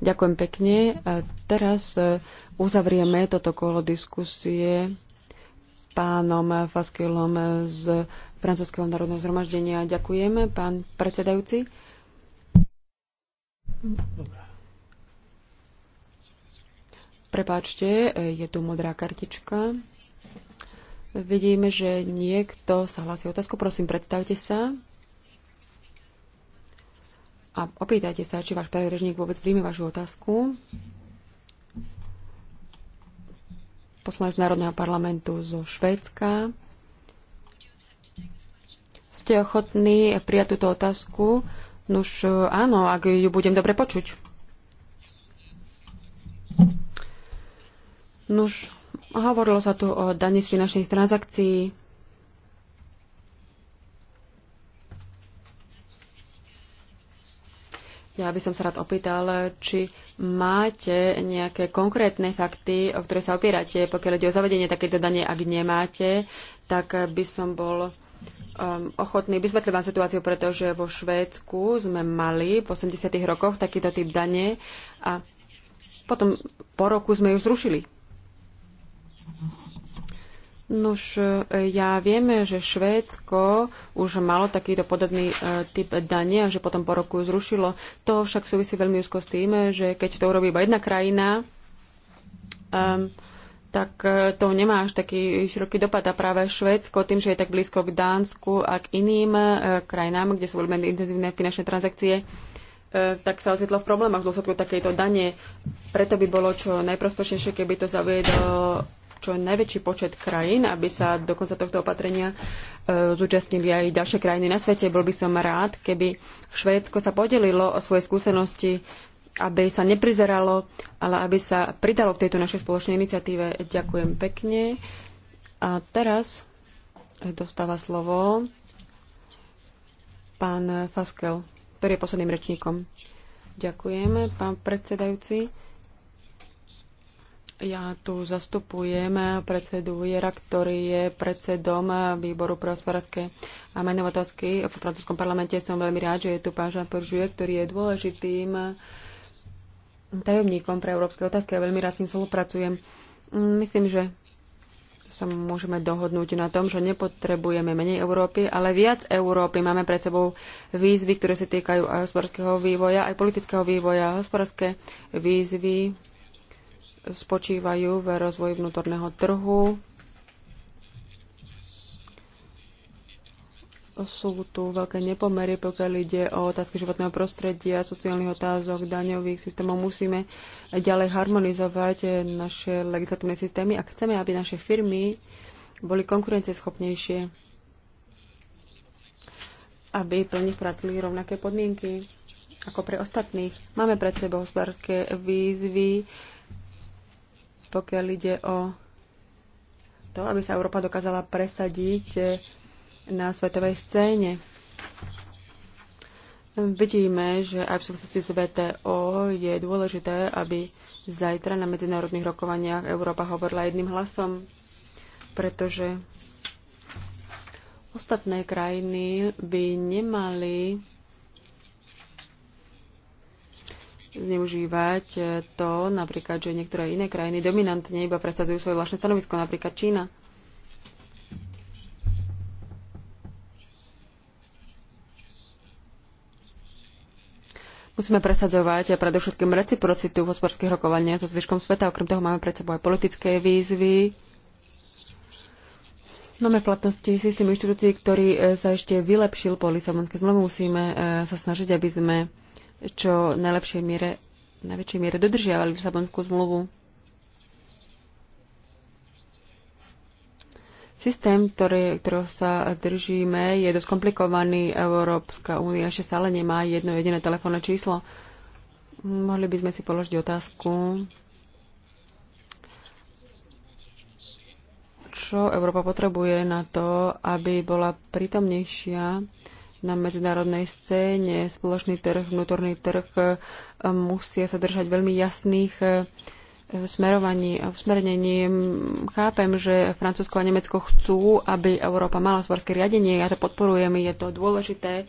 Ďakujem pekne. A teraz e, uzavrieme toto kolo diskusie pánom Faskilom z Francúzského národného zhromaždenia. Ďakujem, pán predsedajúci. Prepáčte, je tu modrá kartička. Vidíme, že niekto sa hlási otázku. Prosím, predstavte sa a opýtajte sa, či váš predrežník vôbec príjme vašu otázku. Poslanec Národného parlamentu zo Švédska. Ste ochotní prijať túto otázku? Nuž áno, ak ju budem dobre počuť. Nuž, hovorilo sa tu o daní z finančných transakcií. Ja by som sa rád opýtal, či máte nejaké konkrétne fakty, o ktoré sa opierate, pokiaľ ide o zavedenie takéto dane. Ak nemáte, tak by som bol um, ochotný vysvetliť vám situáciu, pretože vo Švédsku sme mali v 80. rokoch takýto typ dane a potom po roku sme ju zrušili. Nož, e, ja vieme, že Švédsko už malo takýto podobný e, typ dania, že potom po roku zrušilo. To však súvisí veľmi úzko s tým, že keď to urobí iba jedna krajina, e, tak to nemá až taký široký dopad. A práve Švédsko, tým, že je tak blízko k Dánsku a k iným e, krajinám, kde sú veľmi intenzívne finančné transakcie, e, tak sa ocitlo v problémach v dôsledku takejto dane. Preto by bolo čo najprospešnejšie, keby to zaviedlo čo najväčší počet krajín, aby sa do konca tohto opatrenia e, zúčastnili aj ďalšie krajiny na svete. Bol by som rád, keby Švédsko sa podelilo o svoje skúsenosti, aby sa neprizeralo, ale aby sa pridalo k tejto našej spoločnej iniciatíve. Ďakujem pekne. A teraz dostáva slovo pán Faskel, ktorý je posledným rečníkom. Ďakujem, pán predsedajúci. Ja tu zastupujem predsedu Jera, ktorý je predsedom výboru pre hospodárske a menové otázky v francúzskom parlamente. Som veľmi rád, že je tu pán Jean Peržuje, ktorý je dôležitým tajomníkom pre európske otázky a veľmi rád s ním spolupracujem. Myslím, že sa môžeme dohodnúť na tom, že nepotrebujeme menej Európy, ale viac Európy. Máme pred sebou výzvy, ktoré sa týkajú aj hospodárskeho vývoja, aj politického vývoja. Hospodárske výzvy spočívajú v rozvoji vnútorného trhu. Sú tu veľké nepomery, pokiaľ ide o otázky životného prostredia, sociálnych otázok, daňových systémov. Musíme ďalej harmonizovať naše legislatívne systémy a chceme, aby naše firmy boli konkurencieschopnejšie, aby pre nich pracili rovnaké podmienky ako pre ostatných. Máme pred sebou hospodárske výzvy, pokiaľ ide o to, aby sa Európa dokázala presadiť eh, na svetovej scéne. Vidíme, že aj v súvislosti s VTO je dôležité, aby zajtra na medzinárodných rokovaniach Európa hovorila jedným hlasom, pretože ostatné krajiny by nemali zneužívať e, to, napríklad, že niektoré iné krajiny dominantne iba presadzujú svoje vlastné stanovisko, napríklad Čína. Musíme presadzovať a predovšetkým reciprocitu v hospodárskych rokovaniach so zvyškom sveta. Okrem toho máme pred sebou aj politické výzvy. Máme v platnosti systém inštitúcií, ktorý e, sa ešte vylepšil po Lisabonskej zmluve. Musíme e, sa snažiť, aby sme čo najlepšej miere, najväčšej miere dodržiavali Lisabonskú zmluvu. Systém, ktorý, ktorého sa držíme, je dosť komplikovaný. Európska únia ešte stále nemá jedno jediné telefónne číslo. Mohli by sme si položiť otázku, čo Európa potrebuje na to, aby bola prítomnejšia na medzinárodnej scéne. Spoločný trh, vnútorný trh e, musia sa držať veľmi jasných e, smerovaní a e, usmernení. Chápem, že Francúzsko a Nemecko chcú, aby Európa mala svorské riadenie. Ja to podporujem, je to dôležité.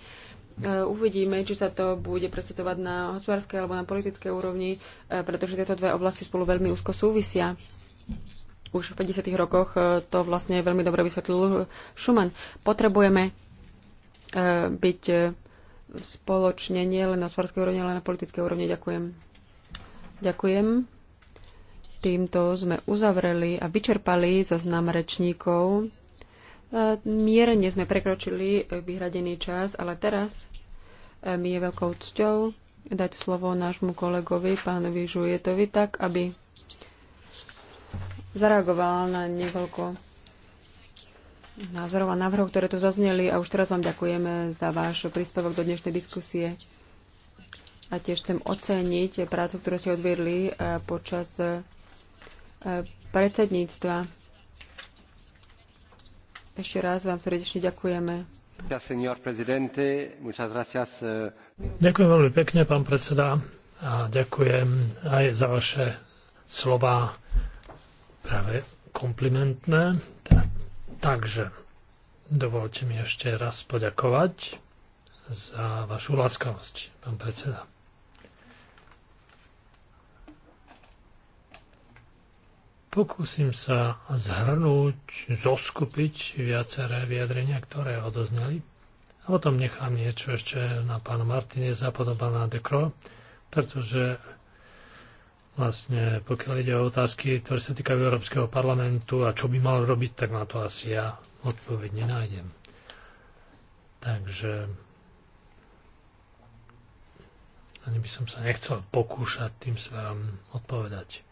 Uvidíme, či sa to bude presetovať na hospodárskej alebo na politickej úrovni, pretože tieto dve oblasti spolu veľmi úzko súvisia. Už v 50. rokoch to vlastne veľmi dobre vysvetlil Schumann. Potrebujeme E, byť e, spoločne, nie len na hospodárskej úrovni, ale na politickej úrovni. Ďakujem. Ďakujem. Týmto sme uzavreli a vyčerpali zoznam rečníkov. E, mierne sme prekročili vyhradený čas, ale teraz mi je veľkou cťou dať slovo nášmu kolegovi, pánovi Žujetovi, tak, aby zareagoval na niekoľko názorov a návrhov, ktoré tu zazneli a už teraz vám ďakujeme za váš príspevok do dnešnej diskusie. A tiež chcem oceniť prácu, ktorú ste odviedli eh, počas eh, predsedníctva. Ešte raz vám srdečne ďakujeme. Eh. Ďakujem veľmi pekne, pán predseda, a ďakujem aj za vaše slova práve komplimentné. Takže dovolte mi ešte raz poďakovať za vašu láskavosť, pán predseda. Pokúsim sa zhrnúť, zoskupiť viaceré vyjadrenia, ktoré odozneli. A potom nechám niečo ešte na pána Martine zapodobaná potom Dekro, pretože vlastne pokiaľ ide o otázky, ktoré sa týkajú Európskeho parlamentu a čo by mal robiť, tak na to asi ja odpoveď nenájdem. Takže ani by som sa nechcel pokúšať tým smerom odpovedať.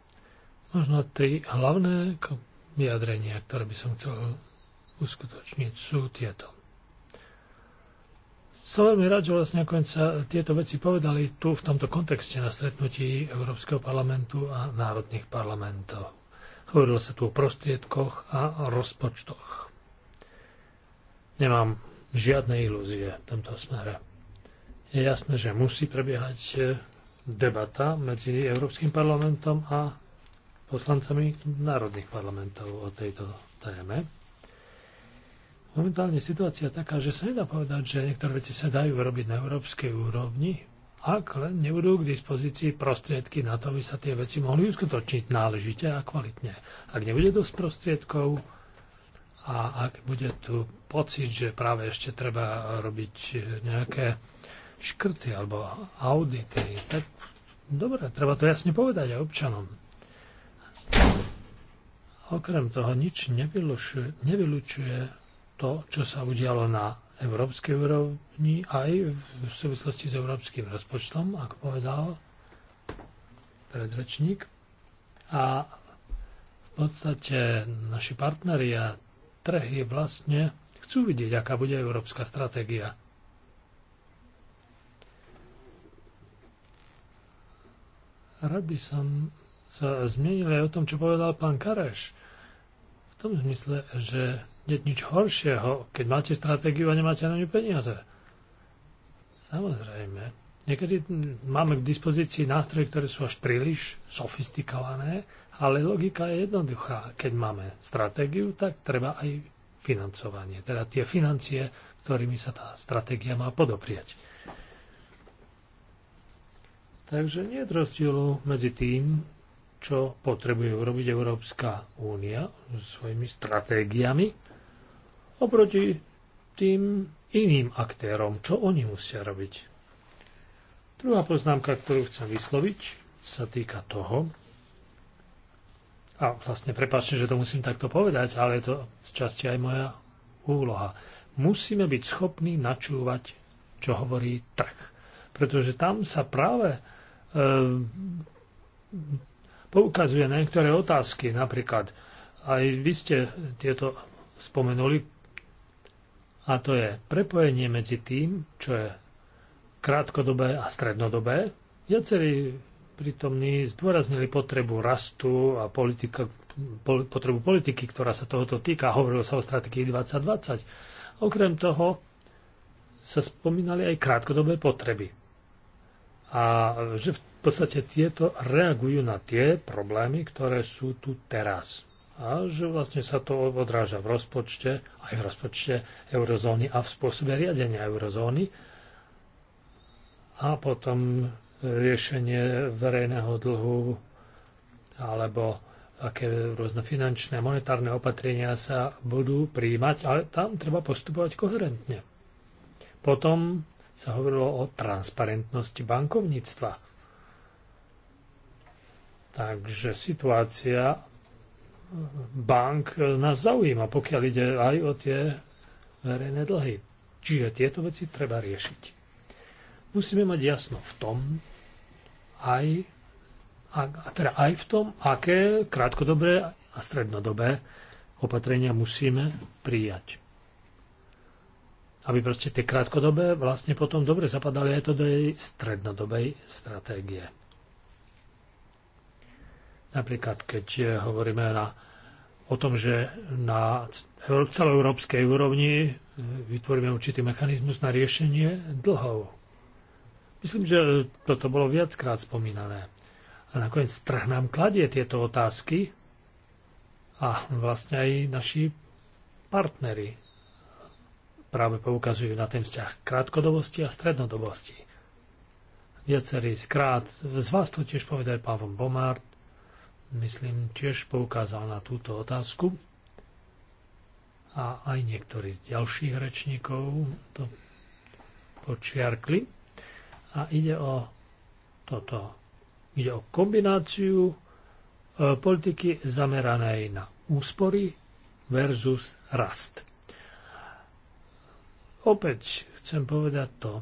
Možno tri hlavné vyjadrenia, ktoré by som chcel uskutočniť, sú tieto som veľmi rád, že vlastne nakoniec sa tieto veci povedali tu v tomto kontexte na stretnutí Európskeho parlamentu a národných parlamentov. Hovorilo sa tu o prostriedkoch a rozpočtoch. Nemám žiadne ilúzie v tomto smere. Je jasné, že musí prebiehať e, debata medzi Európskym parlamentom a poslancami národných parlamentov o tejto téme momentálne situácia taká, že sa nedá povedať, že niektoré veci sa dajú robiť na európskej úrovni, ak len nebudú k dispozícii prostriedky na to, aby sa tie veci mohli uskutočniť náležite a kvalitne. Ak nebude dosť prostriedkov a ak bude tu pocit, že práve ešte treba robiť nejaké škrty alebo audity, tak dobre, treba to jasne povedať aj občanom. Okrem toho nič nevylučuje, nevylučuje to, čo sa udialo na európskej úrovni aj v súvislosti s európskym rozpočtom, ako povedal predrečník. A v podstate naši partneri a trhy vlastne chcú vidieť, aká bude európska stratégia. Rád by som sa zmienil aj o tom, čo povedal pán Kareš. V tom zmysle, že nie nič horšieho, keď máte stratégiu a nemáte na ňu peniaze. Samozrejme. Niekedy máme k dispozícii nástroje, ktoré sú až príliš sofistikované, ale logika je jednoduchá. Keď máme stratégiu, tak treba aj financovanie, teda tie financie, ktorými sa tá stratégia má podoprieť. Takže nie je rozdielu medzi tým, čo potrebuje urobiť Európska únia so svojimi stratégiami oproti tým iným aktérom, čo oni musia robiť. Druhá poznámka, ktorú chcem vysloviť, sa týka toho, a vlastne prepáčte, že to musím takto povedať, ale je to z časti aj moja úloha. Musíme byť schopní načúvať, čo hovorí trh. Pretože tam sa práve e, poukazuje na niektoré otázky. Napríklad, aj vy ste tieto spomenuli, a to je prepojenie medzi tým, čo je krátkodobé a strednodobé. Viacerí prítomní zdôraznili potrebu rastu a politika, pol, potrebu politiky, ktorá sa tohoto týka. Hovorilo sa o strategii 2020. Okrem toho sa spomínali aj krátkodobé potreby. A že v podstate tieto reagujú na tie problémy, ktoré sú tu teraz a že vlastne sa to odráža v rozpočte, aj v rozpočte eurozóny a v spôsobe riadenia eurozóny a potom riešenie verejného dlhu alebo aké rôzne finančné a monetárne opatrenia sa budú príjmať, ale tam treba postupovať koherentne. Potom sa hovorilo o transparentnosti bankovníctva. Takže situácia bank e, nás zaujíma, pokiaľ ide aj o tie verejné dlhy. Čiže tieto veci treba riešiť. Musíme mať jasno v tom, aj, a, teda aj v tom, aké krátkodobé a strednodobé opatrenia musíme prijať. Aby proste tie krátkodobé vlastne potom dobre zapadali aj to do jej strednodobej stratégie. Napríklad, keď eh, hovoríme na, o tom, že na celoeurópskej úrovni eh, vytvoríme určitý mechanizmus na riešenie dlhov. Myslím, že toto bolo viackrát spomínané. A nakoniec trh nám kladie tieto otázky a vlastne aj naši partnery práve poukazujú na ten vzťah krátkodobosti a strednodobosti. Viacerý skrát z vás to tiež povedal pán von Bomart, myslím, tiež poukázal na túto otázku a aj niektorí z ďalších rečníkov to počiarkli. A ide o toto. Ide o kombináciu e, politiky zameranej na úspory versus rast. Opäť chcem povedať to,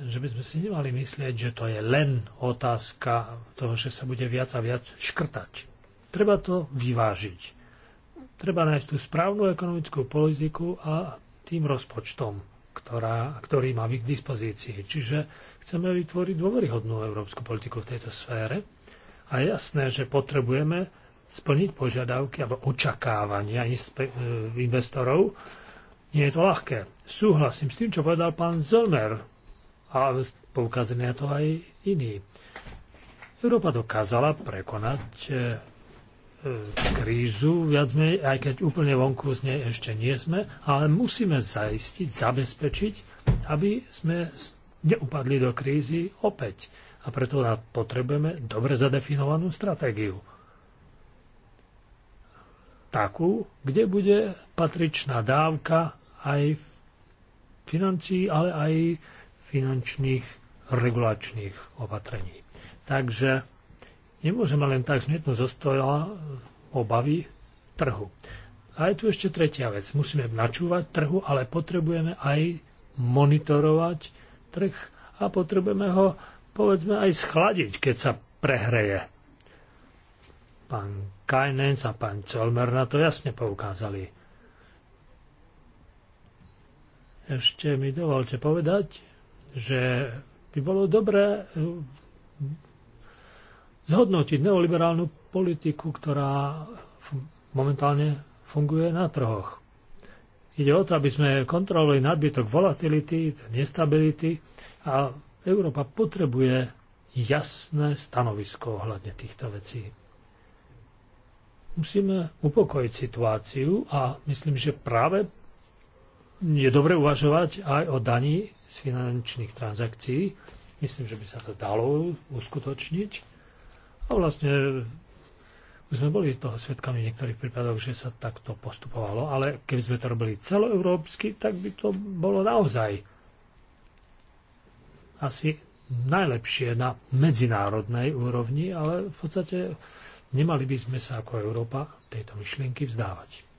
že by sme si nemali myslieť, že to je len otázka toho, že sa bude viac a viac škrtať. Treba to vyvážiť. Treba nájsť tú správnu ekonomickú politiku a tým rozpočtom, ktorá, ktorý máme k dispozícii. Čiže chceme vytvoriť dôveryhodnú európsku politiku v tejto sfére a je jasné, že potrebujeme splniť požiadavky alebo očakávania e, investorov. Nie je to ľahké. Súhlasím s tým, čo povedal pán Zomer a poukazené na to aj iní. Európa dokázala prekonať e, e, krízu, viac menej, aj keď úplne vonku z nej ešte nie sme, ale musíme zaistiť, zabezpečiť, aby sme neupadli do krízy opäť. A preto potrebujeme dobre zadefinovanú stratégiu. Takú, kde bude patričná dávka aj financí, ale aj finančných regulačných opatrení. Takže nemôžeme len tak smietnúť zo stola obavy trhu. A je tu ešte tretia vec. Musíme načúvať trhu, ale potrebujeme aj monitorovať trh a potrebujeme ho, povedzme, aj schladiť, keď sa prehreje. Pán Kajnenc a pán Colmer na to jasne poukázali. Ešte mi dovolte povedať, že by bolo dobré eh, zhodnotiť neoliberálnu politiku, ktorá momentálne funguje na trhoch. Ide o to, aby sme kontrolovali nadbytok volatility, nestability a Európa potrebuje jasné stanovisko ohľadne týchto vecí. Musíme upokojiť situáciu a myslím, že práve je dobre uvažovať aj o daní z finančných transakcií. Myslím, že by sa to dalo uskutočniť. A vlastne už sme boli toho svetkami v niektorých prípadoch, že sa takto postupovalo, ale keby sme to robili celoeurópsky, tak by to bolo naozaj asi najlepšie na medzinárodnej úrovni, ale v podstate nemali by sme sa ako Európa tejto myšlienky vzdávať.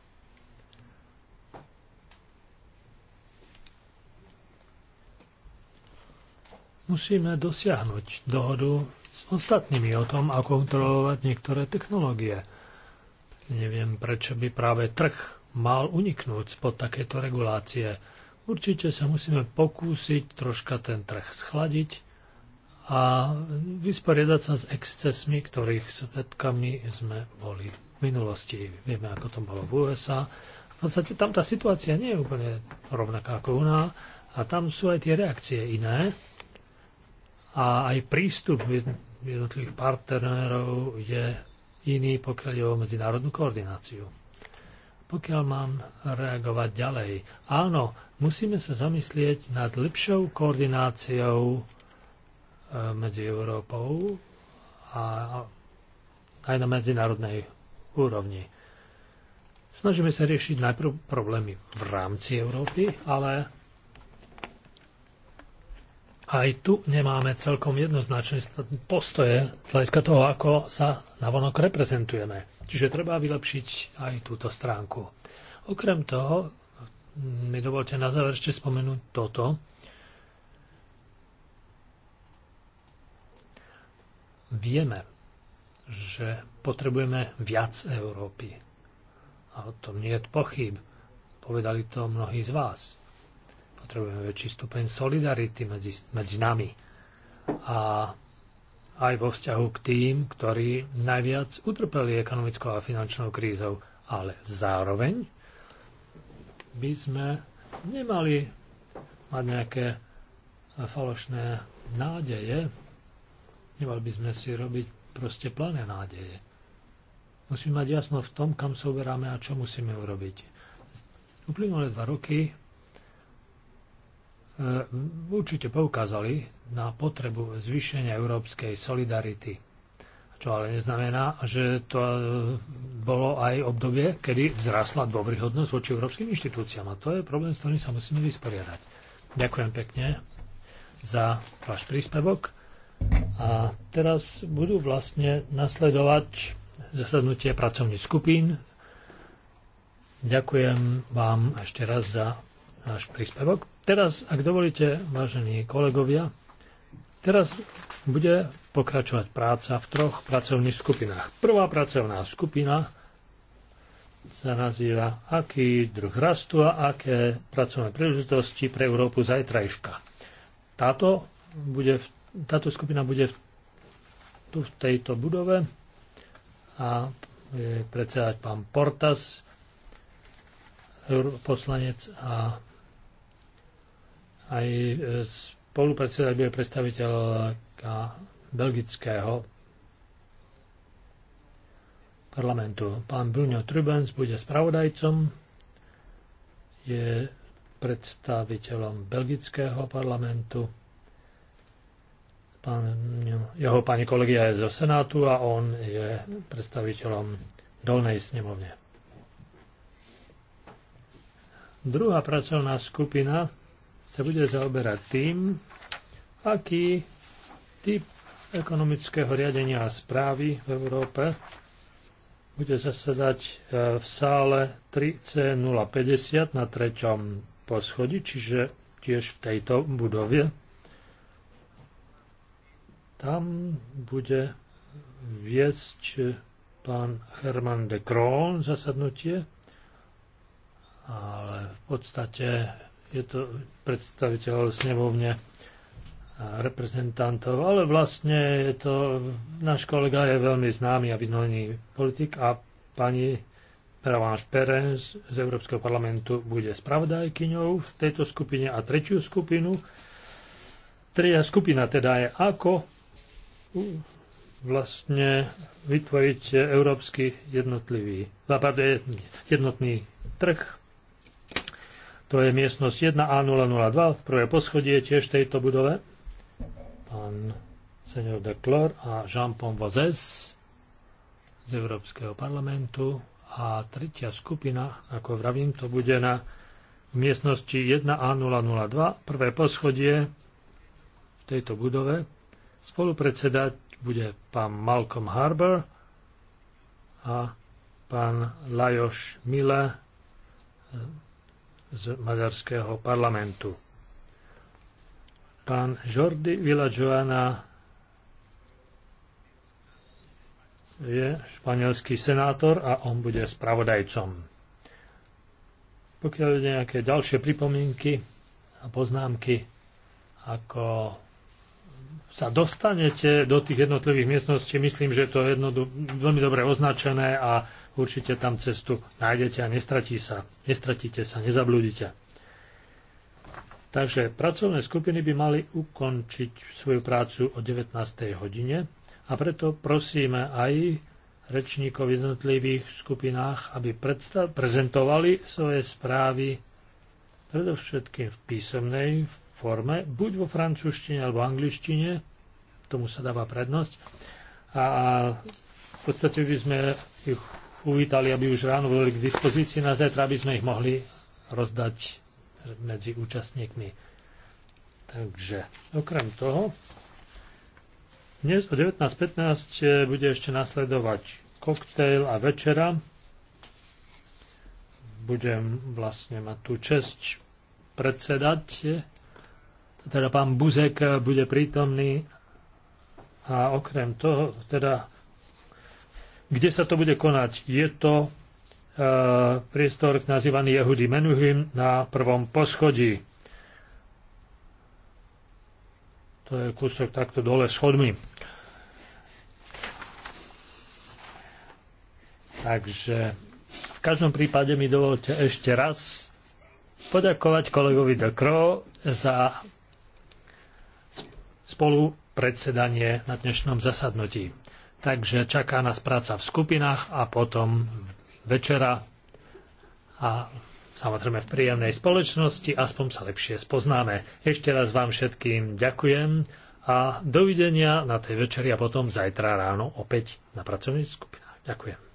musíme dosiahnuť dohodu s ostatnými o tom, ako kontrolovať niektoré technológie. Neviem, prečo by práve trh mal uniknúť spod takéto regulácie. Určite sa musíme pokúsiť troška ten trh schladiť a vysporiadať sa s excesmi, ktorých svetkami sme boli v minulosti. Vieme, ako to bolo v USA. V podstate tam tá situácia nie je úplne rovnaká ako u nás a tam sú aj tie reakcie iné a aj prístup jednotlivých partnerov je iný, pokiaľ je o medzinárodnú koordináciu. Pokiaľ mám reagovať ďalej, áno, musíme sa zamyslieť nad lepšou koordináciou e, medzi Európou a aj na medzinárodnej úrovni. Snažíme sa riešiť najprv problémy v rámci Európy, ale aj tu nemáme celkom jednoznačné postoje z hľadiska toho, ako sa navonok reprezentujeme. Čiže treba vylepšiť aj túto stránku. Okrem toho, mi dovolte na záver ešte spomenúť toto. Vieme, že potrebujeme viac Európy. A o tom nie je pochyb. Povedali to mnohí z vás potrebujeme väčší stupeň solidarity medzi, medzi nami. A aj vo vzťahu k tým, ktorí najviac utrpeli ekonomickou a finančnou krízou. Ale zároveň by sme nemali mať nejaké falošné nádeje. Nemali by sme si robiť proste plné nádeje. Musíme mať jasno v tom, kam sa uberáme a čo musíme urobiť. Uplynulé dva roky E, určite poukázali na potrebu zvýšenia európskej solidarity. Čo ale neznamená, že to e, bolo aj obdobie, kedy vzrásla dôvryhodnosť voči európskym inštitúciám. A to je problém, s ktorým sa musíme vysporiadať. Ďakujem pekne za váš príspevok. A teraz budú vlastne nasledovať zasadnutie pracovných skupín. Ďakujem vám ešte raz za náš príspevok. Teraz, ak dovolíte, vážení kolegovia, teraz bude pokračovať práca v troch pracovných skupinách. Prvá pracovná skupina sa nazýva Aký druh rastu a aké pracovné príležitosti pre Európu zajtrajška. Táto, bude v, táto skupina bude v, tu v tejto budove a bude predsedať pán Portas, poslanec a aj e, spolupredsedať bude predstaviteľ belgického parlamentu. Pán Bruno Trubens bude spravodajcom, je predstaviteľom belgického parlamentu. Pán, jeho pani kolegia je zo Senátu a on je predstaviteľom Dolnej snemovne. Druhá pracovná skupina sa bude zaoberať tým, aký typ ekonomického riadenia a správy v Európe bude zasedať e, v sále 3C050 na treťom poschodí, čiže tiež v tejto budove. Tam bude viesť pán Herman de Kroon zasadnutie, ale v podstate je to predstaviteľ snemovne reprezentantov, ale vlastne je to, náš kolega je veľmi známy a vyznaný politik a pani Pravanš Perens z Európskeho parlamentu bude spravodajkyňou v tejto skupine a tretiu skupinu. Tretia skupina teda je ako vlastne vytvoriť európsky jednotlivý, pardon, jednotný trh to je miestnosť 1A002, prvé poschodie tiež v tejto budove. Pán senior Declor a Jean-Paul Vazes z Európskeho parlamentu. A tretia skupina, ako vravím, to bude na miestnosti 1A002, prvé poschodie v tejto budove. Spolupredsedať bude pán Malcolm Harbour a pán Lajos Mile z maďarského parlamentu. Pán Jordi Villajoana je španielský senátor a on bude spravodajcom. Pokiaľ nejaké ďalšie pripomienky a poznámky, ako sa dostanete do tých jednotlivých miestností, myslím, že to je jednodu, veľmi dobre označené a určite tam cestu nájdete a nestratí sa, nestratíte sa, nezablúdite. Takže pracovné skupiny by mali ukončiť svoju prácu o 19. hodine a preto prosíme aj rečníkov v jednotlivých skupinách, aby prezentovali svoje správy predovšetkým v písomnej v forme, buď vo francúzštine alebo angličtine, tomu sa dáva prednosť. A v podstate by sme ich uvítali, aby už ráno boli k dispozícii na zajtra, aby sme ich mohli rozdať medzi účastníkmi. Takže, okrem toho, dnes o 19.15 bude ešte nasledovať koktejl a večera. Budem vlastne mať tú čest predsedať teda pán Buzek bude prítomný a okrem toho, teda, kde sa to bude konať? Je to e, priestor nazývaný Jehudy Menuhin na prvom poschodí. To je kúsok takto dole schodmi. Takže v každom prípade mi dovolte ešte raz poďakovať kolegovi Dekro za spolu predsedanie na dnešnom zasadnutí. Takže čaká nás práca v skupinách a potom večera a samozrejme v príjemnej spoločnosti aspoň sa lepšie spoznáme. Ešte raz vám všetkým ďakujem a dovidenia na tej večeri a potom zajtra ráno opäť na pracovných skupinách. Ďakujem.